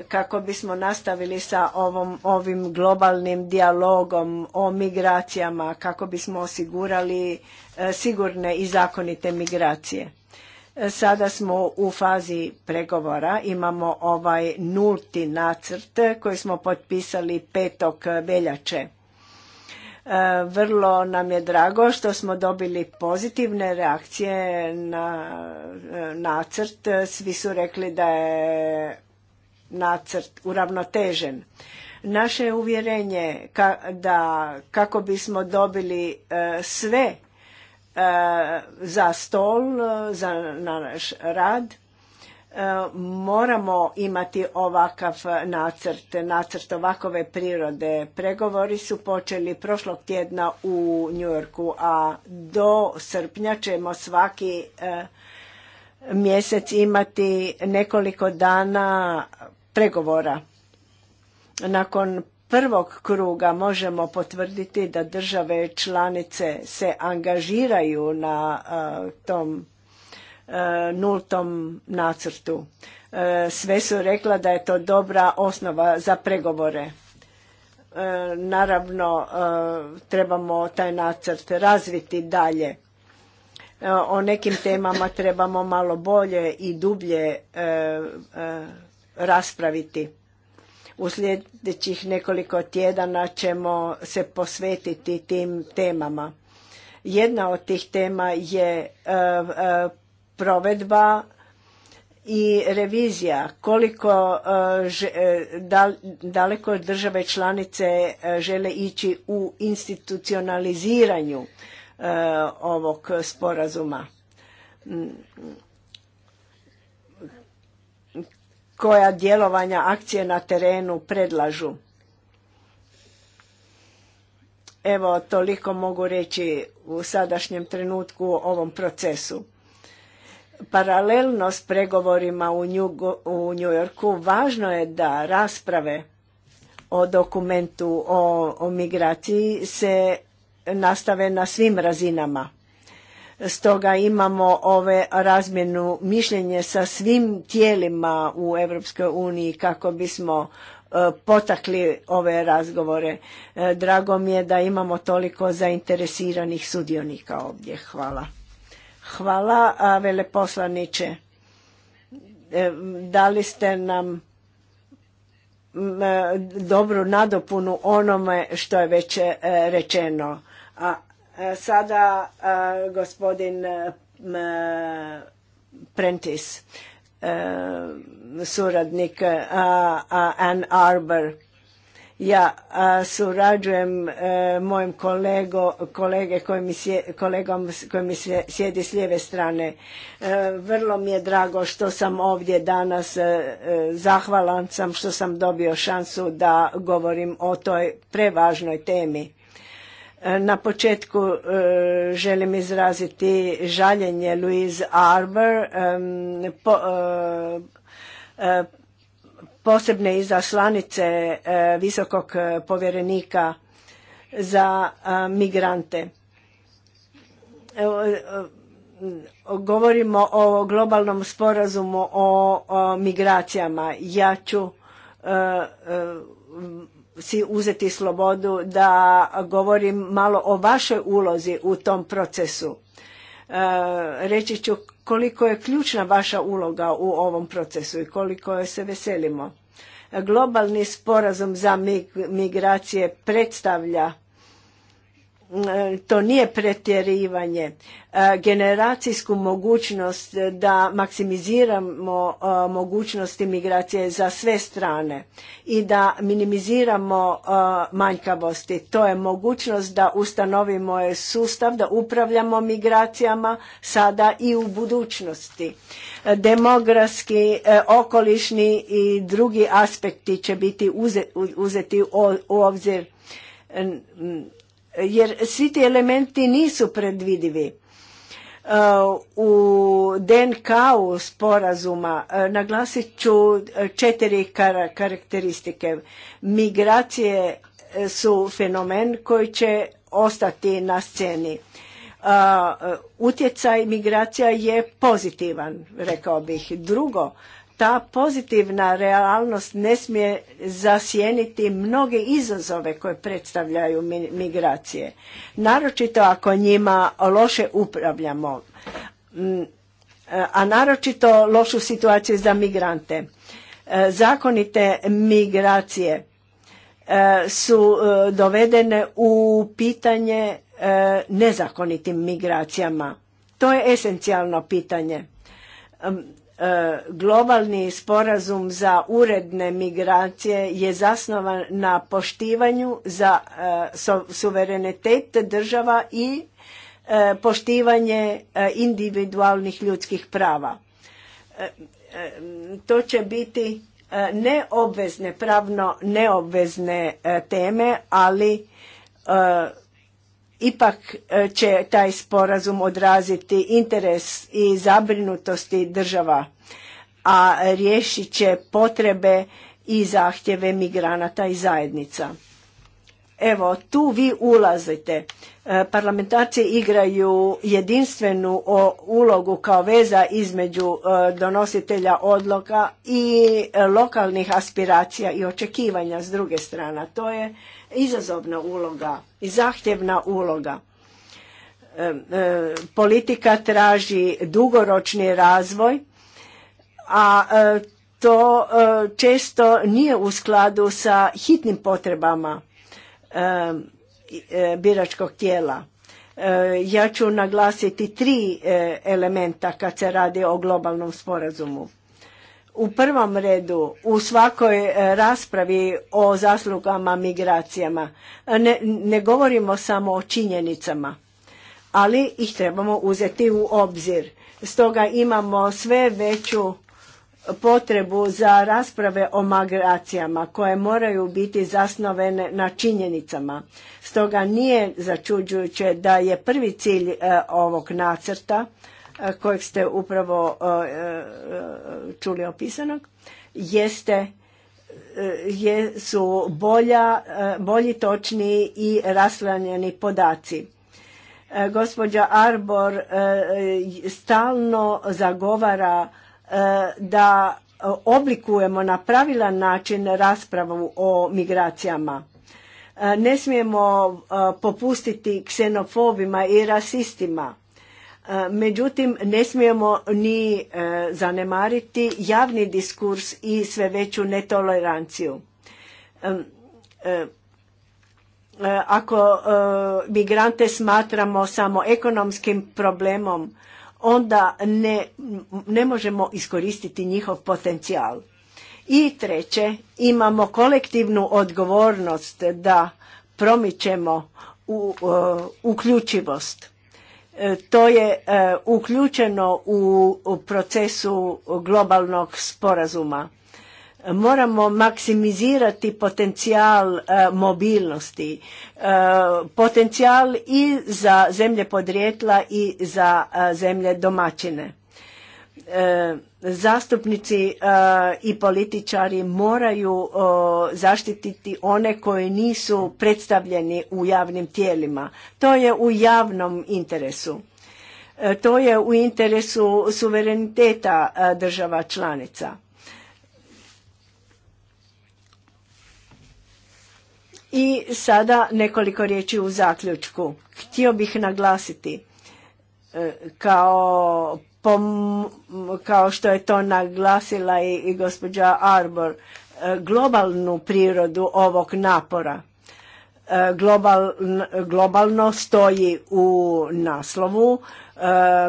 kako bismo nastavili sa ovim globalnim dijalogom o migracijama, kako bismo osigurali e, sigurne i zakonite migracije. E, sada smo u fazi pregovora, imamo ovaj nulti nacrt koji smo potpisali petok veljače. E, vrlo nam je drago što smo dobili pozitivne reakcije na nacrt. Svi su rekli da je nacrt uravnotežen. Naše uvjerenje da kako bismo dobili e, sve e, za stol, e, za na naš rad, moramo imati ovakav nacrt, nacrt ovakove prirode. Pregovori su počeli prošlog tjedna u Njujorku, a do srpnja ćemo svaki mjesec imati nekoliko dana pregovora. Nakon prvog kruga možemo potvrditi da države članice se angažiraju na tom nultom nacrtu. Sve su rekla da je to dobra osnova za pregovore. Naravno, trebamo taj nacrt razviti dalje E, o nekim temama trebamo malo bolje i dublje e, e, raspraviti. U sljedećih nekoliko tjedana ćemo se posvetiti tim temama. Jedna od tih tema je provedba i revizija koliko daleko države članice žele ići u institucionaliziranju E, ovog sporazuma koja djelovanja akcije na terenu predlažu. Evo, toliko mogu reći u sadašnjem trenutku o ovom procesu. Paralelno s pregovorima u, New u Yorku, važno je da rasprave o dokumentu o, o migraciji se nastave na svim razinama. Stoga imamo ove razmjenu mišljenje sa svim tijelima u Europskoj uniji kako bismo e, potakli ove razgovore. E, drago mi je da imamo toliko zainteresiranih sudionika ovdje. Hvala. Hvala, veleposlaniče. E, dali ste nam dobru nadopunu onome što je već rečeno a e, sada e, gospodin e, Prentis, suradnik Ann Arbor. Ja surađujem mojim kolege kolegom koji mi sjedi s lijeve strane. Vrlo mi je drago što sam ovdje danas. Zahvalan sam što sam dobio šansu da govorim o toj prevažnoj temi na početku e, želim izraziti žaljenje Louise Arbour, po, e, e, posebne izaslanice visokog povjerenika za migrante. Govorimo o globalnom sporazumu o migracijama. Ja ću si uzeti slobodu da govorim malo o vašoj ulozi u tom procesu. E, reći ću koliko je ključna vaša uloga u ovom procesu i koliko je se veselimo. Globalni sporazum za migracije predstavlja to nije pretjerivanje, e, generacijsku mogućnost da maksimiziramo e, mogućnosti migracije za sve strane i da minimiziramo e, manjkavosti. To je mogućnost da ustanovimo sustav, da upravljamo migracijama sada i u budućnosti. Demografski, okolišni i drugi aspekti će biti uzeti u obzir jer svi ti elementi nisu predvidivi. E, u DNK-u sporazuma e, naglasit ću e, četiri karakteristike. Migracije su fenomen koji će ostati na sceni. Utjecaj migracija je pozitivan, rekao bih. Drugo, ta pozitivna realnost ne smije zasjeniti mnoge izazove koje predstavljaju migracije. Naročito ako njima loše upravljamo, mm, a naročito lošu situaciju za migrante. E, zakonite migracije e, su e, dovedene u pitanje nezakonitim migracijama. To je esencijalno pitanje E, globalni sporazum za uredne migracije je zasnovan na poštivanju za e, suverenitet država i e, poštivanje individualnih ljudskih prava. To će biti neobvezne, pravno neobvezne teme, ali ipak e, će taj sporazum odraziti interes i zabrinutosti država, a riješit će potrebe i zahtjeve migranata i zajednica. Evo, tu vi ulazite. E, parlamentarci igraju jedinstvenu ulogu kao veza između e, donositelja odloka i lokalnih aspiracija i očekivanja s druge strane. To je izazovna uloga i zahtjevna uloga. E, e, politika traži dugoročni razvoj, a e, to često nije u skladu sa hitnim potrebama biračkog tijela. Ja ću naglasiti tri elementa kad se radi o globalnom sporazumu u prvom redu u svakoj e, raspravi o zaslugama migracijama e, ne, ne govorimo samo o činjenicama ali ih trebamo uzeti u obzir stoga imamo sve veću potrebu za rasprave o migracijama koje moraju biti zasnovene na činjenicama stoga nije začuđujuće da je prvi cilj e, ovog nacrta kojeg ste upravo e, e, čuli opisanog, jeste e, su bolja, bolji, točni i raslanjeni podaci. Gospođa Arbor stalno zagovara da oblikujemo na pravilan način raspravu o migracijama. Ne smijemo popustiti ksenofobima i rasistima E, međutim, ne smijemo ni e, zanemariti javni diskurs i sve veću netoleranciju. E, ako migrante smatramo samo ekonomskim problemom, onda ne, ne možemo iskoristiti njihov potencijal. I treće, imamo kolektivnu odgovornost da promičemo u, u, uključivost E, to je e, uključeno u procesu globalnog sporazuma. Moramo maksimizirati potencijal e, mobilnosti, potencijal i za zemlje podrijetla i za zemlje domaćine E, zastupnici e, i političari moraju zaštititi one koji nisu predstavljeni u javnim tijelima. To je u javnom interesu. E, to je u interesu suvereniteta država članica. I sada nekoliko riječi u zaključku. Htio bih naglasiti kao, pom, kao što je to naglasila i, gospođa Arbor, e, globalnu prirodu ovog napora. E, global, globalno stoji u naslovu, e,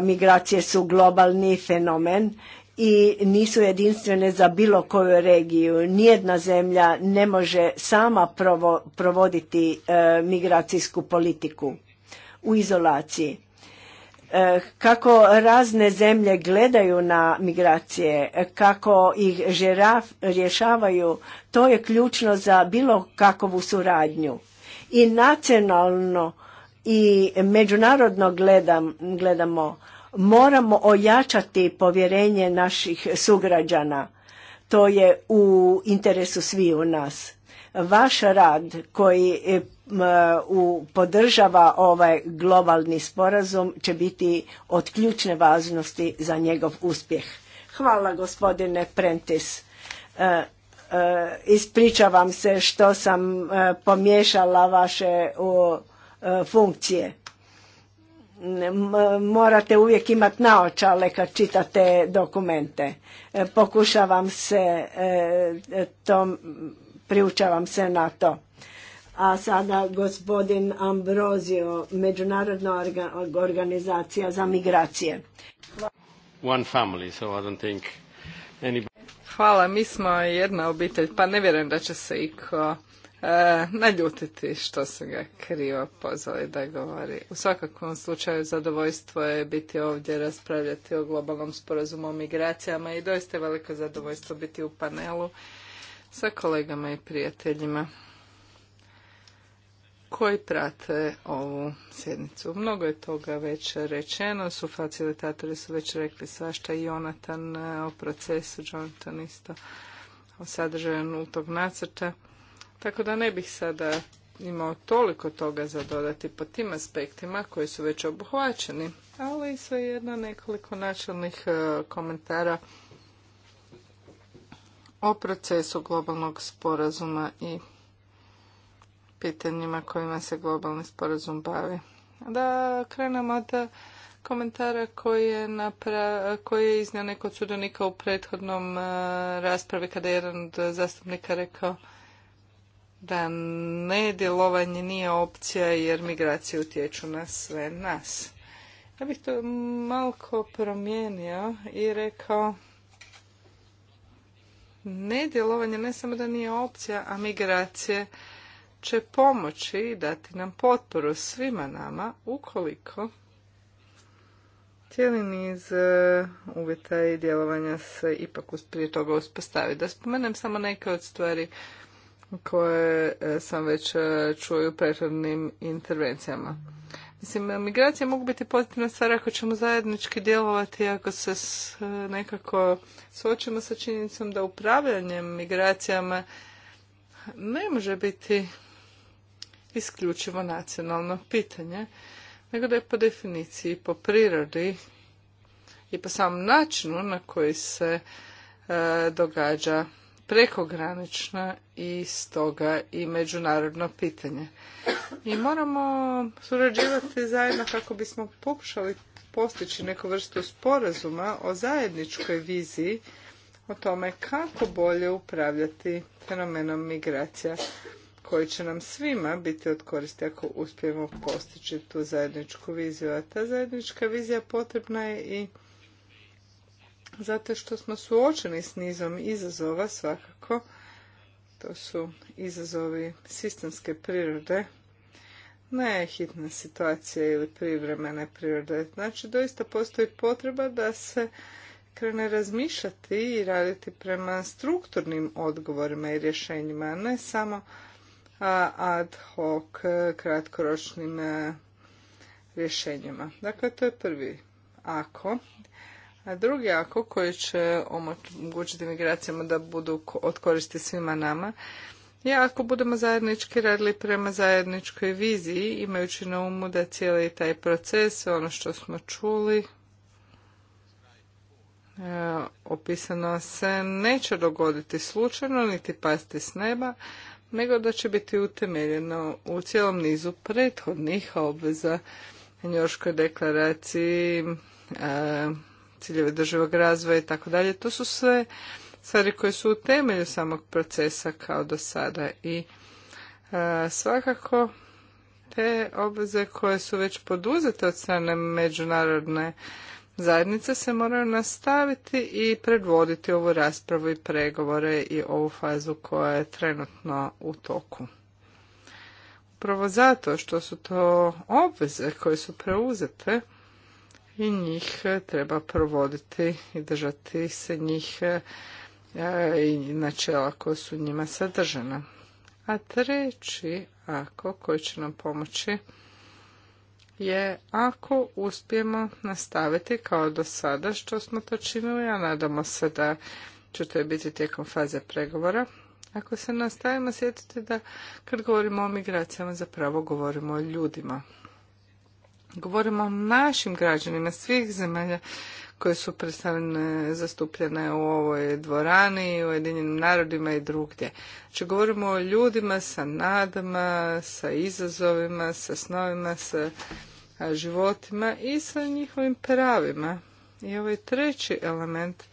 migracije su globalni fenomen i nisu jedinstvene za bilo koju regiju. Nijedna zemlja ne može sama provoditi migracijsku politiku u izolaciji Eh, kako razne zemlje gledaju na migracije, eh, kako ih žiraf, rješavaju, to je ključno za bilo kakvu suradnju. I nacionalno i međunarodno gledam, gledamo, moramo ojačati povjerenje naših sugrađana. To je u interesu u nas. Vaš rad koji eh, E, u, podržava ovaj globalni sporazum će biti od ključne važnosti za njegov uspjeh. Hvala gospodine Prentis. E, e, ispričavam se što sam e, pomiješala vaše u, funkcije. morate uvijek imati naočale kad čitate dokumente. Pokušavam se, tom, priučavam se na to a sada gospodin Ambrozio, Međunarodna organizacija za migracije. Hvala, mi smo jedna obitelj, pa ne vjerujem da će se iko e, naljutiti što su ga krivo pozvali da govori. U svakakvom slučaju zadovoljstvo je biti ovdje raspravljati o globalnom sporazumu o migracijama i doista je veliko zadovoljstvo biti u panelu sa kolegama i prijateljima koji prate ovu sjednicu. Mnogo je toga već rečeno, su facilitatori su već rekli svašta i Jonatan e, o procesu, Jonathan isto o sadržaju nultog nacrta. Tako da ne bih sada imao toliko toga za dodati po tim aspektima koji su već obuhvaćeni, ali i sve jedno nekoliko načelnih e, komentara o procesu globalnog sporazuma i pitanjima kojima se globalni sporazum bavi. Da krenemo od komentara koji je, iznio neko od sudionika u prethodnom eh, raspravi kada je jedan od zastupnika rekao da nedjelovanje nije opcija jer migracije utječu na sve nas. Ja bih to malko promijenio i rekao nedjelovanje ne samo da nije opcija, a migracije će pomoći i dati nam potporu svima nama ukoliko cijeli niz e, uvjeta i djelovanja se ipak prije toga uspostavi. Da spomenem samo neke od stvari koje e, sam već e, čuo u prethodnim intervencijama. Mislim, migracije mogu biti pozitivna stvar ako ćemo zajednički djelovati, ako se nekako suočimo sa činjenicom da upravljanjem migracijama ne može biti isključivo nacionalno pitanje, nego da je po definiciji, po prirodi i po samom načinu na koji se e, događa prekogranična i stoga i međunarodno pitanje. I moramo surađivati zajedno kako bismo pokušali postići neku vrstu sporazuma o zajedničkoj viziji o tome kako bolje upravljati fenomenom migracija koji će nam svima biti od koristi ako uspijemo postići tu zajedničku viziju. A ta zajednička vizija potrebna je i zato što smo suočeni s nizom izazova svakako. To su izazovi sistemske prirode, ne hitna situacija ili privremene prirode. Znači, doista postoji potreba da se krene razmišljati i raditi prema strukturnim odgovorima i rješenjima, a ne samo ad hoc e, kratkoročnim e, rješenjima. Dakle, to je prvi ako. A drugi ako koji će omogućiti migracijama da budu od svima nama je ako budemo zajednički radili prema zajedničkoj viziji, imajući na umu da cijeli taj proces, ono što smo čuli, e, opisano se neće dogoditi slučajno niti pasti s neba, nego da će biti utemeljeno u cijelom nizu prethodnih obveza njoškoj deklaraciji, ciljeve državog razvoja i tako dalje. To su sve stvari koje su u temelju samog procesa kao do sada i svakako te obveze koje su već poduzete od strane međunarodne zajednice se moraju nastaviti i predvoditi ovu raspravu i pregovore i ovu fazu koja je trenutno u toku. Upravo zato što su to obveze koje su preuzete i njih e, treba provoditi i držati se njih e, e, i načela koja su njima sadržana. A treći ako koji će nam pomoći je ako uspijemo nastaviti kao do sada što smo to činili, a nadamo se da će to biti tijekom faze pregovora, ako se nastavimo sjetiti da kad govorimo o migracijama zapravo govorimo o ljudima. Govorimo o našim građanima svih zemalja koje su predstavljene, zastupljene u ovoj dvorani, u jedinim narodima i drugdje. Znači, govorimo o ljudima sa nadama, sa izazovima, sa snovima, sa životima i sa njihovim pravima. I ovaj treći element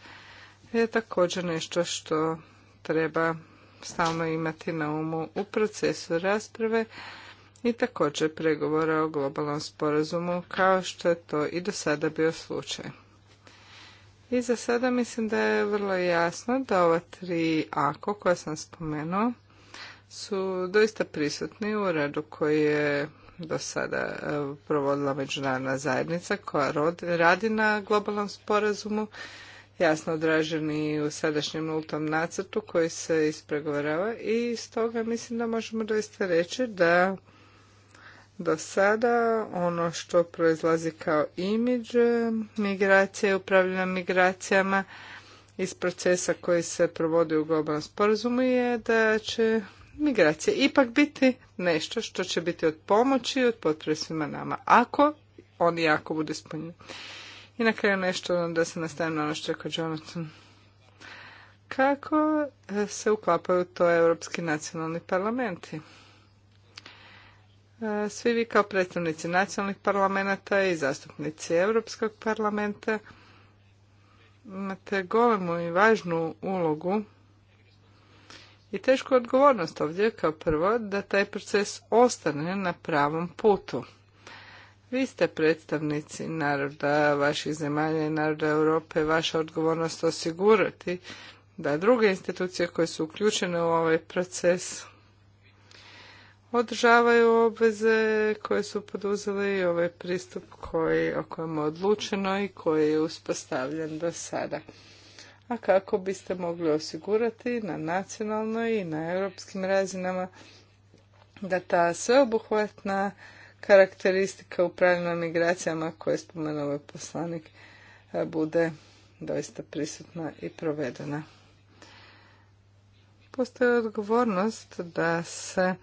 je također nešto što treba stalno imati na umu u procesu rasprave i također pregovora o globalnom sporazumu kao što je to i do sada bio slučaj. I za sada mislim da je vrlo jasno da ova tri ako koja sam spomenuo su doista prisutni u radu koji je do sada e, provodila međunarodna zajednica koja radi na globalnom sporazumu jasno odraženi u sadašnjem nultom nacrtu koji se ispregovarava i stoga mislim da možemo doista reći da do sada, ono što proizlazi kao imidž e, migracije, upravljanja migracijama iz procesa koji se provodi u globalnom sporazumu je da će migracije ipak biti nešto što će biti od pomoći i od potpore svima nama, ako oni jako bude ispunjeni. I na kraju nešto da se nastavim na ono što Jonathan. Kako e, se uklapaju to europski nacionalni parlamenti? E, svi vi kao predstavnici nacionalnih parlamenta i zastupnici Europskog parlamenta imate golemu i važnu ulogu i tešku odgovornost ovdje kao prvo da taj proces ostane na pravom putu. Vi ste predstavnici naroda vaših zemalja i naroda Europe, vaša odgovornost osigurati da druge institucije koje su uključene u ovaj proces održavaju obveze koje su poduzeli i ovaj pristup koji, o kojem je odlučeno i koji je uspostavljen do sada. A kako biste mogli osigurati na nacionalnoj i na europskim razinama da ta sveobuhvatna karakteristika upravljanja migracijama koje je spomenuo ovaj poslanik e, bude doista prisutna i provedena. Postoji odgovornost da se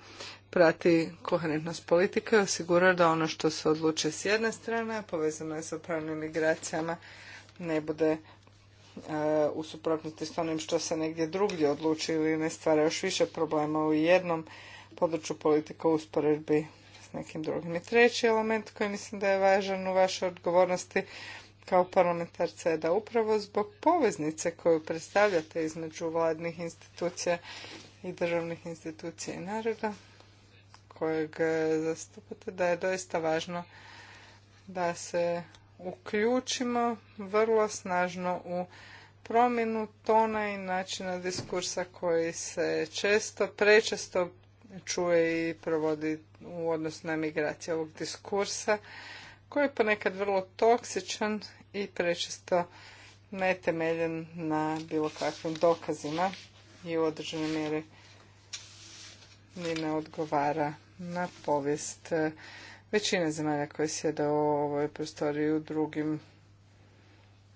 prati koherentnost politike, osigura da ono što se odluče s jedne strane, povezano je sa upravnim migracijama, ne bude e, u suprotnosti s onim što se negdje drugdje odluči ili ne stvara još više problema u jednom području politika u usporedbi s nekim drugim. I treći element koji mislim da je važan u vašoj odgovornosti kao parlamentarca je da upravo zbog poveznice koju predstavljate između vladnih institucija i državnih institucija i naroda, kojeg e, zastupate, da je doista važno da se uključimo vrlo snažno u promjenu tona i načina diskursa koji se često, prečesto čuje i provodi u odnosu na migraciju ovog diskursa koji je ponekad vrlo toksičan i prečesto netemeljen na bilo kakvim dokazima i u određenoj mjeri ni ne odgovara na povijest većine zemalja koje sjede u ovoj prostoriji u drugim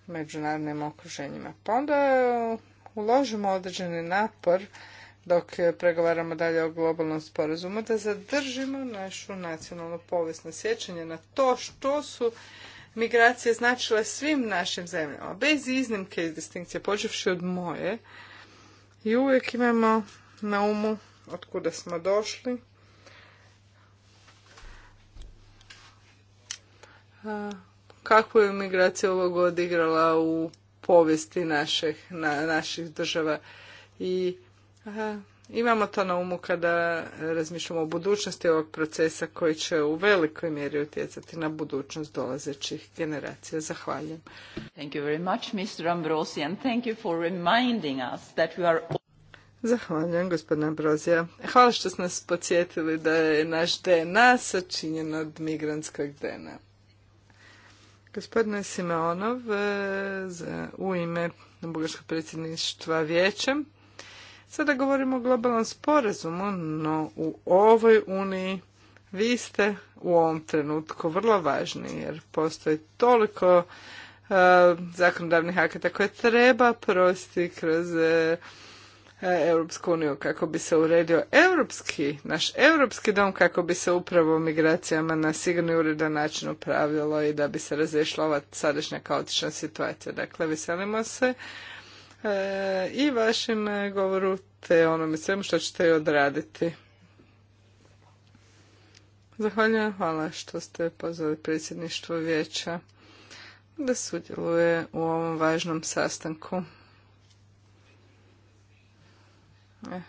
međunarodnim okruženjima. Pa onda uložimo određeni napor dok pregovaramo dalje o globalnom sporazumu da zadržimo našu nacionalnu povijesno sjećanje na to što su migracije značile svim našim zemljama, bez iznimke i distinkcije, počevši od moje. I uvijek imamo na umu od kuda smo došli, kakvu je migracija ovog odigrala u povijesti naših, naših država i imamo to na umu kada razmišljamo o budućnosti ovog procesa koji će u velikoj mjeri utjecati na budućnost dolazećih generacija. Zahvaljujem. Thank you very much, Mr. thank you for reminding us that we are... Zahvaljujem, gospodine Ambrozija. Hvala što ste nas podsjetili da je naš DNA sačinjen od migrantskog DNA. Gospodine Simeonov, e, u ime Bugarskog predsjedništva vijećem, sada govorimo o globalnom sporazumu, no u ovoj uniji vi ste u ovom trenutku vrlo važni jer postoji toliko e, zakonodavnih akata koje treba prosti kroz e, E, Europsku uniju, kako bi se uredio europski, naš europski dom, kako bi se upravo migracijama na sigurni uredan način upravljalo i da bi se razriješila ova sadašnja kaotična situacija. Dakle, veselimo se e, i vašem govoru te onome svemu što ćete i odraditi. Zahvaljujem, hvala što ste pozvali predsjedništvo vijeća da sudjeluje u ovom važnom sastanku. Eh,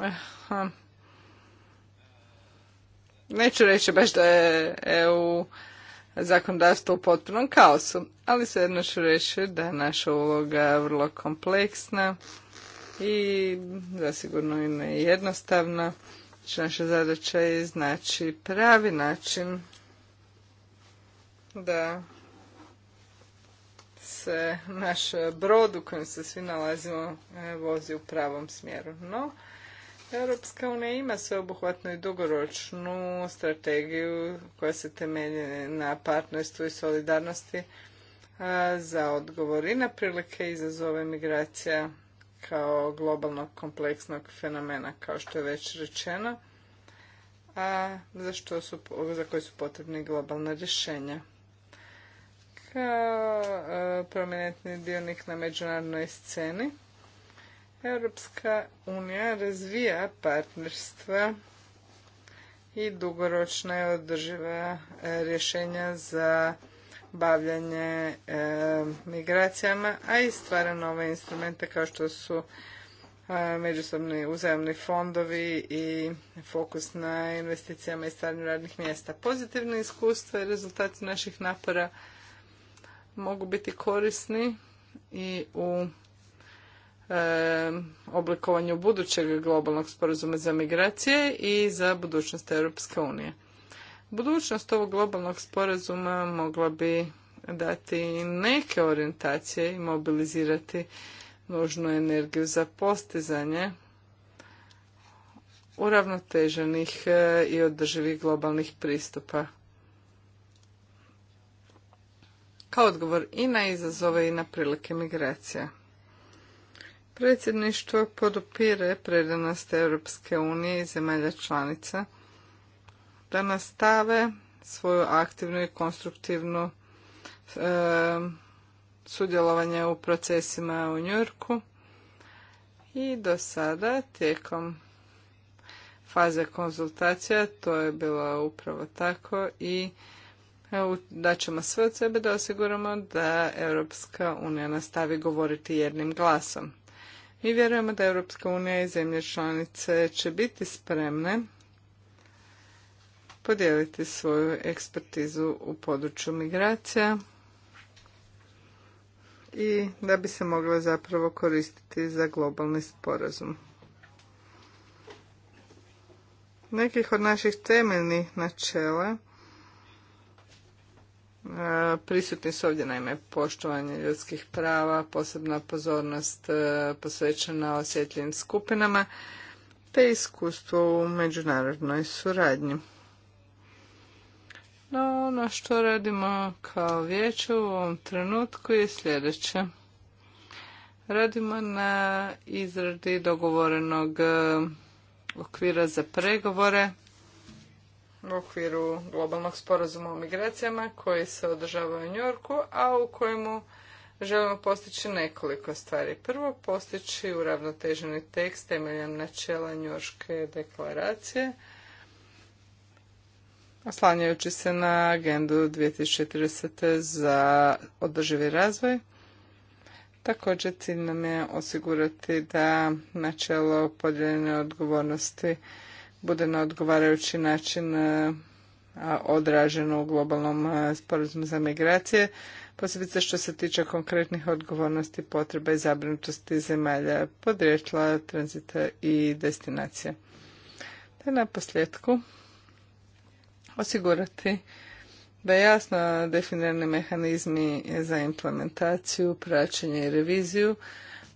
eh, eh. Neću reći baš da je EU zakonodavstvo u potpunom kaosu, ali svejedno ću reći da je naša uloga vrlo kompleksna i zasigurno i nejednostavna. Znači, naša zadaća je znači pravi način da se naš brod u kojem se svi nalazimo e, vozi u pravom smjeru. No, Europska unija ima sveobuhvatnu i dugoročnu strategiju koja se temelji na partnerstvu i solidarnosti e, za odgovor i na prilike i izazove migracija kao globalnog kompleksnog fenomena, kao što je već rečeno, a za, što su, za koje su potrebni globalna rješenja kao e, prominentni dionik na međunarodnoj sceni. Europska unija razvija partnerstva i dugoročna je održiva e, rješenja za bavljanje e, migracijama, a i stvara nove instrumente kao što su međusobni uzajamni fondovi i fokus na investicijama i stvaranju radnih mjesta. Pozitivne iskustva i rezultati naših napora mogu biti korisni i u oblikovanju budućeg globalnog sporazuma za migracije i za budućnost Europske unije. Budućnost ovog globalnog sporazuma mogla bi dati neke orijentacije i mobilizirati nužnu energiju za postizanje uravnoteženih eh, i održivih globalnih pristupa kao odgovor i na izazove i na prilike migracija. Predsjedništvo podupire predanost Europske unije i zemalja članica da nastave svoju aktivnu i konstruktivnu sudjelovanje u procesima u Njurku i do sada tijekom faze konzultacija to je bilo upravo tako i da ćemo sve od sebe da osiguramo da Europska unija nastavi govoriti jednim glasom. Mi vjerujemo da Europska unija i zemlje članice će biti spremne podijeliti svoju ekspertizu u području migracija i da bi se mogla zapravo koristiti za globalni sporazum. Nekih od naših temeljnih načela Prisutni su ovdje naime poštovanje ljudskih prava, posebna pozornost e, posvećena osjetljivim skupinama te iskustvo u međunarodnoj suradnji. No, ono što radimo kao vijeće u ovom trenutku je sljedeće. Radimo na izradi dogovorenog e, okvira za pregovore u okviru globalnog sporazuma o migracijama koji se održava u Njorku, a u kojemu želimo postići nekoliko stvari. Prvo, postići uravnoteženi tekst temeljem načela Njorske deklaracije, oslanjajući se na agendu 2030. za održivi razvoj. Također cilj nam je osigurati da načelo podijeljene odgovornosti bude na odgovarajući način e, odraženo u globalnom e, sporazumu za migracije, posebice što se tiče konkretnih odgovornosti, potreba i zabrinutosti zemalja, podrijetla, tranzita i destinacije. Te na posljedku osigurati da jasno definirani mehanizmi za implementaciju, praćenje i reviziju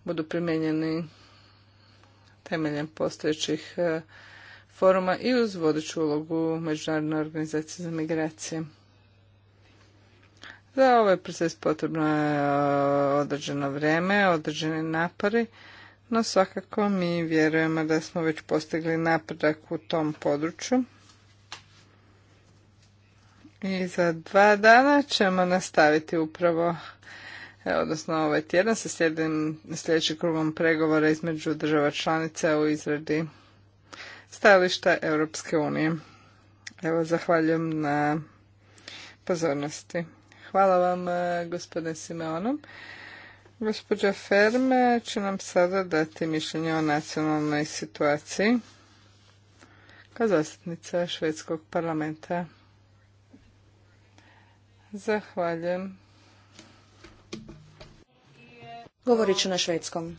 budu primijenjeni temeljem postojećih e, foruma i uz vodeću ulogu Međunarodne organizacije za migracije. Za ovaj proces potrebno je uh, određeno vrijeme, određeni napori, no svakako mi vjerujemo da smo već postigli napredak u tom području. I za dva dana ćemo nastaviti upravo, e, odnosno ovaj tjedan, sa sljedećim krugom pregovora između država članica u izradi stajališta Europske unije. Evo, zahvaljujem na pozornosti. Hvala vam, e, gospodine Simeonom. Gospođa Ferme će nam sada dati mišljenje o nacionalnoj situaciji kao zastupnica Švedskog parlamenta. Zahvaljujem. Govorit ću na švedskom.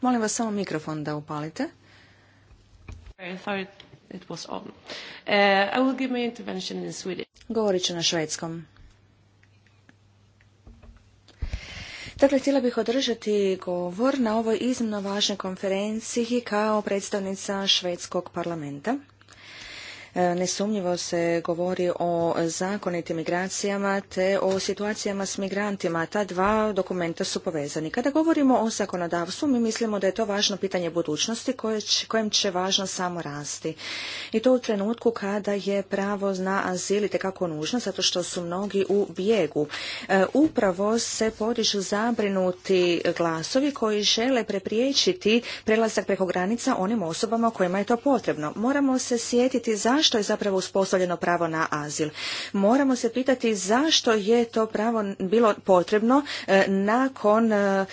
Molim vas samo mikrofon da upalite. Uh, Govorit ću na švedskom. Dakle, htjela bih održati govor na ovoj iznimno važnoj konferenciji kao predstavnica švedskog parlamenta. E, nesumnjivo se govori o zakonitim migracijama te o situacijama s migrantima. Ta dva dokumenta su povezani. Kada govorimo o zakonodavstvu, mi mislimo da je to važno pitanje budućnosti kojem će važno samo rasti. I to u trenutku kada je pravo na azil itekako nužno, zato što su mnogi u bijegu. E, upravo se podižu zabrinuti glasovi koji žele prepriječiti prelazak preko granica onim osobama kojima je to potrebno. Moramo se sjetiti zašto zašto je zapravo uspostavljeno pravo na azil. Moramo se pitati zašto je to pravo bilo potrebno eh, nakon eh,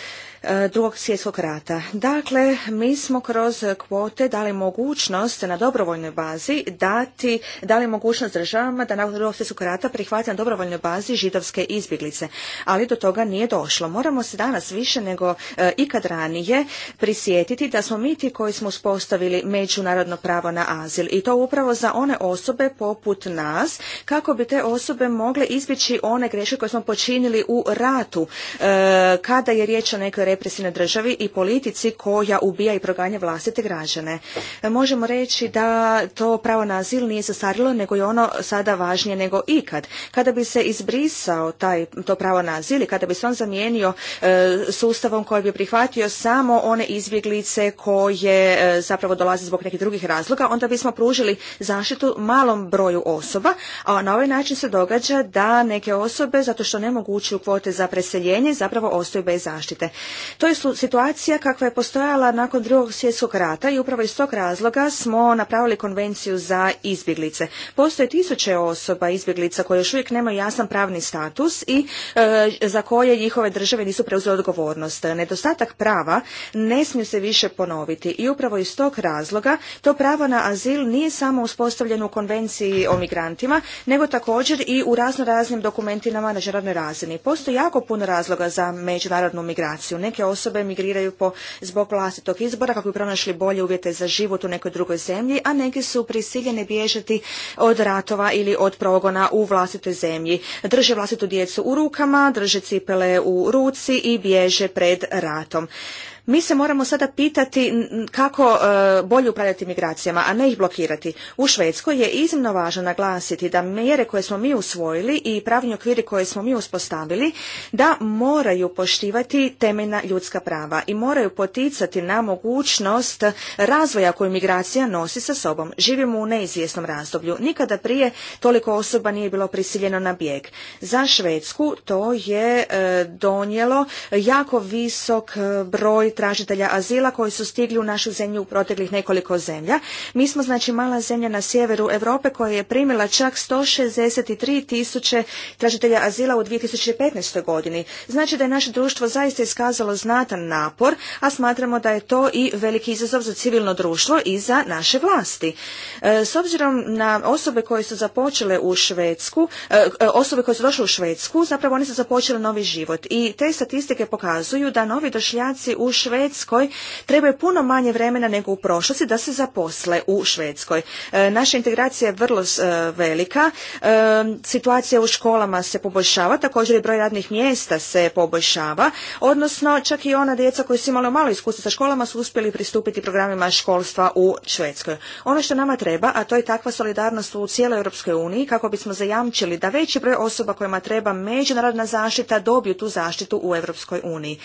E, drugog svjetskog rata. Dakle, mi smo kroz kvote dali mogućnost na dobrovoljnoj bazi dati, dali mogućnost državama da nakon drugog svjetskog rata prihvate na dobrovoljnoj bazi židovske izbjeglice. Ali do toga nije došlo. Moramo se danas više nego e, ikad ranije prisjetiti da smo mi ti koji smo uspostavili međunarodno pravo na azil i to upravo za one osobe poput nas kako bi te osobe mogle izbjeći one greške koje smo počinili u ratu e, kada je riječ o nekoj represivnoj državi i politici koja ubija i proganja vlastite građane. E, možemo reći da to pravo na azil nije zastarilo, nego je ono sada važnije nego ikad. Kada bi se izbrisao taj, to pravo na azil i kada bi se on zamijenio e, sustavom koji bi prihvatio samo one izbjeglice koje e, zapravo dolaze zbog nekih drugih razloga, onda bismo pružili zaštitu malom broju osoba, a na ovaj način se događa da neke osobe, zato što ne mogu ući kvote za preseljenje, zapravo ostaju bez zaštite. To je situacija kakva je postojala nakon drugog svjetskog rata i upravo iz tog razloga smo napravili konvenciju za izbjeglice. Postoje tisuće osoba izbjeglica koje još uvijek nemaju jasan pravni status i e, za koje njihove države nisu preuzele odgovornost. Nedostatak prava ne smiju se više ponoviti i upravo iz tog razloga to pravo na azil nije samo uspostavljeno u konvenciji o migrantima, nego također i u raznoraznim dokumentima na međunarodnoj razini. Postoji jako puno razloga za međunarodnu migraciju neke osobe migriraju po, zbog vlastitog izbora kako bi pronašli bolje uvjete za život u nekoj drugoj zemlji, a neki su prisiljeni bježati od ratova ili od progona u vlastitoj zemlji. Drže vlastitu djecu u rukama, drže cipele u ruci i bježe pred ratom. Mi se moramo sada pitati kako e, bolje upravljati migracijama, a ne ih blokirati. U Švedskoj je iznimno važno naglasiti da mjere koje smo mi usvojili i pravni okviri koje smo mi uspostavili, da moraju poštivati temeljna ljudska prava i moraju poticati na mogućnost razvoja koju migracija nosi sa sobom. Živimo u neizvjesnom razdoblju. Nikada prije toliko osoba nije bilo prisiljeno na bijeg. Za Švedsku to je e, donijelo jako visok e, broj tražitelja azila koji su stigli u našu zemlju u proteklih nekoliko zemlja. Mi smo znači mala zemlja na sjeveru Europe koja je primila čak 163 tisuće tražitelja azila u 2015. godini. Znači da je naše društvo zaista iskazalo znatan napor, a smatramo da je to i veliki izazov za civilno društvo i za naše vlasti. E, s obzirom na osobe koje su započele u Švedsku, e, e, osobe koje su došle u Švedsku, zapravo one su započele novi život i te statistike pokazuju da novi došljaci u Švedskoj trebaju puno manje vremena nego u prošlosti da se zaposle u Švedskoj. E, naša integracija je vrlo e, velika, e, situacija u školama se poboljšava, također i broj radnih mjesta se poboljšava, odnosno čak i ona djeca koji su imali malo iskustva sa školama su uspjeli pristupiti programima školstva u Švedskoj. Ono što nama treba, a to je takva solidarnost u cijeloj Europskoj uniji kako bismo zajamčili da veći broj osoba kojima treba međunarodna zaštita dobiju tu zaštitu u Europskoj uniji.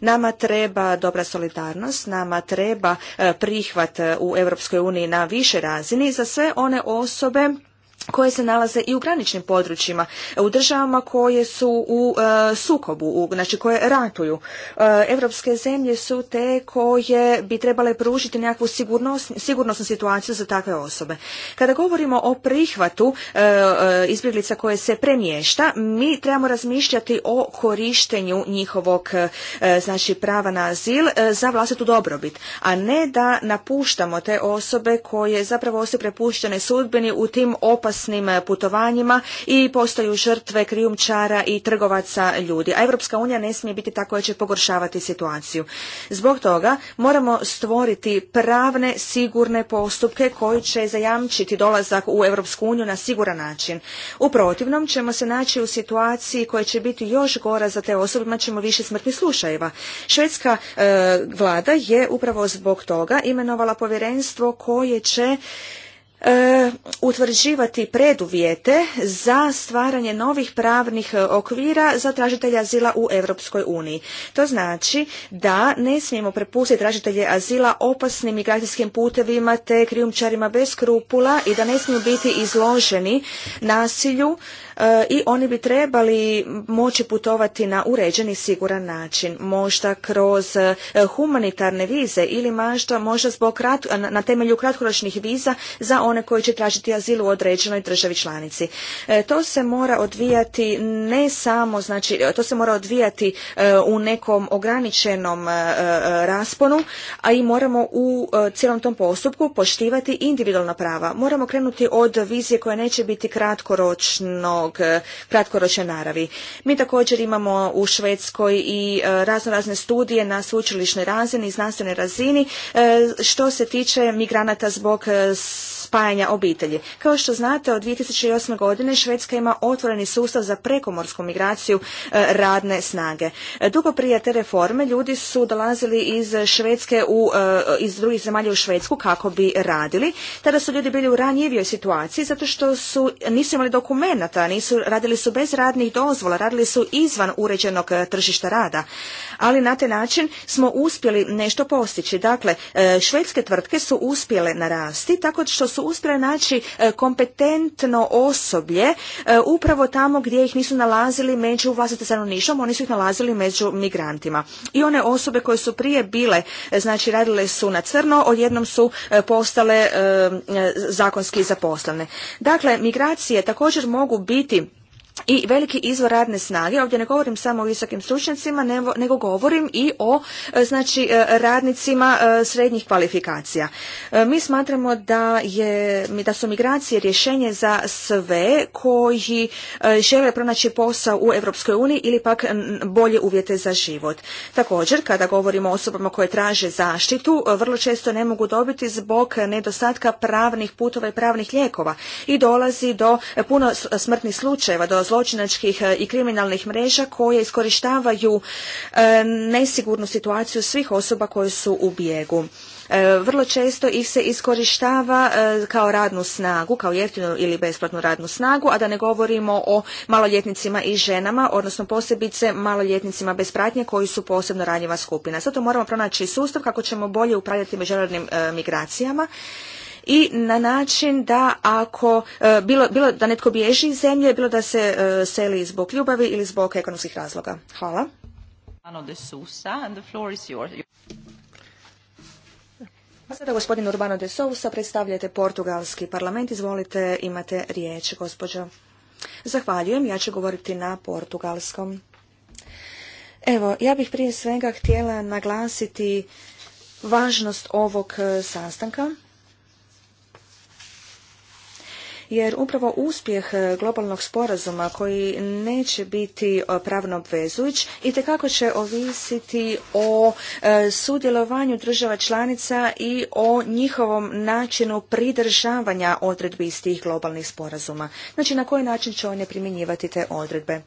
Nama treba dobra solidarnost, nama treba e, prihvat e, u Europskoj uniji na više razini za sve one osobe koje se nalaze i u graničnim područjima, u državama koje su u e, sukobu, znači koje ratuju. E, evropske zemlje su te koje bi trebale pružiti nekakvu sigurnosnu situaciju za takve osobe. Kada govorimo o prihvatu e, e, izbjeglica koje se premješta, mi trebamo razmišljati o korištenju njihovog znači prava na azil za vlastitu dobrobit, a ne da napuštamo te osobe koje zapravo su prepuštene sudbini u tim opasnim opasnim eh, putovanjima i postaju žrtve krijumčara i trgovaca ljudi. A Europska unija ne smije biti ta koja će pogoršavati situaciju. Zbog toga moramo stvoriti pravne, sigurne postupke koji će zajamčiti dolazak u Europsku uniju na siguran način. U protivnom ćemo se naći u situaciji koja će biti još gora za te osobe, imat ćemo više smrtnih slučajeva. Švedska eh, vlada je upravo zbog toga imenovala povjerenstvo koje će E, utvrđivati preduvjete za stvaranje novih pravnih okvira za tražitelje azila u Europskoj uniji. To znači da ne smijemo prepustiti tražitelje azila opasnim migracijskim putevima te krijumčarima bez skrupula i da ne smiju biti izloženi nasilju E, i oni bi trebali moći putovati na uređeni siguran način, možda kroz e, humanitarne vize ili možda, možda zbog na temelju kratkoročnih viza za one koji će tražiti azil u određenoj državi članici. E, to se mora odvijati ne samo, znači to se mora odvijati u nekom ograničenom rasponu, a i moramo u cijelom tom postupku poštivati individualna prava. Moramo krenuti od vizije koja neće biti kratkoročno jednog e, kratkoročne naravi. Mi također imamo u Švedskoj i e, razno razne studije na sveučilišnoj razini i znanstvenoj razini e, što se tiče migranata zbog spajanja obitelji. Kao što znate, od 2008. godine Švedska ima otvoreni sustav za prekomorsku migraciju e, radne snage. E, dugo prije te reforme ljudi su dolazili iz Švedske u, e, iz drugih zemalja u Švedsku kako bi radili. Tada su ljudi bili u ranjivijoj situaciji zato što su, nisu imali dokumenta, nisu, radili su bez radnih dozvola, radili su izvan uređenog tržišta rada. Ali na taj način smo uspjeli nešto postići. Dakle, švedske tvrtke su uspjele narasti tako što su uspjele naći e, kompetentno osoblje e, upravo tamo gdje ih nisu nalazili među vlastitim stanovništvom, oni su ih nalazili među migrantima. I one osobe koje su prije bile, e, znači radile su na crno, odjednom su postale zakonski zaposlene. Dakle, migracije također mogu biti i veliki izvor radne snage. Ovdje ne govorim samo o visokim stručnjacima, nego govorim i o e, znači, e, radnicima e, srednjih kvalifikacija. Mi smatramo da, je, da su migracije rješenje za sve koji žele pronaći posao u Europskoj uniji ili pak bolje uvjete za život. Također, kada govorimo o osobama koje traže zaštitu, vrlo često ne mogu dobiti zbog nedostatka pravnih putova i pravnih lijekova i dolazi do puno smrtnih slučajeva, do zločinačkih e, i kriminalnih mreža koje iskorištavaju e, nesigurnu situaciju svih osoba koje su u bijegu. E, vrlo često ih se iskorištava kao radnu snagu, kao jeftinu ili besplatnu radnu snagu, a da ne govorimo o maloljetnicima i ženama, odnosno posebice maloljetnicima bez pratnje koji su posebno ranjiva skupina. Zato moramo pronaći sustav kako ćemo bolje upravljati međunarodnim migracijama i na način da ako e, bilo, bilo da netko bježi iz zemlje, bilo da se e, seli zbog ljubavi ili zbog ekonomskih razloga. Hvala. Sada gospodin Urbano de Sousa, predstavljate portugalski parlament, izvolite, imate riječ, gospođo. Zahvaljujem, ja ću govoriti na portugalskom. Evo, ja bih prije svega htjela naglasiti važnost ovog e, sastanka jer upravo uspjeh e, globalnog sporazuma koji neće biti e, pravno obvezujuć i tekako će ovisiti o e, sudjelovanju država članica i o njihovom načinu pridržavanja odredbi iz tih globalnih sporazuma. Znači na koji način će one primjenjivati te odredbe.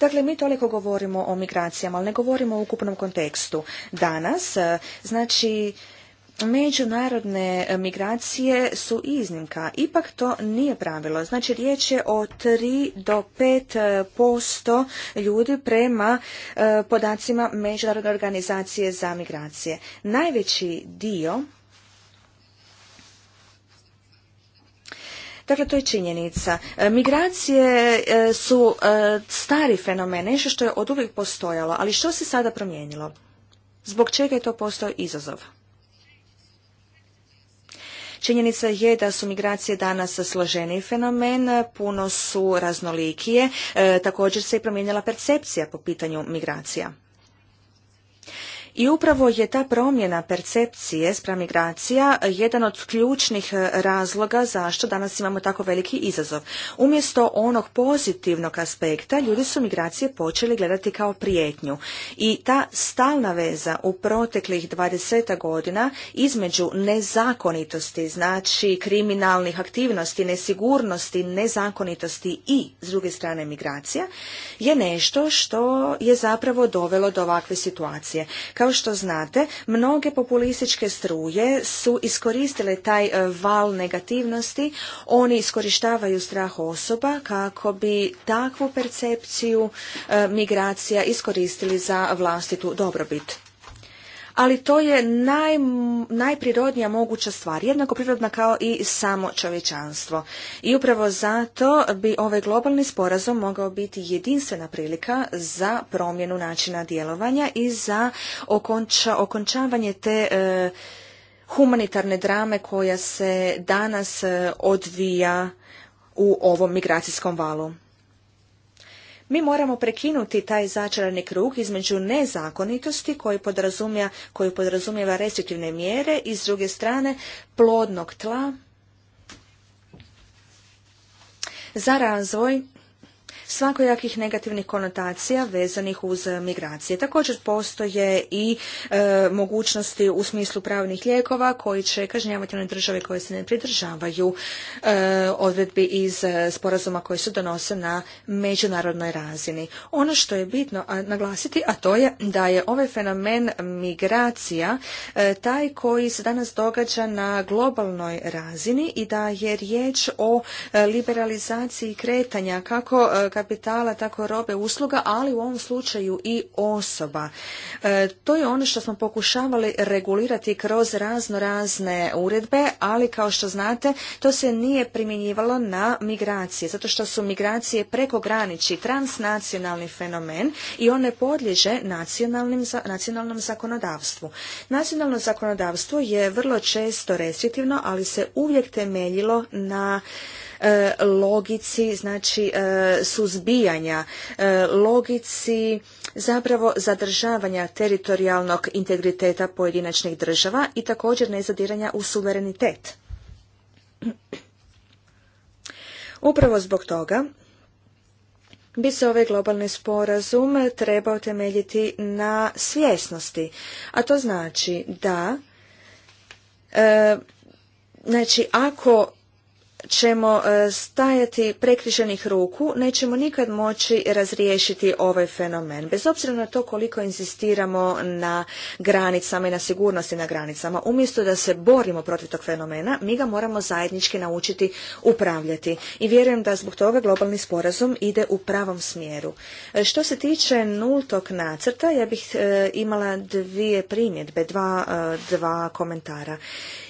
Dakle, mi toliko govorimo o migracijama, ali ne govorimo o ukupnom kontekstu. Danas, znači, Međunarodne e, migracije su iznimka, ipak to nije pravilo. Znači riječ je o 3 do 5 e, posto ljudi prema e, podacima Međunarodne organizacije za migracije. Najveći dio Dakle, to je činjenica. Migracije su stari fenomen, nešto što je od uvijek postojalo, ali što se sada promijenilo? Zbog čega je to postao izazov? Činjenica je da su migracije danas složeniji fenomen, puno su raznolikije, e, također se i promijenila percepcija po pitanju migracija. I upravo je ta promjena percepcije spram migracija jedan od ključnih razloga zašto danas imamo tako veliki izazov. Umjesto onog pozitivnog aspekta, ljudi su migracije počeli gledati kao prijetnju. I ta stalna veza u proteklih 20 godina između nezakonitosti, znači kriminalnih aktivnosti, nesigurnosti, nezakonitosti i, s druge strane, migracija, je nešto što je zapravo dovelo do ovakve situacije. Kao kao što znate, mnoge populističke struje su iskoristile taj e, val negativnosti, oni iskorištavaju strah osoba kako bi takvu percepciju e, migracija iskoristili za vlastitu dobrobit ali to je naj, najprirodnija moguća stvar, jednako prirodna kao i samo čovječanstvo. I upravo zato bi ovaj globalni sporazum mogao biti jedinstvena prilika za promjenu načina djelovanja i za okončavanje te e, humanitarne drame koja se danas e, odvija u ovom migracijskom valu. Mi moramo prekinuti taj začarani krug između nezakonitosti koji koju podrazumijeva restriktivne mjere i s druge strane plodnog tla za razvoj svakojakih negativnih konotacija vezanih uz e, migracije. Također postoje i e, mogućnosti u smislu pravnih lijekova koji će kažnjavati one države koje se ne pridržavaju e, odredbi iz e, sporazuma koji se donose na međunarodnoj razini. Ono što je bitno naglasiti, a to je da je ovaj fenomen migracija taj koji se danas događa na globalnoj razini i da je riječ o liberalizaciji kretanja kako kapitala, tako robe, usluga, ali u ovom slučaju i osoba. E, to je ono što smo pokušavali regulirati kroz razno razne uredbe, ali kao što znate, to se nije primjenjivalo na migracije, zato što su migracije prekogranični, transnacionalni fenomen i one podliježe nacionalnom zakonodavstvu. Nacionalno zakonodavstvo je vrlo često restriktivno, ali se uvijek temeljilo na E, logici znači e, suzbijanja, e, logici zapravo zadržavanja teritorijalnog integriteta pojedinačnih država i također nezadiranja u suverenitet. Upravo zbog toga bi se ovaj globalni sporazum trebao temeljiti na svjesnosti, a to znači da znači ako ćemo e, stajati prekriženih ruku, nećemo nikad moći razriješiti ovaj fenomen. Bez obzira na to koliko insistiramo na granicama i na sigurnosti na granicama, umjesto da se borimo protiv tog fenomena, mi ga moramo zajednički naučiti upravljati. I vjerujem da zbog toga globalni sporazum ide u pravom smjeru. E, što se tiče nultog nacrta, ja bih e, imala dvije primjedbe, dva komentara.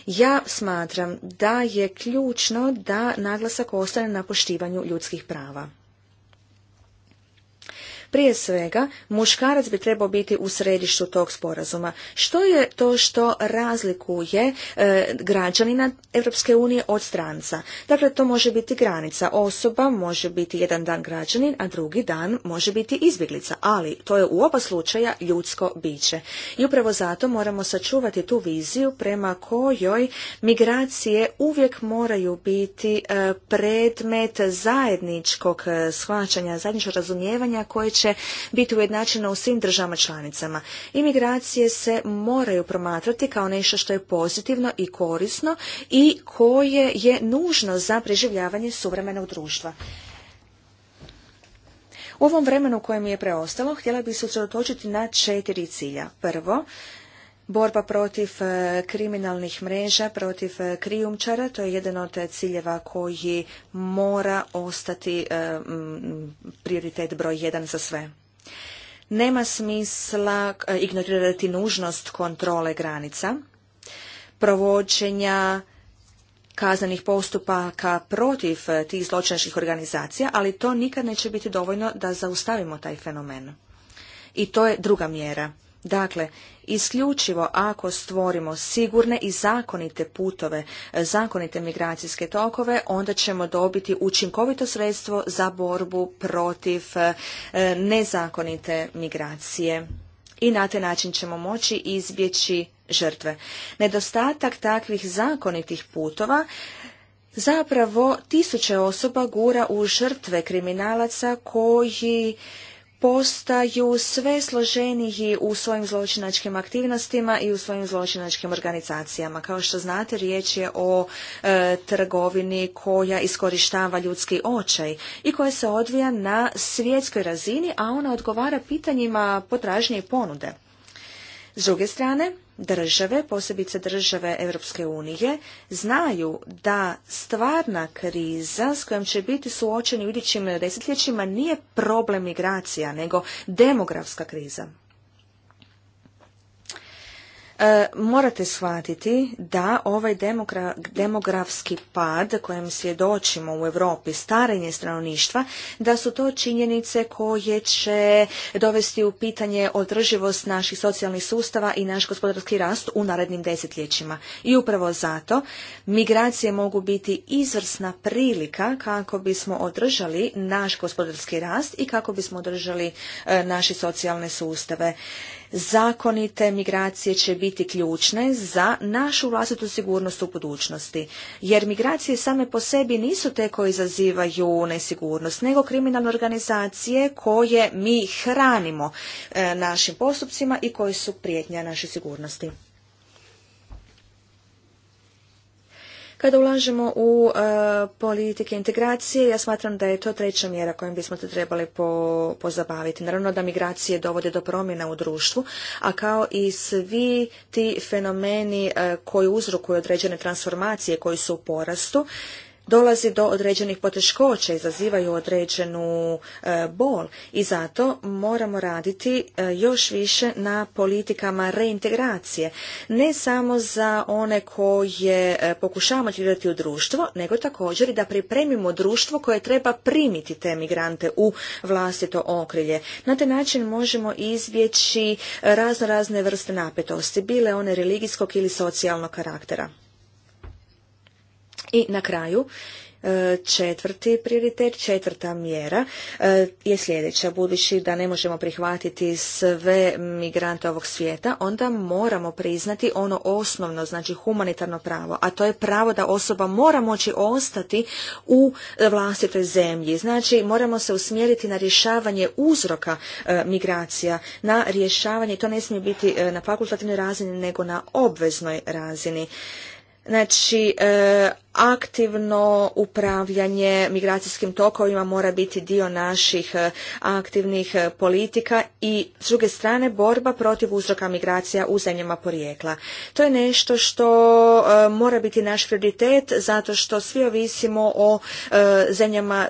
Ja smatram da je ključno da naglasak ostane na poštivanju ljudskih prava. Prije svega, muškarac bi trebao biti u središtu tog sporazuma. Što je to što razlikuje e, građanina Europske unije od stranca? Dakle, to može biti granica. Osoba može biti jedan dan građanin, a drugi dan može biti izbjeglica, ali to je u oba slučaja ljudsko biće. I upravo zato moramo sačuvati tu viziju prema kojoj migracije uvijek moraju biti e, predmet zajedničkog e, shvaćanja, zajedničkog razumijevanja koje će će biti ujednačena u svim državama članicama. Imigracije se moraju promatrati kao nešto što je pozitivno i korisno i koje je nužno za preživljavanje suvremenog društva. U ovom vremenu kojem je preostalo, htjela bih se usredotočiti na četiri cilja. Prvo, borba protiv e, kriminalnih mreža, protiv e, krijumčara, to je jedan od e, ciljeva koji mora ostati prioritet broj jedan za sve. Nema smisla ignorirati nužnost kontrole granica, provođenja kaznenih postupaka protiv tih zločinačkih organizacija, ali to nikad neće biti dovoljno da zaustavimo taj fenomen. I to je druga mjera. Dakle, Isključivo ako stvorimo sigurne i zakonite putove, e, zakonite migracijske tokove, onda ćemo dobiti učinkovito sredstvo za borbu protiv e, e, nezakonite migracije i na taj način ćemo moći izbjeći žrtve. Nedostatak takvih zakonitih putova zapravo tisuće osoba gura u žrtve kriminalaca koji postaju sve složeniji u svojim zločinačkim aktivnostima i u svojim zločinačkim organizacijama. Kao što znate, riječ je o e, trgovini koja iskorištava ljudski očaj i koja se odvija na svjetskoj razini, a ona odgovara pitanjima potražnje i ponude. S druge strane, države, posebice države Europske unije, znaju da stvarna kriza s kojom će biti suočeni u idućim desetljećima nije problem migracija, nego demografska kriza. E, morate shvatiti da ovaj demografski pad kojem svjedočimo u Europi, starenje stanovništva, da su to činjenice koje će dovesti u pitanje održivost naših socijalnih sustava i naš gospodarski rast u narednim desetljećima. I upravo zato migracije mogu biti izvrsna prilika kako bismo održali naš gospodarski rast i kako bismo održali e, naše socijalne sustave zakonite migracije će biti ključne za našu vlastitu sigurnost u budućnosti. Jer migracije same po sebi nisu te koje izazivaju nesigurnost, nego kriminalne organizacije koje mi hranimo e, našim postupcima i koje su prijetnja našoj sigurnosti. Kada ulažemo u e, politike integracije, ja smatram da je to treća mjera kojom bismo se trebali pozabaviti. Naravno da migracije dovode do promjena u društvu, a kao i svi ti fenomeni e, koji uzrokuju određene transformacije koji su u porastu, dolazi do određenih poteškoća, izazivaju određenu e, bol i zato moramo raditi e, još više na politikama reintegracije. Ne samo za one koje e, pokušavamo integrirati u društvo, nego također i da pripremimo društvo koje treba primiti te migrante u vlastito okrilje. Na taj način možemo izbjeći razno razne vrste napetosti, bile one religijskog ili socijalnog karaktera. I na kraju, e, četvrti prioritet, četvrta mjera e, je sljedeća. Budući da ne možemo prihvatiti sve migrante ovog svijeta, onda moramo priznati ono osnovno, znači humanitarno pravo, a to je pravo da osoba mora moći ostati u vlastitoj zemlji. Znači moramo se usmjeriti na rješavanje uzroka e, migracija, na rješavanje, to ne smije biti na fakultativnoj razini nego na obveznoj razini. Znači, e, aktivno upravljanje migracijskim tokovima mora biti dio naših e, aktivnih e, politika i s druge strane borba protiv uzroka migracija u zemljama porijekla. To je nešto što mora biti naš prioritet zato što svi ovisimo o zemljama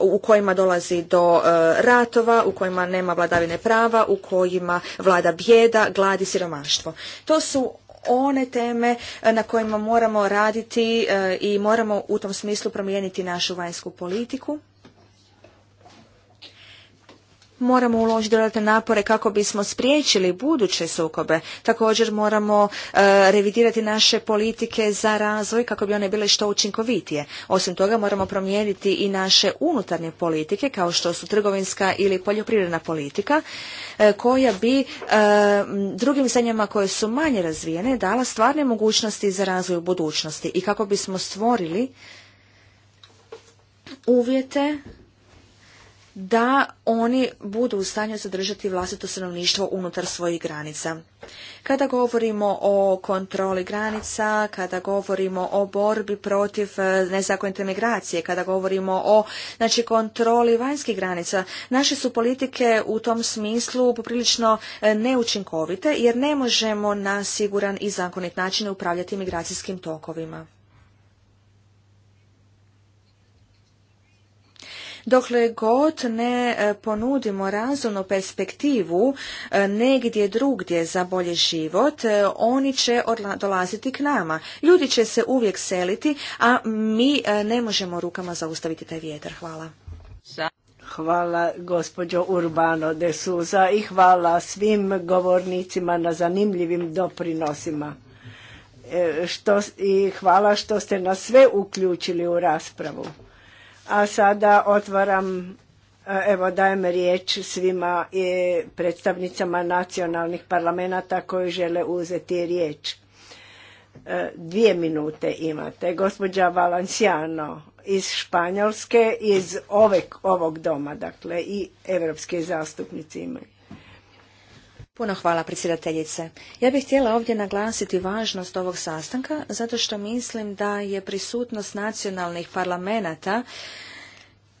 u kojima dolazi do ratova, u kojima nema vladavine prava, u kojima vlada bjeda, gladi siromaštvo. To su one teme e, na kojima moramo raditi e, i moramo u tom smislu promijeniti našu vanjsku politiku moramo uložiti dodatne napore kako bismo spriječili buduće sukobe. Također moramo e, revidirati naše politike za razvoj kako bi one bile što učinkovitije. Osim toga moramo promijeniti i naše unutarnje politike kao što su trgovinska ili poljoprivredna politika e, koja bi e, drugim zemljama koje su manje razvijene dala stvarne mogućnosti za razvoj u budućnosti i kako bismo stvorili uvjete da oni budu u stanju zadržati vlastito stanovništvo unutar svojih granica. Kada govorimo o kontroli granica, kada govorimo o borbi protiv e, nezakonite migracije, kada govorimo o znači, kontroli vanjskih granica, naše su politike u tom smislu poprilično e, neučinkovite jer ne možemo na siguran i zakonit način upravljati migracijskim tokovima. Dokle god ne e, ponudimo razumnu perspektivu e, negdje drugdje za bolji život, e, oni će dolaziti k nama. Ljudi će se uvijek seliti, a mi ne možemo rukama zaustaviti taj vjetar. Hvala. Hvala gospođo Urbano de Suza i hvala svim govornicima na zanimljivim doprinosima. I hvala što ste nas sve uključili u raspravu. A sada otvaram, e, evo dajem riječ svima i predstavnicama nacionalnih parlamenta koji žele uzeti riječ. E, dvije minute imate. Gospođa Valenciano iz Španjolske, iz ovog, ovog doma, dakle i evropske zastupnici imaju. Puno hvala predsjedateljice. Ja bih htjela ovdje naglasiti važnost ovog sastanka zato što mislim da je prisutnost nacionalnih parlamenata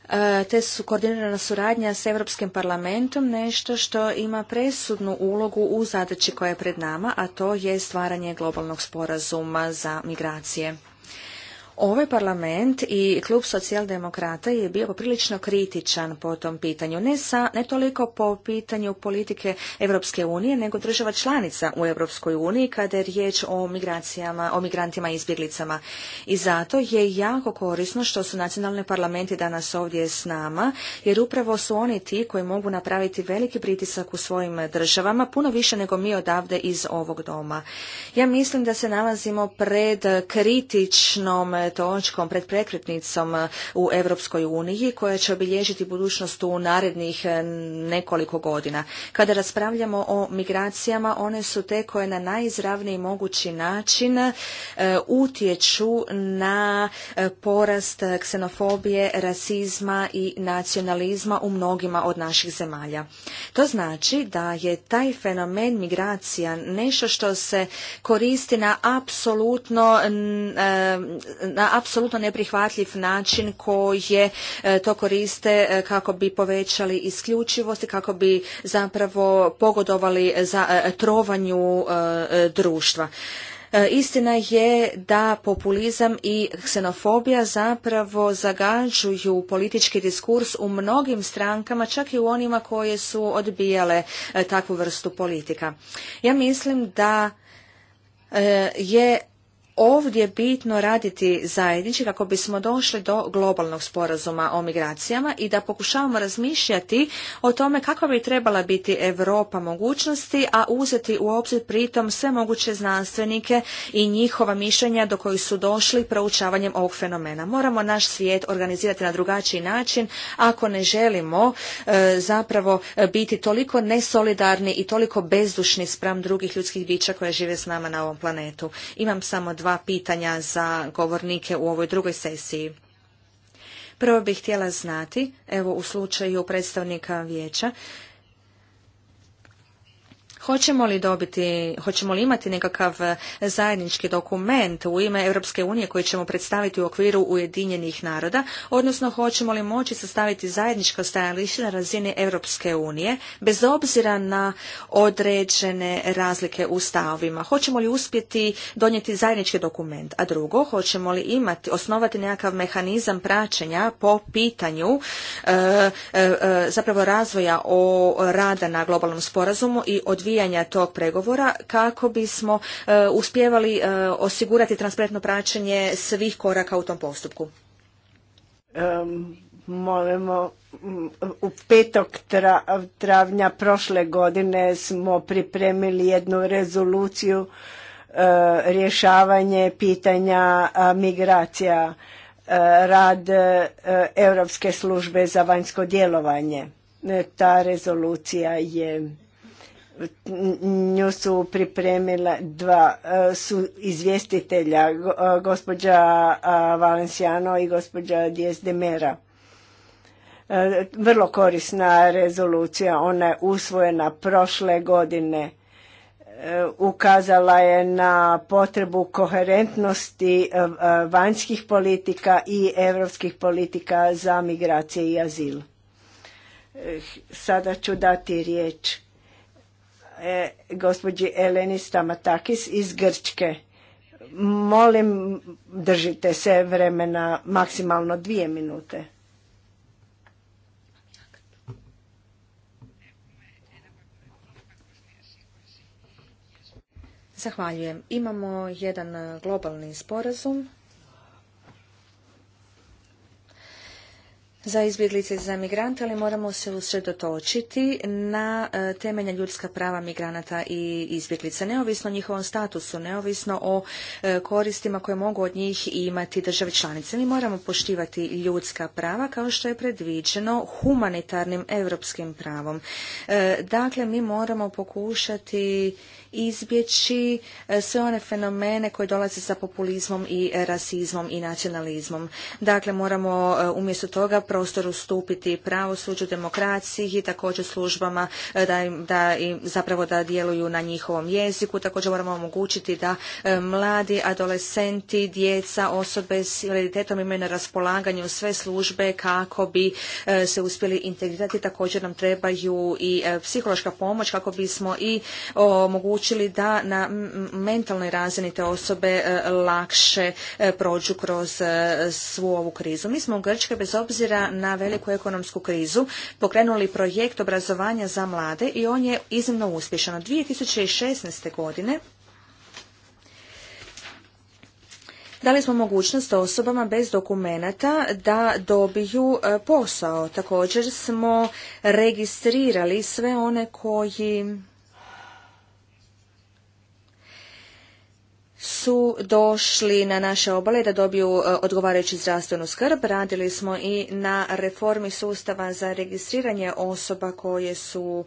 e, te su koordinirana suradnja s Europskim parlamentom nešto što ima presudnu ulogu u zadaći koja je pred nama, a to je stvaranje globalnog sporazuma za migracije. Ovaj parlament i klub socijaldemokrata je bio poprilično kritičan po tom pitanju. Ne, sa, ne toliko po pitanju politike Europske unije, nego država članica u Europskoj uniji kada je riječ o migracijama, o migrantima i izbjeglicama. I zato je jako korisno što su nacionalni parlamenti danas ovdje s nama, jer upravo su oni ti koji mogu napraviti veliki pritisak u svojim državama, puno više nego mi odavde iz ovog doma. Ja mislim da se nalazimo pred kritičnom točkom pred prekretnicom e, u Europskoj uniji koja će obilježiti budućnost u narednih e, nekoliko godina. Kada raspravljamo o migracijama, one su te koje na najizravniji mogući način e, utječu na porast ksenofobije, rasizma i nacionalizma u mnogima od naših zemalja. To znači da je taj fenomen migracija nešto što se koristi na apsolutno na apsolutno neprihvatljiv način koje e, to koriste e, kako bi povećali isključivost i kako bi zapravo pogodovali za e, trovanju društva. Istina je da populizam i ksenofobija zapravo zagađuju politički diskurs u mnogim strankama, čak i u onima koje su odbijale takvu vrstu politika. Ja mislim da je ovdje bitno raditi zajednički kako bismo došli do globalnog sporazuma o migracijama i da pokušavamo razmišljati o tome kakva bi trebala biti Europa mogućnosti, a uzeti u obzir pritom sve moguće znanstvenike i njihova mišljenja do kojih su došli proučavanjem ovog fenomena. Moramo naš svijet organizirati na drugačiji način ako ne želimo e, zapravo biti toliko nesolidarni i toliko bezdušni spram drugih ljudskih bića koje žive s nama na ovom planetu. Imam samo dva pitanja za govornike u ovoj drugoj sesiji. Prvo bih htjela znati, evo u slučaju predstavnika vijeća, Hoćemo li dobiti, hoćemo li imati nekakav e, zajednički dokument u ime Europske unije koji ćemo predstaviti u okviru Ujedinjenih naroda, odnosno hoćemo li moći sastaviti zajedničko stajalište na razini Europske unije, bez obzira na određene razlike u stavovima? Hoćemo li uspjeti donijeti zajednički dokument? A drugo, hoćemo li imati, osnovati nekakav mehanizam praćenja po pitanju e, e, zapravo razvoja o rada na globalnom sporazumu i odvijenju odvijanja tog pregovora kako bismo e, uspjevali e, osigurati transparentno praćenje svih koraka u tom postupku. molimo, mm, u petog travnja prošle godine smo pripremili jednu rezoluciju e, rješavanje pitanja migracija, rad Europske službe za vanjsko djelovanje. ta rezolucija je nju su pripremila dva e, su izvjestitelja, e, gospođa e, Valenciano i gospođa Dijes de Mera. Vrlo korisna rezolucija, ona je usvojena prošle godine. Ukazala je na potrebu koherentnosti vanjskih politika i europskih politika za migracije i azil. Sada ću dati riječ E, gospođi Eleni Stamatakis iz Grčke. Molim, držite se vremena maksimalno dvije minute. Zahvaljujem. Imamo jedan e, globalni sporazum za izbjeglice i za migrante, ali moramo se usredotočiti na e, temelja ljudska prava migranata i izbjeglica, neovisno o njihovom statusu, neovisno o e, koristima koje mogu od njih imati države članice. Mi moramo poštivati ljudska prava kao što je predviđeno humanitarnim europskim pravom. E, dakle, mi moramo pokušati izbjeći e, sve one fenomene koje dolaze sa populizmom i e, rasizmom i nacionalizmom. Dakle, moramo e, umjesto toga prostor ustupiti pravosuđu, demokraciji i također službama da, da im, zapravo da djeluju na njihovom jeziku. Također moramo omogućiti da mladi, adolescenti, djeca, osobe s invaliditetom imaju na raspolaganju sve službe kako bi se uspjeli integrirati. Također nam trebaju i psihološka pomoć kako bismo i omogućili omogućili da na mentalnoj razini te osobe e, lakše e, prođu kroz e, svu ovu krizu. Mi smo u Grčkoj bez obzira na veliku ekonomsku krizu pokrenuli projekt obrazovanja za mlade i on je iznimno uspješan. Od 2016. godine Dali smo mogućnost osobama bez dokumenata da dobiju posao. Također smo registrirali sve one koji su došli na naše obale da dobiju e, odgovarajući zdravstvenu skrb. Radili smo i na reformi sustava za registriranje osoba koje su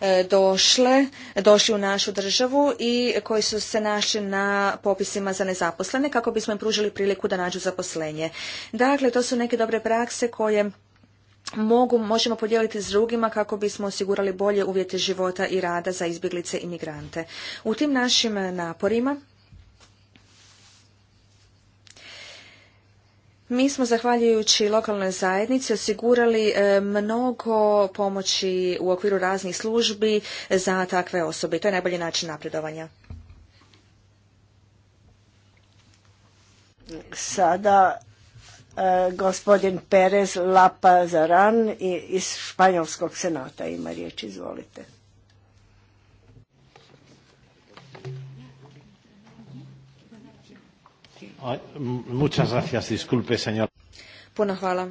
e, došle, došli u našu državu i koji su se našli na popisima za nezaposlene kako bismo im pružili priliku da nađu zaposlenje. Dakle, to su neke dobre prakse koje mogu, možemo podijeliti s drugima kako bismo osigurali bolje uvjete života i rada za izbjeglice i migrante. U tim našim naporima Mi smo, zahvaljujući lokalnoj zajednici, osigurali e, mnogo pomoći u okviru raznih službi za takve osobe. To je najbolji način napredovanja. Sada e, gospodin Perez Lapa Zaran iz Španjolskog senata ima riječ. Izvolite. Muchas gracias, disculpe, señor. Puno hvala.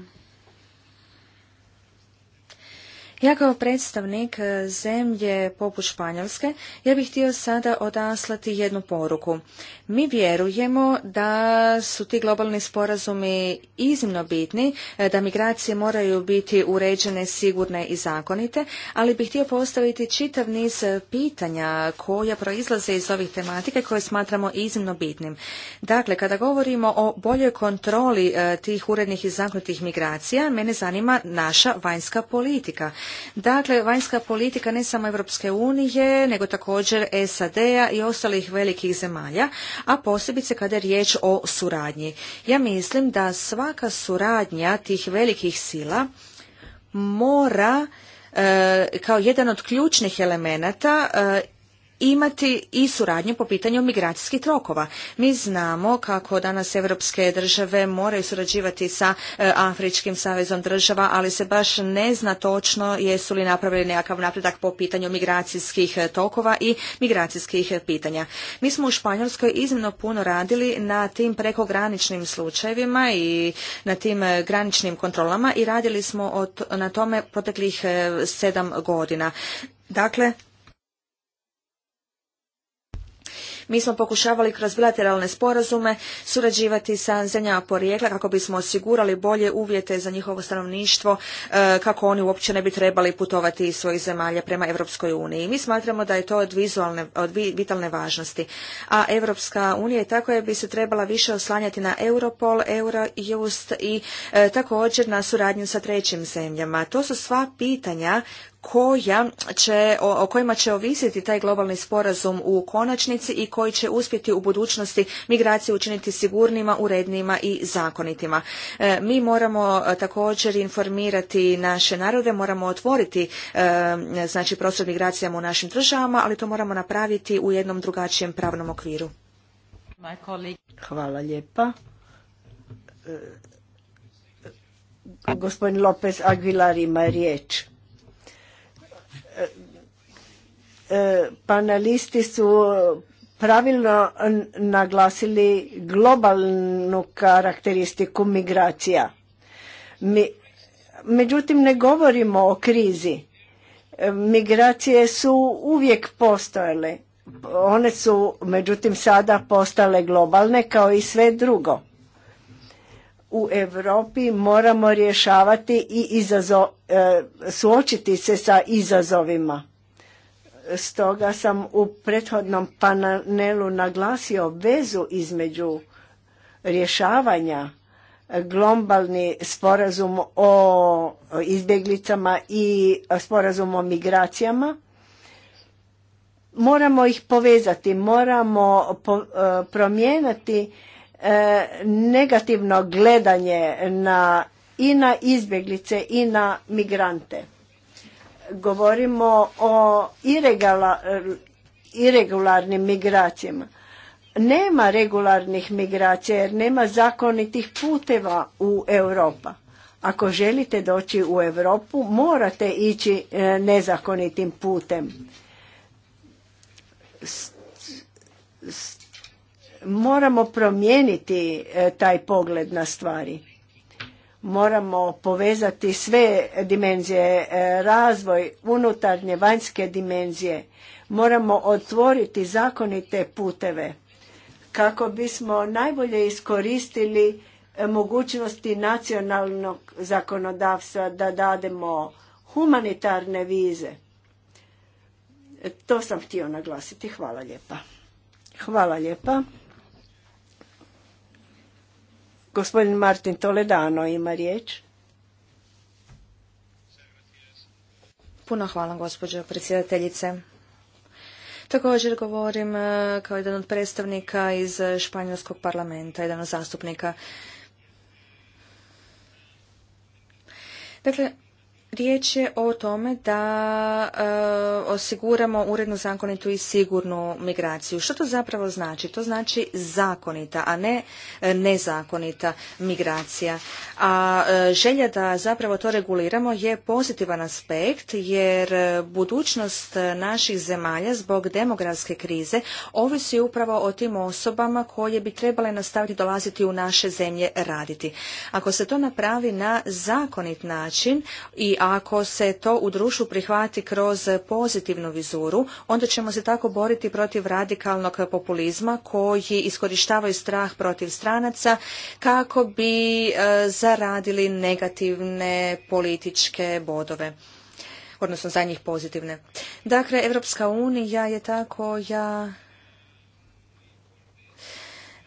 Ja kao predstavnik e, zemlje poput Španjolske, ja bih htio sada odaslati jednu poruku. Mi vjerujemo da su ti globalni sporazumi iznimno bitni, e, da migracije moraju biti uređene, sigurne i zakonite, ali bih htio postaviti čitav niz pitanja koja proizlaze iz ovih tematike koje smatramo iznimno bitnim. Dakle, kada govorimo o boljoj kontroli e, tih urednih i zakonitih migracija, mene zanima naša vanjska politika Dakle, vanjska politika ne samo Europske unije, nego također SAD-a i ostalih velikih zemalja, a posebice kada je riječ o suradnji. Ja mislim da svaka suradnja tih velikih sila mora e, kao jedan od ključnih elemenata e, imati i suradnju po pitanju migracijskih trokova. Mi znamo kako danas evropske države moraju surađivati sa e, Afričkim savezom država, ali se baš ne zna točno jesu li napravili nekakav napredak po pitanju migracijskih e, tokova i migracijskih e, pitanja. Mi smo u Španjolskoj iznimno puno radili na tim prekograničnim slučajevima i na tim graničnim kontrolama i radili smo na tome proteklih sedam godina. Dakle, Mi smo pokušavali kroz bilateralne sporazume surađivati sa zemljama porijekla kako bismo osigurali bolje uvjete za njihovo stanovništvo e, kako oni uopće ne bi trebali putovati iz svojih zemalja prema Europskoj uniji. Mi smatramo da je to od, vizualne, od vitalne važnosti. A Europska unija tako je bi se trebala više oslanjati na Europol, Eurojust i e, također na suradnju sa trećim zemljama. To su sva pitanja koja će, o, kojima će ovisiti taj globalni sporazum u konačnici i koji će uspjeti u budućnosti migracije učiniti sigurnima, urednijima i zakonitima. E, mi moramo e, također informirati naše narode, moramo otvoriti e, znači prostor migracijama u našim državama, ali to moramo napraviti u jednom drugačijem pravnom okviru. Hvala lijepa. gospodin Lopez Aguilar ima riječ. E, panelisti su pravilno naglasili globalnu karakteristiku migracija. Mi, međutim, ne govorimo o krizi. E, migracije su uvijek postojale. One su, međutim, sada postale globalne kao i sve drugo. U Europi moramo rješavati i izazo, e, suočiti se sa izazovima Stoga sam u prethodnom panelu naglasio vezu između rješavanja e, globalni sporazum o izbjeglicama i sporazum o migracijama. Moramo ih povezati, moramo e, promijenati promijeniti negativno gledanje na, i na izbjeglice i na migrante govorimo o iregularnim migracijama. Nema regularnih migracija jer nema zakonitih puteva u Europa. Ako želite doći u Europu morate ići e, nezakonitim putem. Moramo promijeniti e, taj pogled na stvari moramo povezati sve dimenzije, e, razvoj, unutarnje, vanjske dimenzije. Moramo otvoriti zakonite puteve kako bismo najbolje iskoristili e, mogućnosti nacionalnog zakonodavstva da dademo humanitarne vize. E, to sam htio naglasiti. Hvala lijepa. Hvala lijepa. Gospodin Martin Toledano ima riječ. Puno hvala, gospođo predsjedateljice. Također govorim e, kao jedan od predstavnika iz Španjolskog parlamenta, jedan od zastupnika. Dakle, Riječ je o tome da e, osiguramo urednu zakonitu i sigurnu migraciju. Što to zapravo znači? To znači zakonita, a ne e, nezakonita migracija. A e, želja da zapravo to reguliramo je pozitivan aspekt jer budućnost naših zemalja zbog demografske krize ovisi upravo o tim osobama koje bi trebale nastaviti dolaziti u naše zemlje raditi. Ako se to napravi na zakonit način i ako se to u društvu prihvati kroz pozitivnu vizuru, onda ćemo se tako boriti protiv radikalnog populizma koji iskorištavaju strah protiv stranaca kako bi e, zaradili negativne političke bodove odnosno za njih pozitivne. Dakle, Europska unija je tako ja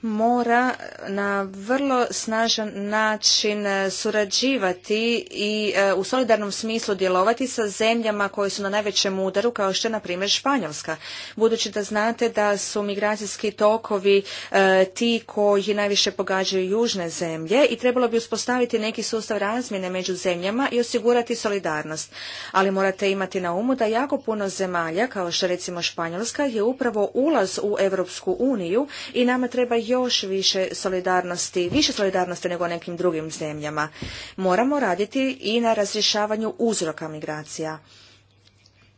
mora na vrlo snažan način e, surađivati i e, u solidarnom smislu djelovati sa zemljama koje su na najvećem udaru kao što je na primjer Španjolska. Budući da znate da su migracijski tokovi e, ti koji najviše pogađaju južne zemlje i trebalo bi uspostaviti neki sustav razmjene među zemljama i osigurati solidarnost. Ali morate imati na umu da jako puno zemalja kao što recimo Španjolska je upravo ulaz u Europsku uniju i nama treba još više solidarnosti, više solidarnosti nego nekim drugim zemljama. Moramo raditi i na razrješavanju uzroka migracija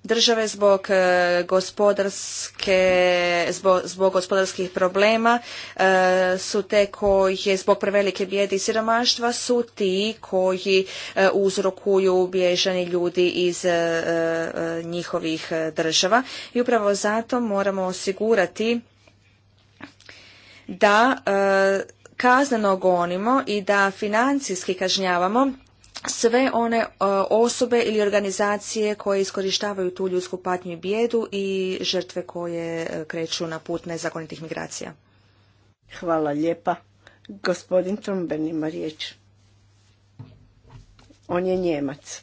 države zbog e, gospodarske zbog, gospodarskih problema e, su te koje zbog prevelike bijede i siromaštva su ti koji e, uzrokuju bježani ljudi iz njihovih država i upravo zato moramo osigurati da e, kazneno gonimo i da financijski kažnjavamo sve one e, osobe ili organizacije koje iskorištavaju tu ljudsku patnju i bijedu i žrtve koje e, kreću na put nezakonitih migracija. Hvala lijepa. Gospodin Trumben ima riječ. On je Njemac.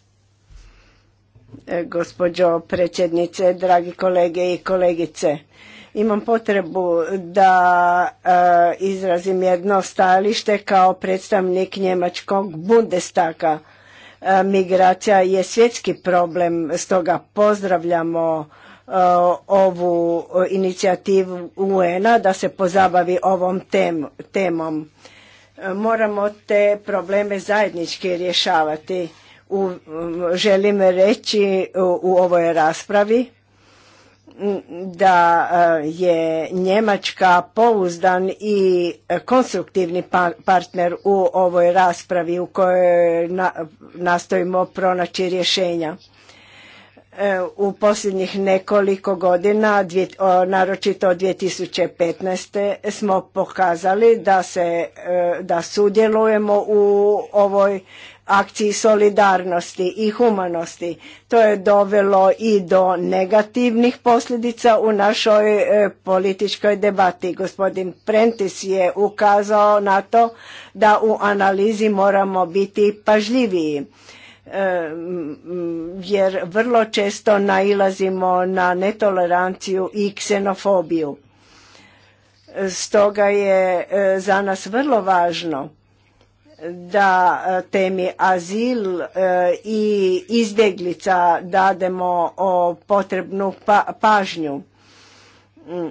E, gospođo predsjednice, dragi kolege i kolegice, imam potrebu da e, izrazim jedno stajalište kao predstavnik njemačkog Bundestaga. E, migracija je svjetski problem, stoga pozdravljamo e, ovu inicijativu un da se pozabavi ovom temom. Moramo te probleme zajednički rješavati. U, želim reći u, u ovoj raspravi da e, je Njemačka pouzdan i konstruktivni pa, partner u ovoj raspravi u kojoj nastojimo pronaći rješenja. E, u posljednjih nekoliko godina, naročito od 2015. smo pokazali da, se, e, da sudjelujemo u ovoj akciji solidarnosti i humanosti. To je dovelo i do negativnih posljedica u našoj e, političkoj debati. Gospodin Prentis je ukazao na to da u analizi moramo biti pažljiviji e, jer vrlo često nailazimo na netoleranciju i ksenofobiju. Stoga je e, za nas vrlo važno da e, temi azil e, i izbjeglica dademo potrebnu pa, pažnju. Mm.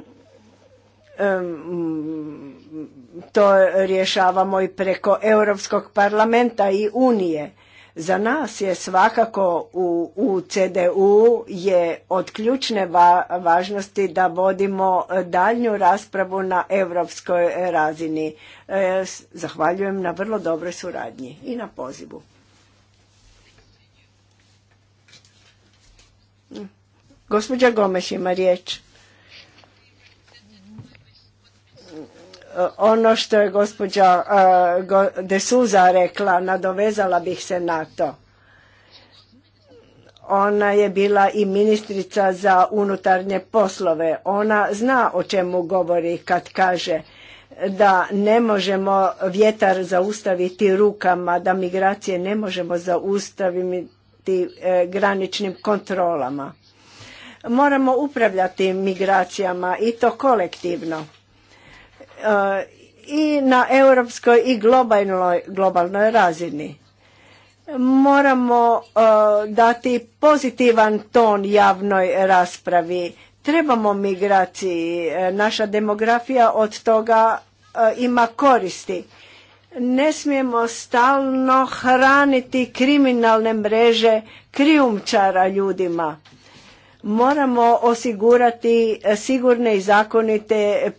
To rješavamo i preko Europskog parlamenta i Unije za nas je svakako u, u CDU je od ključne važnosti da vodimo daljnju raspravu na europskoj razini. E, zahvaljujem na vrlo dobroj suradnji i na pozivu. Gospođa Gomes ima riječ. Eh, ono što je gospođa eh, De Souza rekla, nadovezala bih se na to. Ona je bila i ministrica za unutarnje poslove. Ona zna o čemu govori kad kaže da ne možemo vjetar zaustaviti rukama, da migracije ne možemo zaustaviti eh, graničnim kontrolama. Moramo upravljati migracijama i to kolektivno i na europskoj i globalnoj, globalnoj razini. Moramo e, dati pozitivan ton javnoj raspravi. Trebamo migraciji. E, naša demografija od toga e, ima koristi. Ne smijemo stalno hraniti kriminalne mreže krijumčara ljudima Moramo osigurati e, sigurne i zakonite e,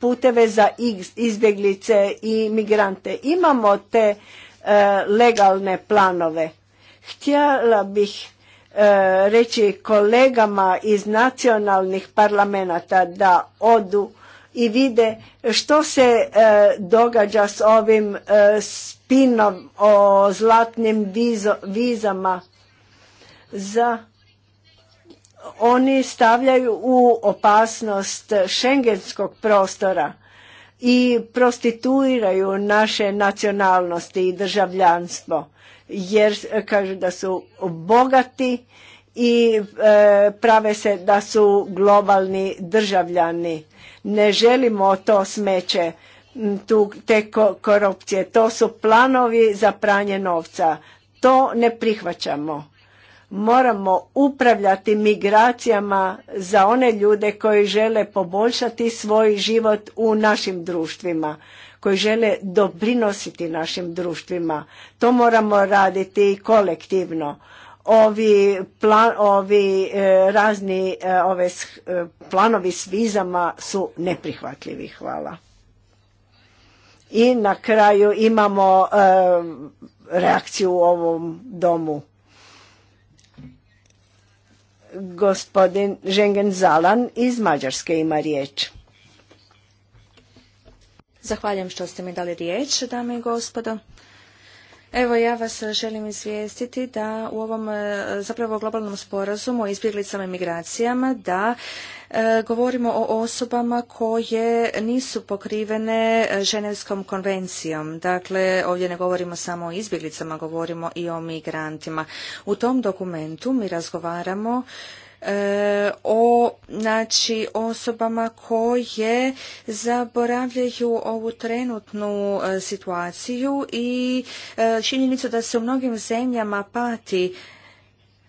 puteve za izbjeglice i migrante. Imamo te e, legalne planove. Htjela bih reći kolegama iz nacionalnih parlamenta da odu i vide što se događa s ovim spinom o zlatnim vizama za oni stavljaju u opasnost šengenskog prostora i prostituiraju naše nacionalnosti i državljanstvo jer kažu da su bogati i e, prave se da su globalni državljani. Ne želimo to smeće, tu, te korupcije. To su planovi za pranje novca. To ne prihvaćamo moramo upravljati migracijama za one ljude koji žele poboljšati svoj život u našim društvima koji žele doprinositi našim društvima to moramo raditi kolektivno ovi, plan, ovi e, razni e, ove e, planovi s vizama su neprihvatljivi hvala i na kraju imamo reakciju u ovom domu Gospodin Žengen Zalan iz Mađarske ima riječ. Zahvaljujem što ste mi dali riječ, dame i gospodo. Evo ja vas e, želim izvijestiti da u ovom e, zapravo globalnom sporazumu o izbjeglicama i migracijama da e, govorimo o osobama koje nisu pokrivene Ženevskom konvencijom. Dakle, ovdje ne govorimo samo o izbjeglicama, govorimo i o migrantima. U tom dokumentu mi razgovaramo E, o znači osobama koje zaboravljaju ovu trenutnu e, situaciju i e, činjenicu da se u mnogim zemljama pati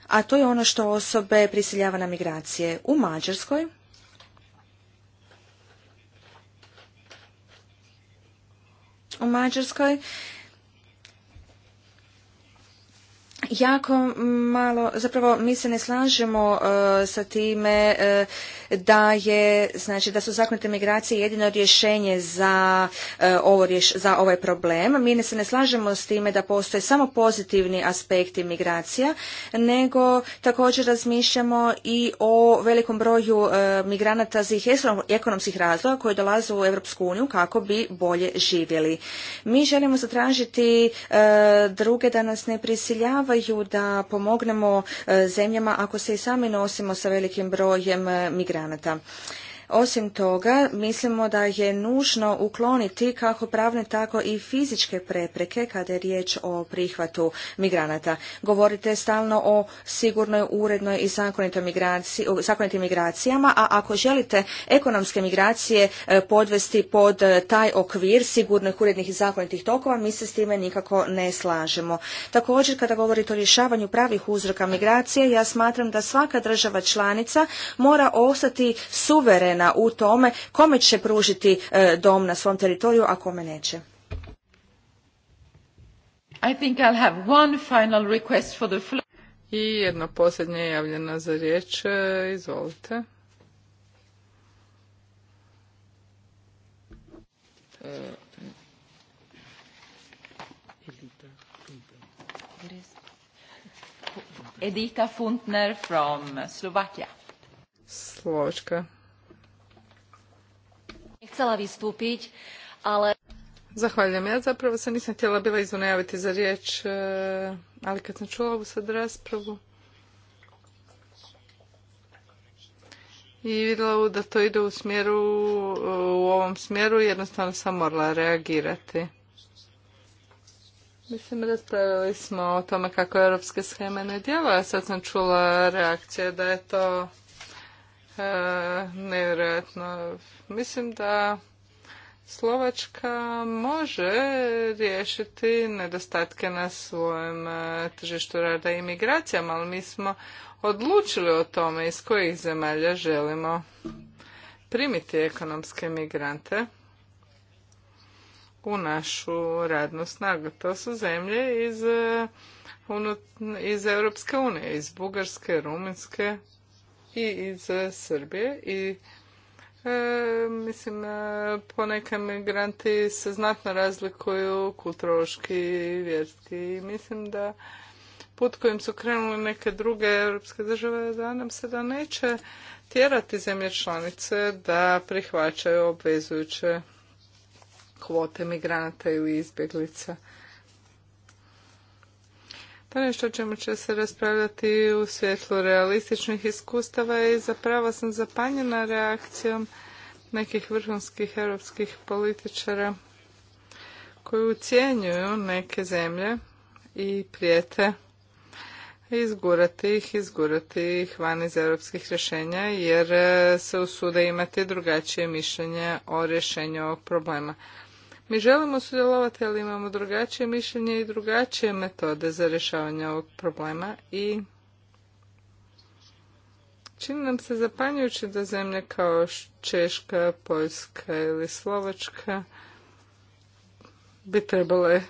a to je ono što osobe prisiljava na migracije. U Mađarskoj u Mađarskoj jako malo, zapravo mi se ne slažemo e, sa time e, da je, znači da su zakonite migracije jedino rješenje za, e, za ovaj problem. Mi ne se ne slažemo s time da postoje samo pozitivni aspekti migracija, nego također razmišljamo i o velikom broju e, migranata zih ekonomskih razloga koji dolaze u Europsku uniju kako bi bolje živjeli. Mi želimo zatražiti e, druge da nas ne prisiljavaju da pomognemo e, zemljama ako se i sami nosimo sa velikim brojem e, migranata migranata. Osim toga, mislimo da je nužno ukloniti kako pravne, tako i fizičke prepreke kada je riječ o prihvatu migranata. Govorite stalno o sigurnoj, urednoj i zakonitim migracijama, a ako želite ekonomske migracije e, podvesti pod e, taj okvir sigurnih, urednih i zakonitih tokova, mi se s time nikako ne slažemo. Također, kada govorite o rješavanju pravih uzroka migracije, ja smatram da svaka država članica mora ostati suverena na u tome kome će pružiti e, dom na svom teritoriju, a kome neće. I jedno posljednje je javljeno za riječ. E, izvolite. Edita Funtner from Slovakia. Slovačka chcela ale... Zahvaljujem. Ja zapravo se nisam htjela bila izunajaviti za riječ, e, ali kad sam čula ovu sad raspravu i vidjela da to ide u smjeru, e, u ovom smjeru, jednostavno sam morala reagirati. Mislim, raspravili smo o tome kako europske scheme ne djeluje. a sad sam čula reakcije da je to E, nevjerojatno. Mislim da Slovačka može riješiti nedostatke na svojem e, tržištu rada i migracijama, ali mi smo odlučili o tome iz kojih zemalja želimo primiti ekonomske migrante u našu radnu snagu. To su zemlje iz, e, iz Europske unije, iz Bugarske, Rumunjske, i iz Srbije i e, mislim e, ponekad migranti se znatno razlikuju kulturoški i vjerski i mislim da put kojim su krenuli neke druge europske države da nam se da neće tjerati zemlje članice da prihvaćaju obvezujuće kvote migranata ili izbjeglica. To nešto o čemu će se raspravljati u svjetlu realističnih iskustava i zapravo sam zapanjena reakcijom nekih vrhunskih europskih političara koji ucijenjuju neke zemlje i prijete izgurati ih, izgurati ih van iz europskih rješenja jer se usude imati drugačije mišljenje o rješenju ovog problema. Mi želimo sudjelovati, ali imamo drugačije mišljenje i drugačije metode za rješavanje ovog problema i čini nam se zapanjujući da zemlje kao Češka, Poljska ili Slovačka bi trebale e,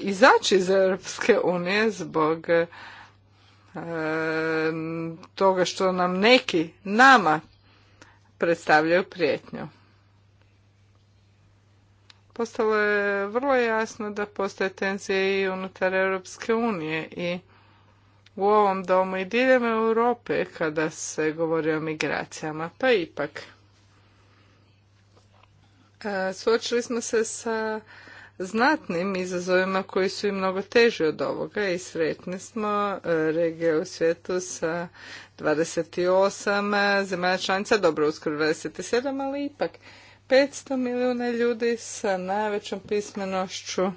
izaći iz Europske unije zbog e, toga što nam neki nama predstavljaju prijetnju postalo je vrlo jasno da postoje tenzije i unutar Europske unije i u ovom domu i diljem Europe kada se govori o migracijama, pa ipak. E, suočili smo se sa znatnim izazovima koji su i mnogo teži od ovoga i sretni smo e, regije u svijetu sa 28 zemalja članica, dobro uskoro 27, ali ipak 500 milijuna ljudi sa najvećom pismenošću,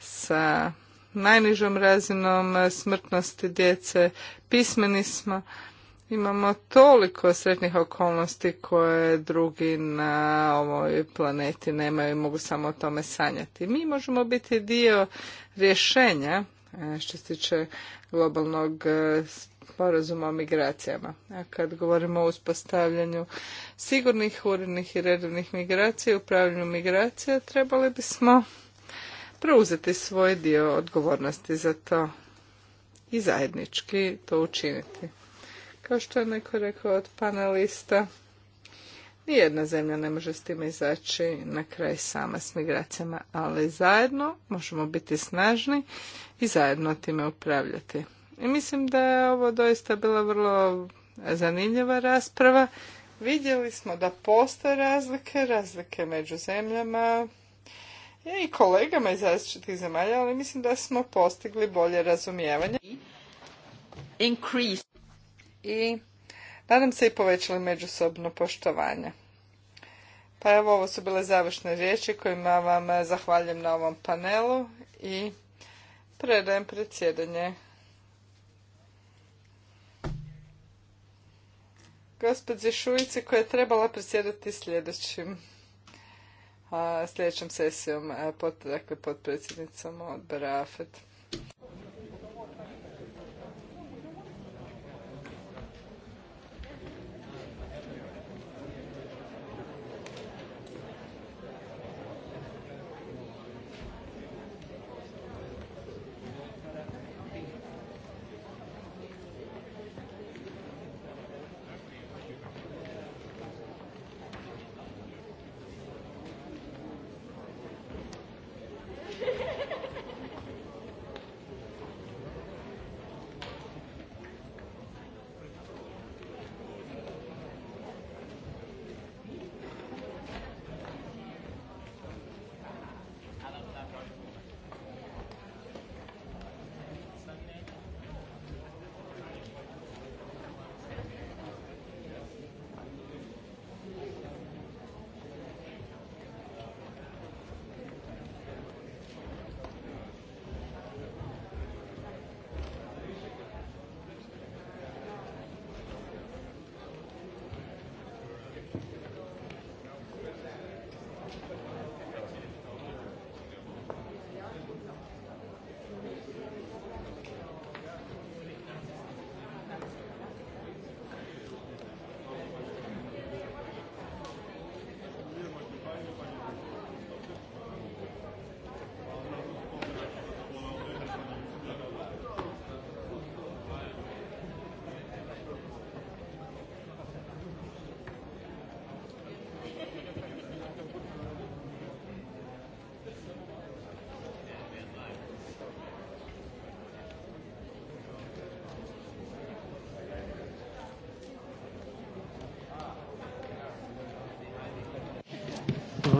sa najnižom razinom smrtnosti djece, pismeni smo. Imamo toliko sretnih okolnosti koje drugi na ovoj planeti nemaju i mogu samo o tome sanjati. Mi možemo biti dio rješenja e, što se tiče globalnog e, sporazuma o migracijama. A kad govorimo o uspostavljanju sigurnih, urednih i redovnih migracija i upravljanju migracija, trebali bismo preuzeti svoj dio odgovornosti za to i zajednički to učiniti. Kao što je neko rekao od panelista, Nijedna zemlja ne može s time izaći na kraj sama s migracijama, ali zajedno možemo biti snažni i zajedno time upravljati. I mislim da je ovo doista bila vrlo zanimljiva rasprava. Vidjeli smo da postoje razlike, razlike među zemljama i kolegama iz različitih zemalja, ali mislim da smo postigli bolje razumijevanje. I nadam se i povećali međusobno poštovanje. Pa evo, ovo su bile završne riječi kojima vam zahvaljujem na ovom panelu i predajem predsjedanje gospođi Šujici koja je trebala predsjedati sljedećim sljedećom sesijom, pod, dakle, podpredsjednicom odbora AFET.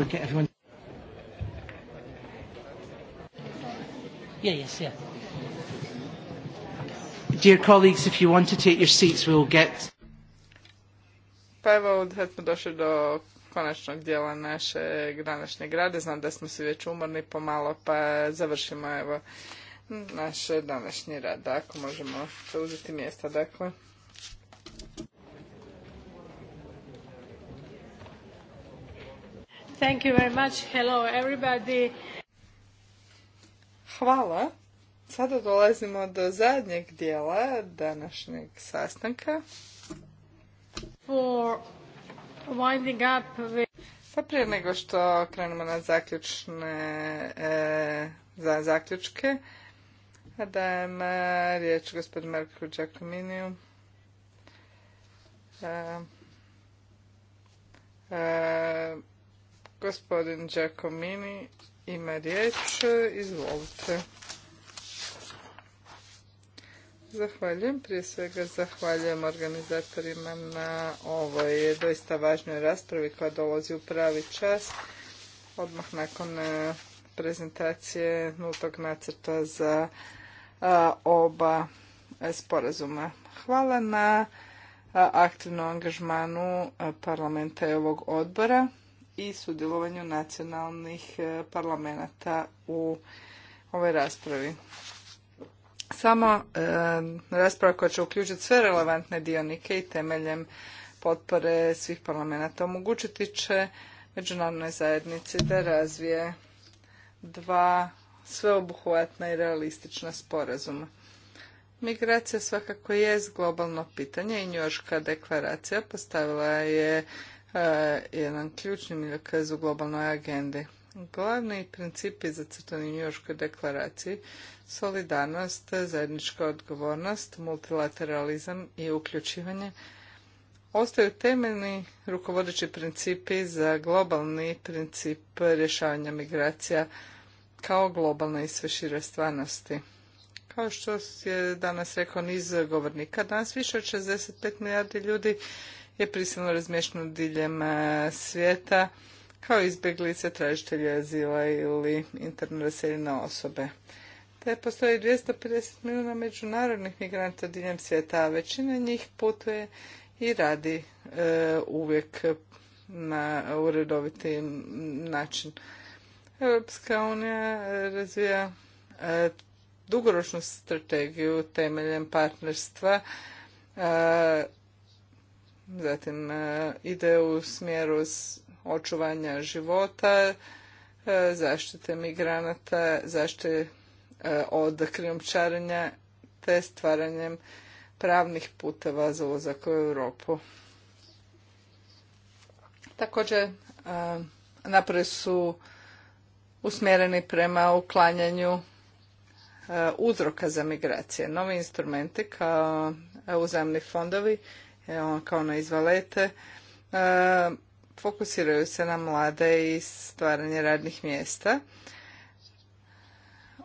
everyone. Yeah, yes, yeah. Dear colleagues, if you want to take your seats, we'll get... Pa evo, odhetno došli do konačnog dijela naše današnje grade. Znam da smo svi već umorni pomalo, pa završimo evo naš današnji rad. Ako možemo uzeti mjesta, dakle. Thank Hello Hvala. Sada dolazimo do zadnjeg dijela današnjeg sastanka. For winding up Pa prije nego što krenemo na zaključne, e, za zaključke, dajem e, riječ gospodinu Marku Giacominiju. E, e Gospodin Giacomini ima riječ, izvolite. Zahvaljujem. Prije svega zahvaljujem organizatorima na ovoj doista važnoj raspravi koja dolazi u pravi čas. Odmah nakon e, prezentacije nultog nacrta za oba e, sporazuma. Hvala na aktivnom angažmanu parlamenta i ovog odbora i sudjelovanju nacionalnih e, parlamenta u ovoj raspravi. Samo e, rasprava koja će uključiti sve relevantne dionike i temeljem potpore svih parlamenta omogućiti će međunarodnoj zajednici da razvije dva sveobuhvatna i realistična sporazuma. Migracija svakako je globalno pitanje i Njoška deklaracija postavila je E, jedan ključni dokaz u globalnoj agendi. Glavni principi za crtani njoškoj deklaraciji solidarnost, zajednička odgovornost, multilateralizam i uključivanje ostaju temeljni rukovodeći principi za globalni princip rješavanja migracija kao globalne i sve šire stvarnosti. Kao što je danas rekao niz govornika, danas više od 65 milijardi ljudi je prisilno razmješteno diljem e, svijeta kao izbjeglice, tražitelje azila ili interno raseljene osobe. Te postoji 250 milijuna međunarodnih migranta diljem svijeta, a većina njih putuje i radi e, uvijek na uredoviti način. Europska unija razvija e, dugoročnu strategiju temeljem partnerstva zatim e, ide u smjeru očuvanja života, e, zaštite migranata, zaštite e, od krijumčarenja te stvaranjem pravnih puteva za ulazak u Europu. Također, napre su usmjereni prema uklanjanju uzroka za migracije. Novi instrumenti kao uzemni fondovi kao na izvalete, e, fokusiraju se na mlade i stvaranje radnih mjesta.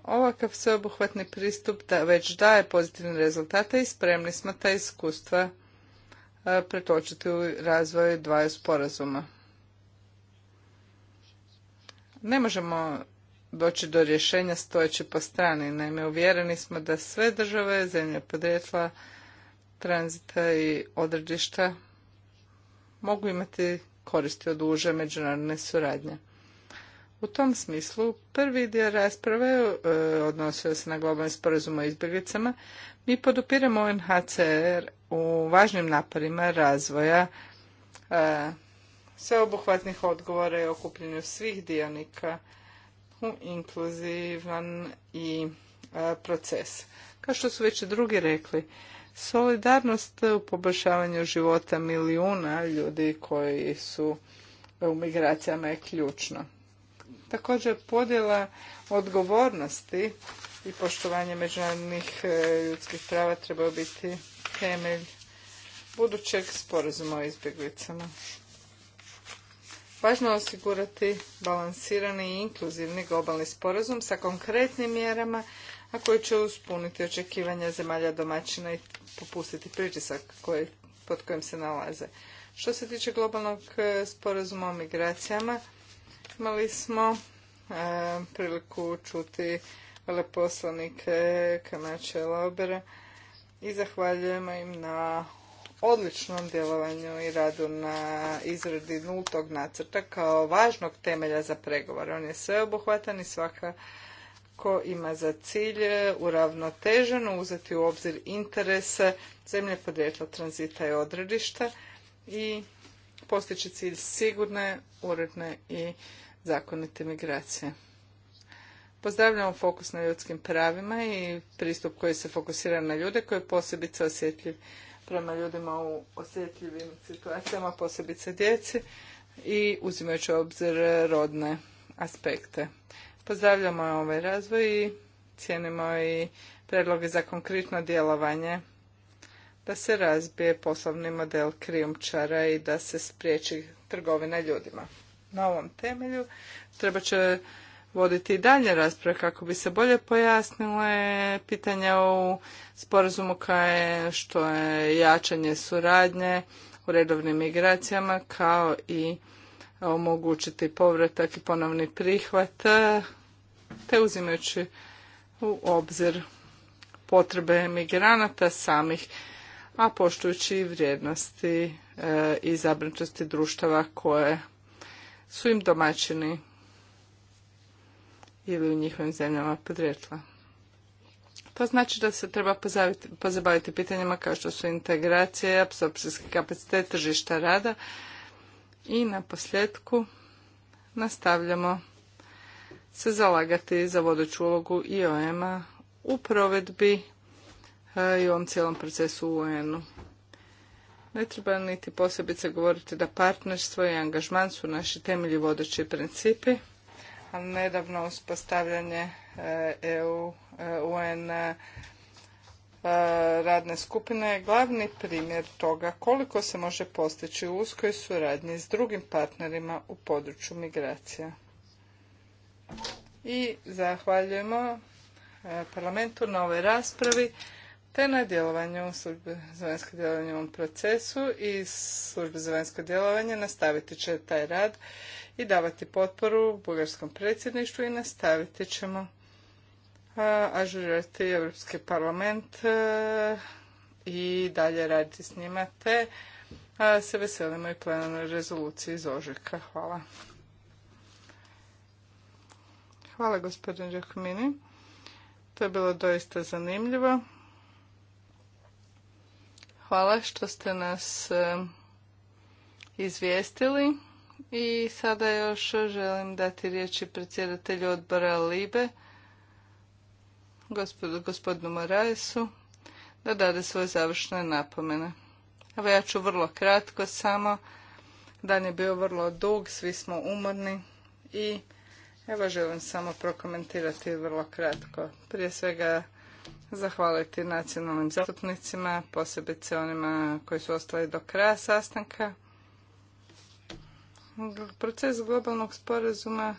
Ovakav sveobuhvatni pristup da već daje pozitivne rezultate i spremni smo ta iskustva e, pretočiti u razvoju dvaju sporazuma. Ne možemo doći do rješenja stojeći po strani, naime uvjereni smo da sve države, zemlje podrijetla, tranzita i odredišta mogu imati koristi od duže međunarodne suradnje. U tom smislu, prvi dio rasprave e, odnosio se na globalni sporazum o izbjeglicama. Mi podupiramo UNHCR u važnim naporima razvoja e, sveobuhvatnih odgovora i okupljenju svih dionika u inkluzivan i e, proces. Kao što su već i drugi rekli, solidarnost u poboljšavanju života milijuna ljudi koji su u migracijama je ključno. Također podjela odgovornosti i poštovanje međunarodnih e, ljudskih prava treba biti temelj budućeg sporazuma o izbjeglicama. Važno je osigurati balansirani i inkluzivni globalni sporazum sa konkretnim mjerama a koji će uspuniti očekivanja zemalja domaćina i popustiti pritisak koji, pod kojim se nalaze. Što se tiče globalnog e, sporazuma o migracijama, imali smo e, priliku čuti veleposlanike Kamače Laubera i zahvaljujemo im na odličnom djelovanju i radu na izradi nultog nacrta kao važnog temelja za pregovore. On je sveobuhvatan i svaka ko ima za cilj uravnoteženo uzeti u obzir interese zemlje podrijetla tranzita i odredišta i postići cilj sigurne, uredne i zakonite migracije. Pozdravljamo fokus na ljudskim pravima i pristup koji se fokusira na ljude koji je posebice osjetljiv prema ljudima u osjetljivim situacijama, posebice djeci i uzimajući obzir rodne aspekte. Pozdravljamo ovaj razvoj i cijenimo i predloge za konkretno djelovanje da se razbije poslovni model krijumčara i da se spriječi trgovina ljudima. Na ovom temelju treba će voditi i dalje rasprave kako bi se bolje pojasnile pitanja u sporazumu je što je jačanje suradnje u redovnim migracijama kao i omogućiti povratak i ponovni prihvat, e, te uzimajući u obzir potrebe migranata samih, a poštujući i vrijednosti e, i zabrinutosti društava koje su im domaćini ili u njihovim zemljama podrijetla. To znači da se treba pozabaviti pitanjima kao što su integracija i apsorpcijski kapacitet tržišta rada, i na posljedku nastavljamo se zalagati za vodeću ulogu IOM-a u provedbi e, i u ovom cijelom procesu u UN-u. Ne treba niti posebice govoriti da partnerstvo i angažman su naši temelji vodeći principi, a nedavno uspostavljanje e, EU e, UN E, radne skupine je glavni primjer toga koliko se može postići u uskoj suradnji s drugim partnerima u području migracija. I zahvaljujemo e, parlamentu na ovoj raspravi te na djelovanju službe za vanjsko djelovanje u ovom procesu i službe za vanjsko djelovanje nastaviti će taj rad i davati potporu bugarskom predsjedništvu i nastaviti ćemo ažurirati Europski parlament i dalje raditi s njima, te se veselimo i plenarnoj rezoluciji iz Ožeka. Hvala. Hvala gospodin Đakomini. To je bilo doista zanimljivo. Hvala što ste nas izvijestili i sada još želim dati riječi predsjedatelju odbora Libe gospodinu Moraesu da dade svoje završne napomene. Evo ja ću vrlo kratko samo. Dan je bio vrlo dug, svi smo umorni i evo želim samo prokomentirati vrlo kratko. Prije svega zahvaliti nacionalnim zastupnicima, posebice onima koji su ostali do kraja sastanka. Proces globalnog sporazuma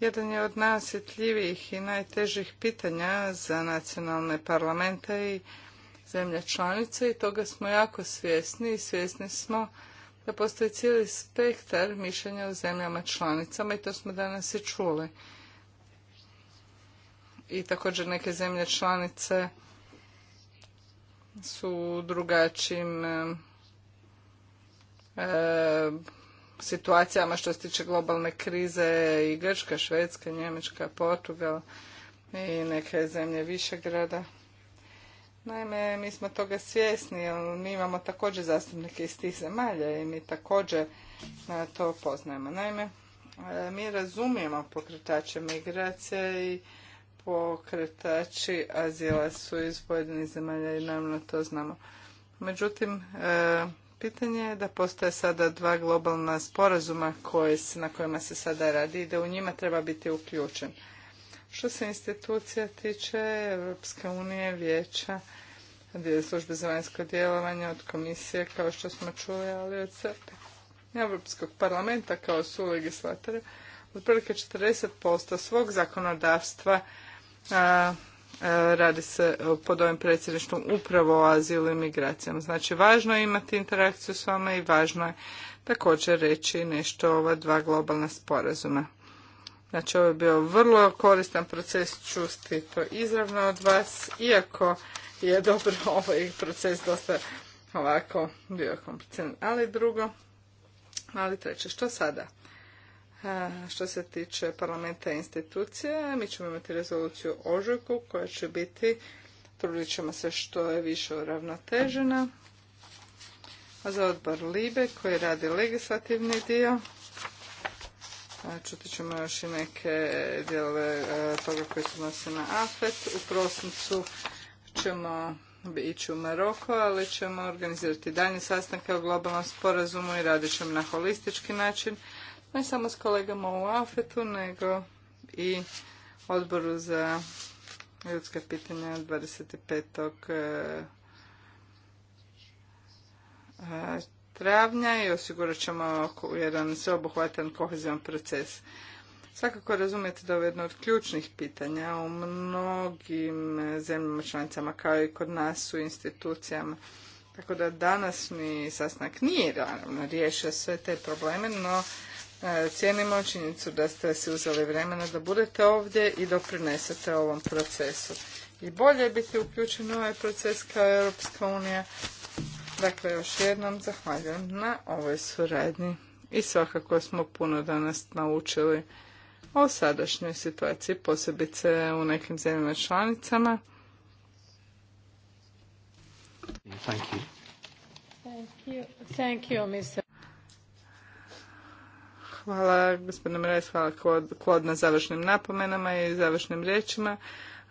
jedan je od najosjetljivijih i najtežih pitanja za nacionalne parlamente i zemlje članice i toga smo jako svjesni i svjesni smo da postoji cijeli spektar mišljenja u zemljama članicama i to smo danas i čuli. I također neke zemlje članice su u drugačijim eh, situacijama što se tiče globalne krize i Grčka, Švedska, Njemačka, Portugal i neke zemlje grada. Naime, mi smo toga svjesni, jer mi imamo također zastupnike iz tih zemalja i mi također to poznajemo. Naime, e, mi razumijemo pokretače migracije i pokretači azila su iz pojedinih zemalja i naravno to znamo. Međutim, e, Pitanje je da postoje sada dva globalna sporazuma koje, na kojima se sada radi i da u njima treba biti uključen. Što se institucija tiče, Europske unije, vijeća, službe za vanjsko djelovanje, od komisije, kao što smo čuli, ali od srpe. Europskog parlamenta kao su legislatore, otprilike 40% svog zakonodavstva a, E, radi se pod ovim predsjedništvom upravo o azilu i migracijama. Znači, važno je imati interakciju s vama i važno je također reći nešto o ova dva globalna sporazuma. Znači, ovo je bio vrlo koristan proces čusti to izravno od vas, iako je dobro ovaj proces dosta ovako bio kompliciran. Ali drugo, ali treće, što sada? Što se tiče parlamenta i institucija, mi ćemo imati rezoluciju ožujku koja će biti, trudit ćemo se što je više uravnotežena. A za odbor Libe koji radi legislativni dio, čuti ćemo još i neke dijele toga koji se odnose na AFET. U prosincu ćemo ići u Maroko, ali ćemo organizirati dalje sastanke o globalnom sporazumu i radit ćemo na holistički način ne samo s kolegama u AFET-u, nego i odboru za ljudska pitanja 25. E, travnja i osigurat ćemo jedan sveobuhvatan kohezivan proces. Svakako razumijete da je ovo jedno od ključnih pitanja u mnogim zemljama članicama kao i kod nas u institucijama. Tako da danas mi sastanak nije riješio sve te probleme, no E, cijenimo činjenicu da ste si uzeli vremena da budete ovdje i doprinesete ovom procesu. I bolje je biti uključen u ovaj proces kao Europska unija. Dakle, još jednom zahvaljujem na ovoj suradnji. I svakako smo puno danas naučili o sadašnjoj situaciji, posebice u nekim zemljama članicama. Thank you. Thank you. Thank you, Mr. Hvala gospodinu Mrez, hvala kod na završnim napomenama i završnim riječima,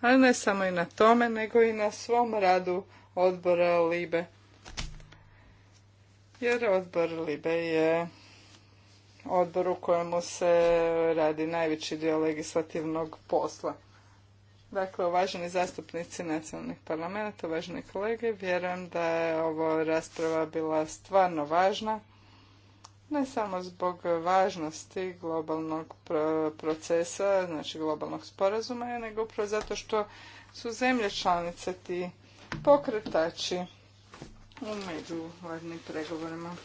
ali ne samo i na tome, nego i na svom radu odbora Libe. Jer odbor Libe je odbor u kojemu se radi najveći dio legislativnog posla. Dakle, uvaženi zastupnici nacionalnih parlamenta, uvaženi kolege, vjerujem da je ovo rasprava bila stvarno važna ne samo zbog važnosti globalnog procesa, znači globalnog sporazuma, nego upravo zato što su zemlje članice ti pokretači u međuvladnim pregovorima.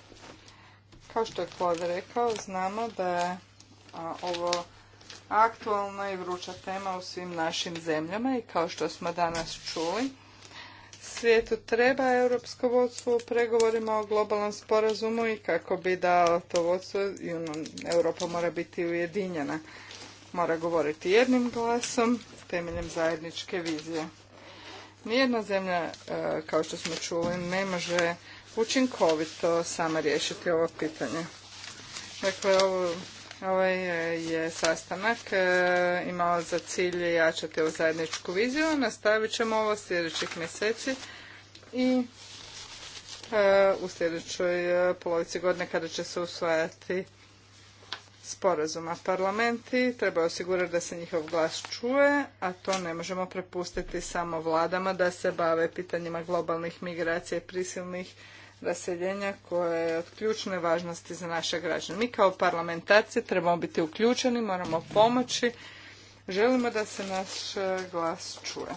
Kao što je Claude rekao, znamo da je ovo aktualna i vruća tema u svim našim zemljama i kao što smo danas čuli, svijetu treba europsko vodstvo u pregovorima o globalnom sporazumu i kako bi da to vodstvo, ono, Europa mora biti ujedinjena. Mora govoriti jednim glasom temeljem zajedničke vizije. Nijedna zemlja, e, kao što smo čuli, ne može učinkovito sama riješiti ovo pitanje. Dakle, ovo Ovaj e, je sastanak e, imao za cilj jačati ovu zajedničku viziju. Nastavit ćemo ovo sljedećih mjeseci i e, u sljedećoj polovici godine kada će se usvajati sporazuma. Parlamenti treba osigurati da se njihov glas čuje, a to ne možemo prepustiti samo vladama da se bave pitanjima globalnih migracija i prisilnih raseljenja koje je od ključne važnosti za naše građane. Mi kao parlamentarci trebamo biti uključeni, moramo pomoći, želimo da se naš e, glas čuje.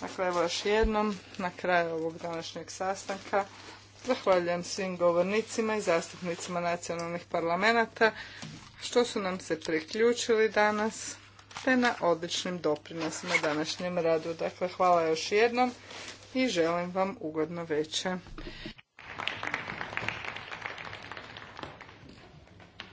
Dakle, evo još jednom, na kraju ovog današnjeg sastanka, zahvaljujem svim govornicima i zastupnicima nacionalnih parlamenta što su nam se priključili danas te na odličnim doprinosima današnjem radu. Dakle, hvala još jednom i želim vam ugodno večer. Hvala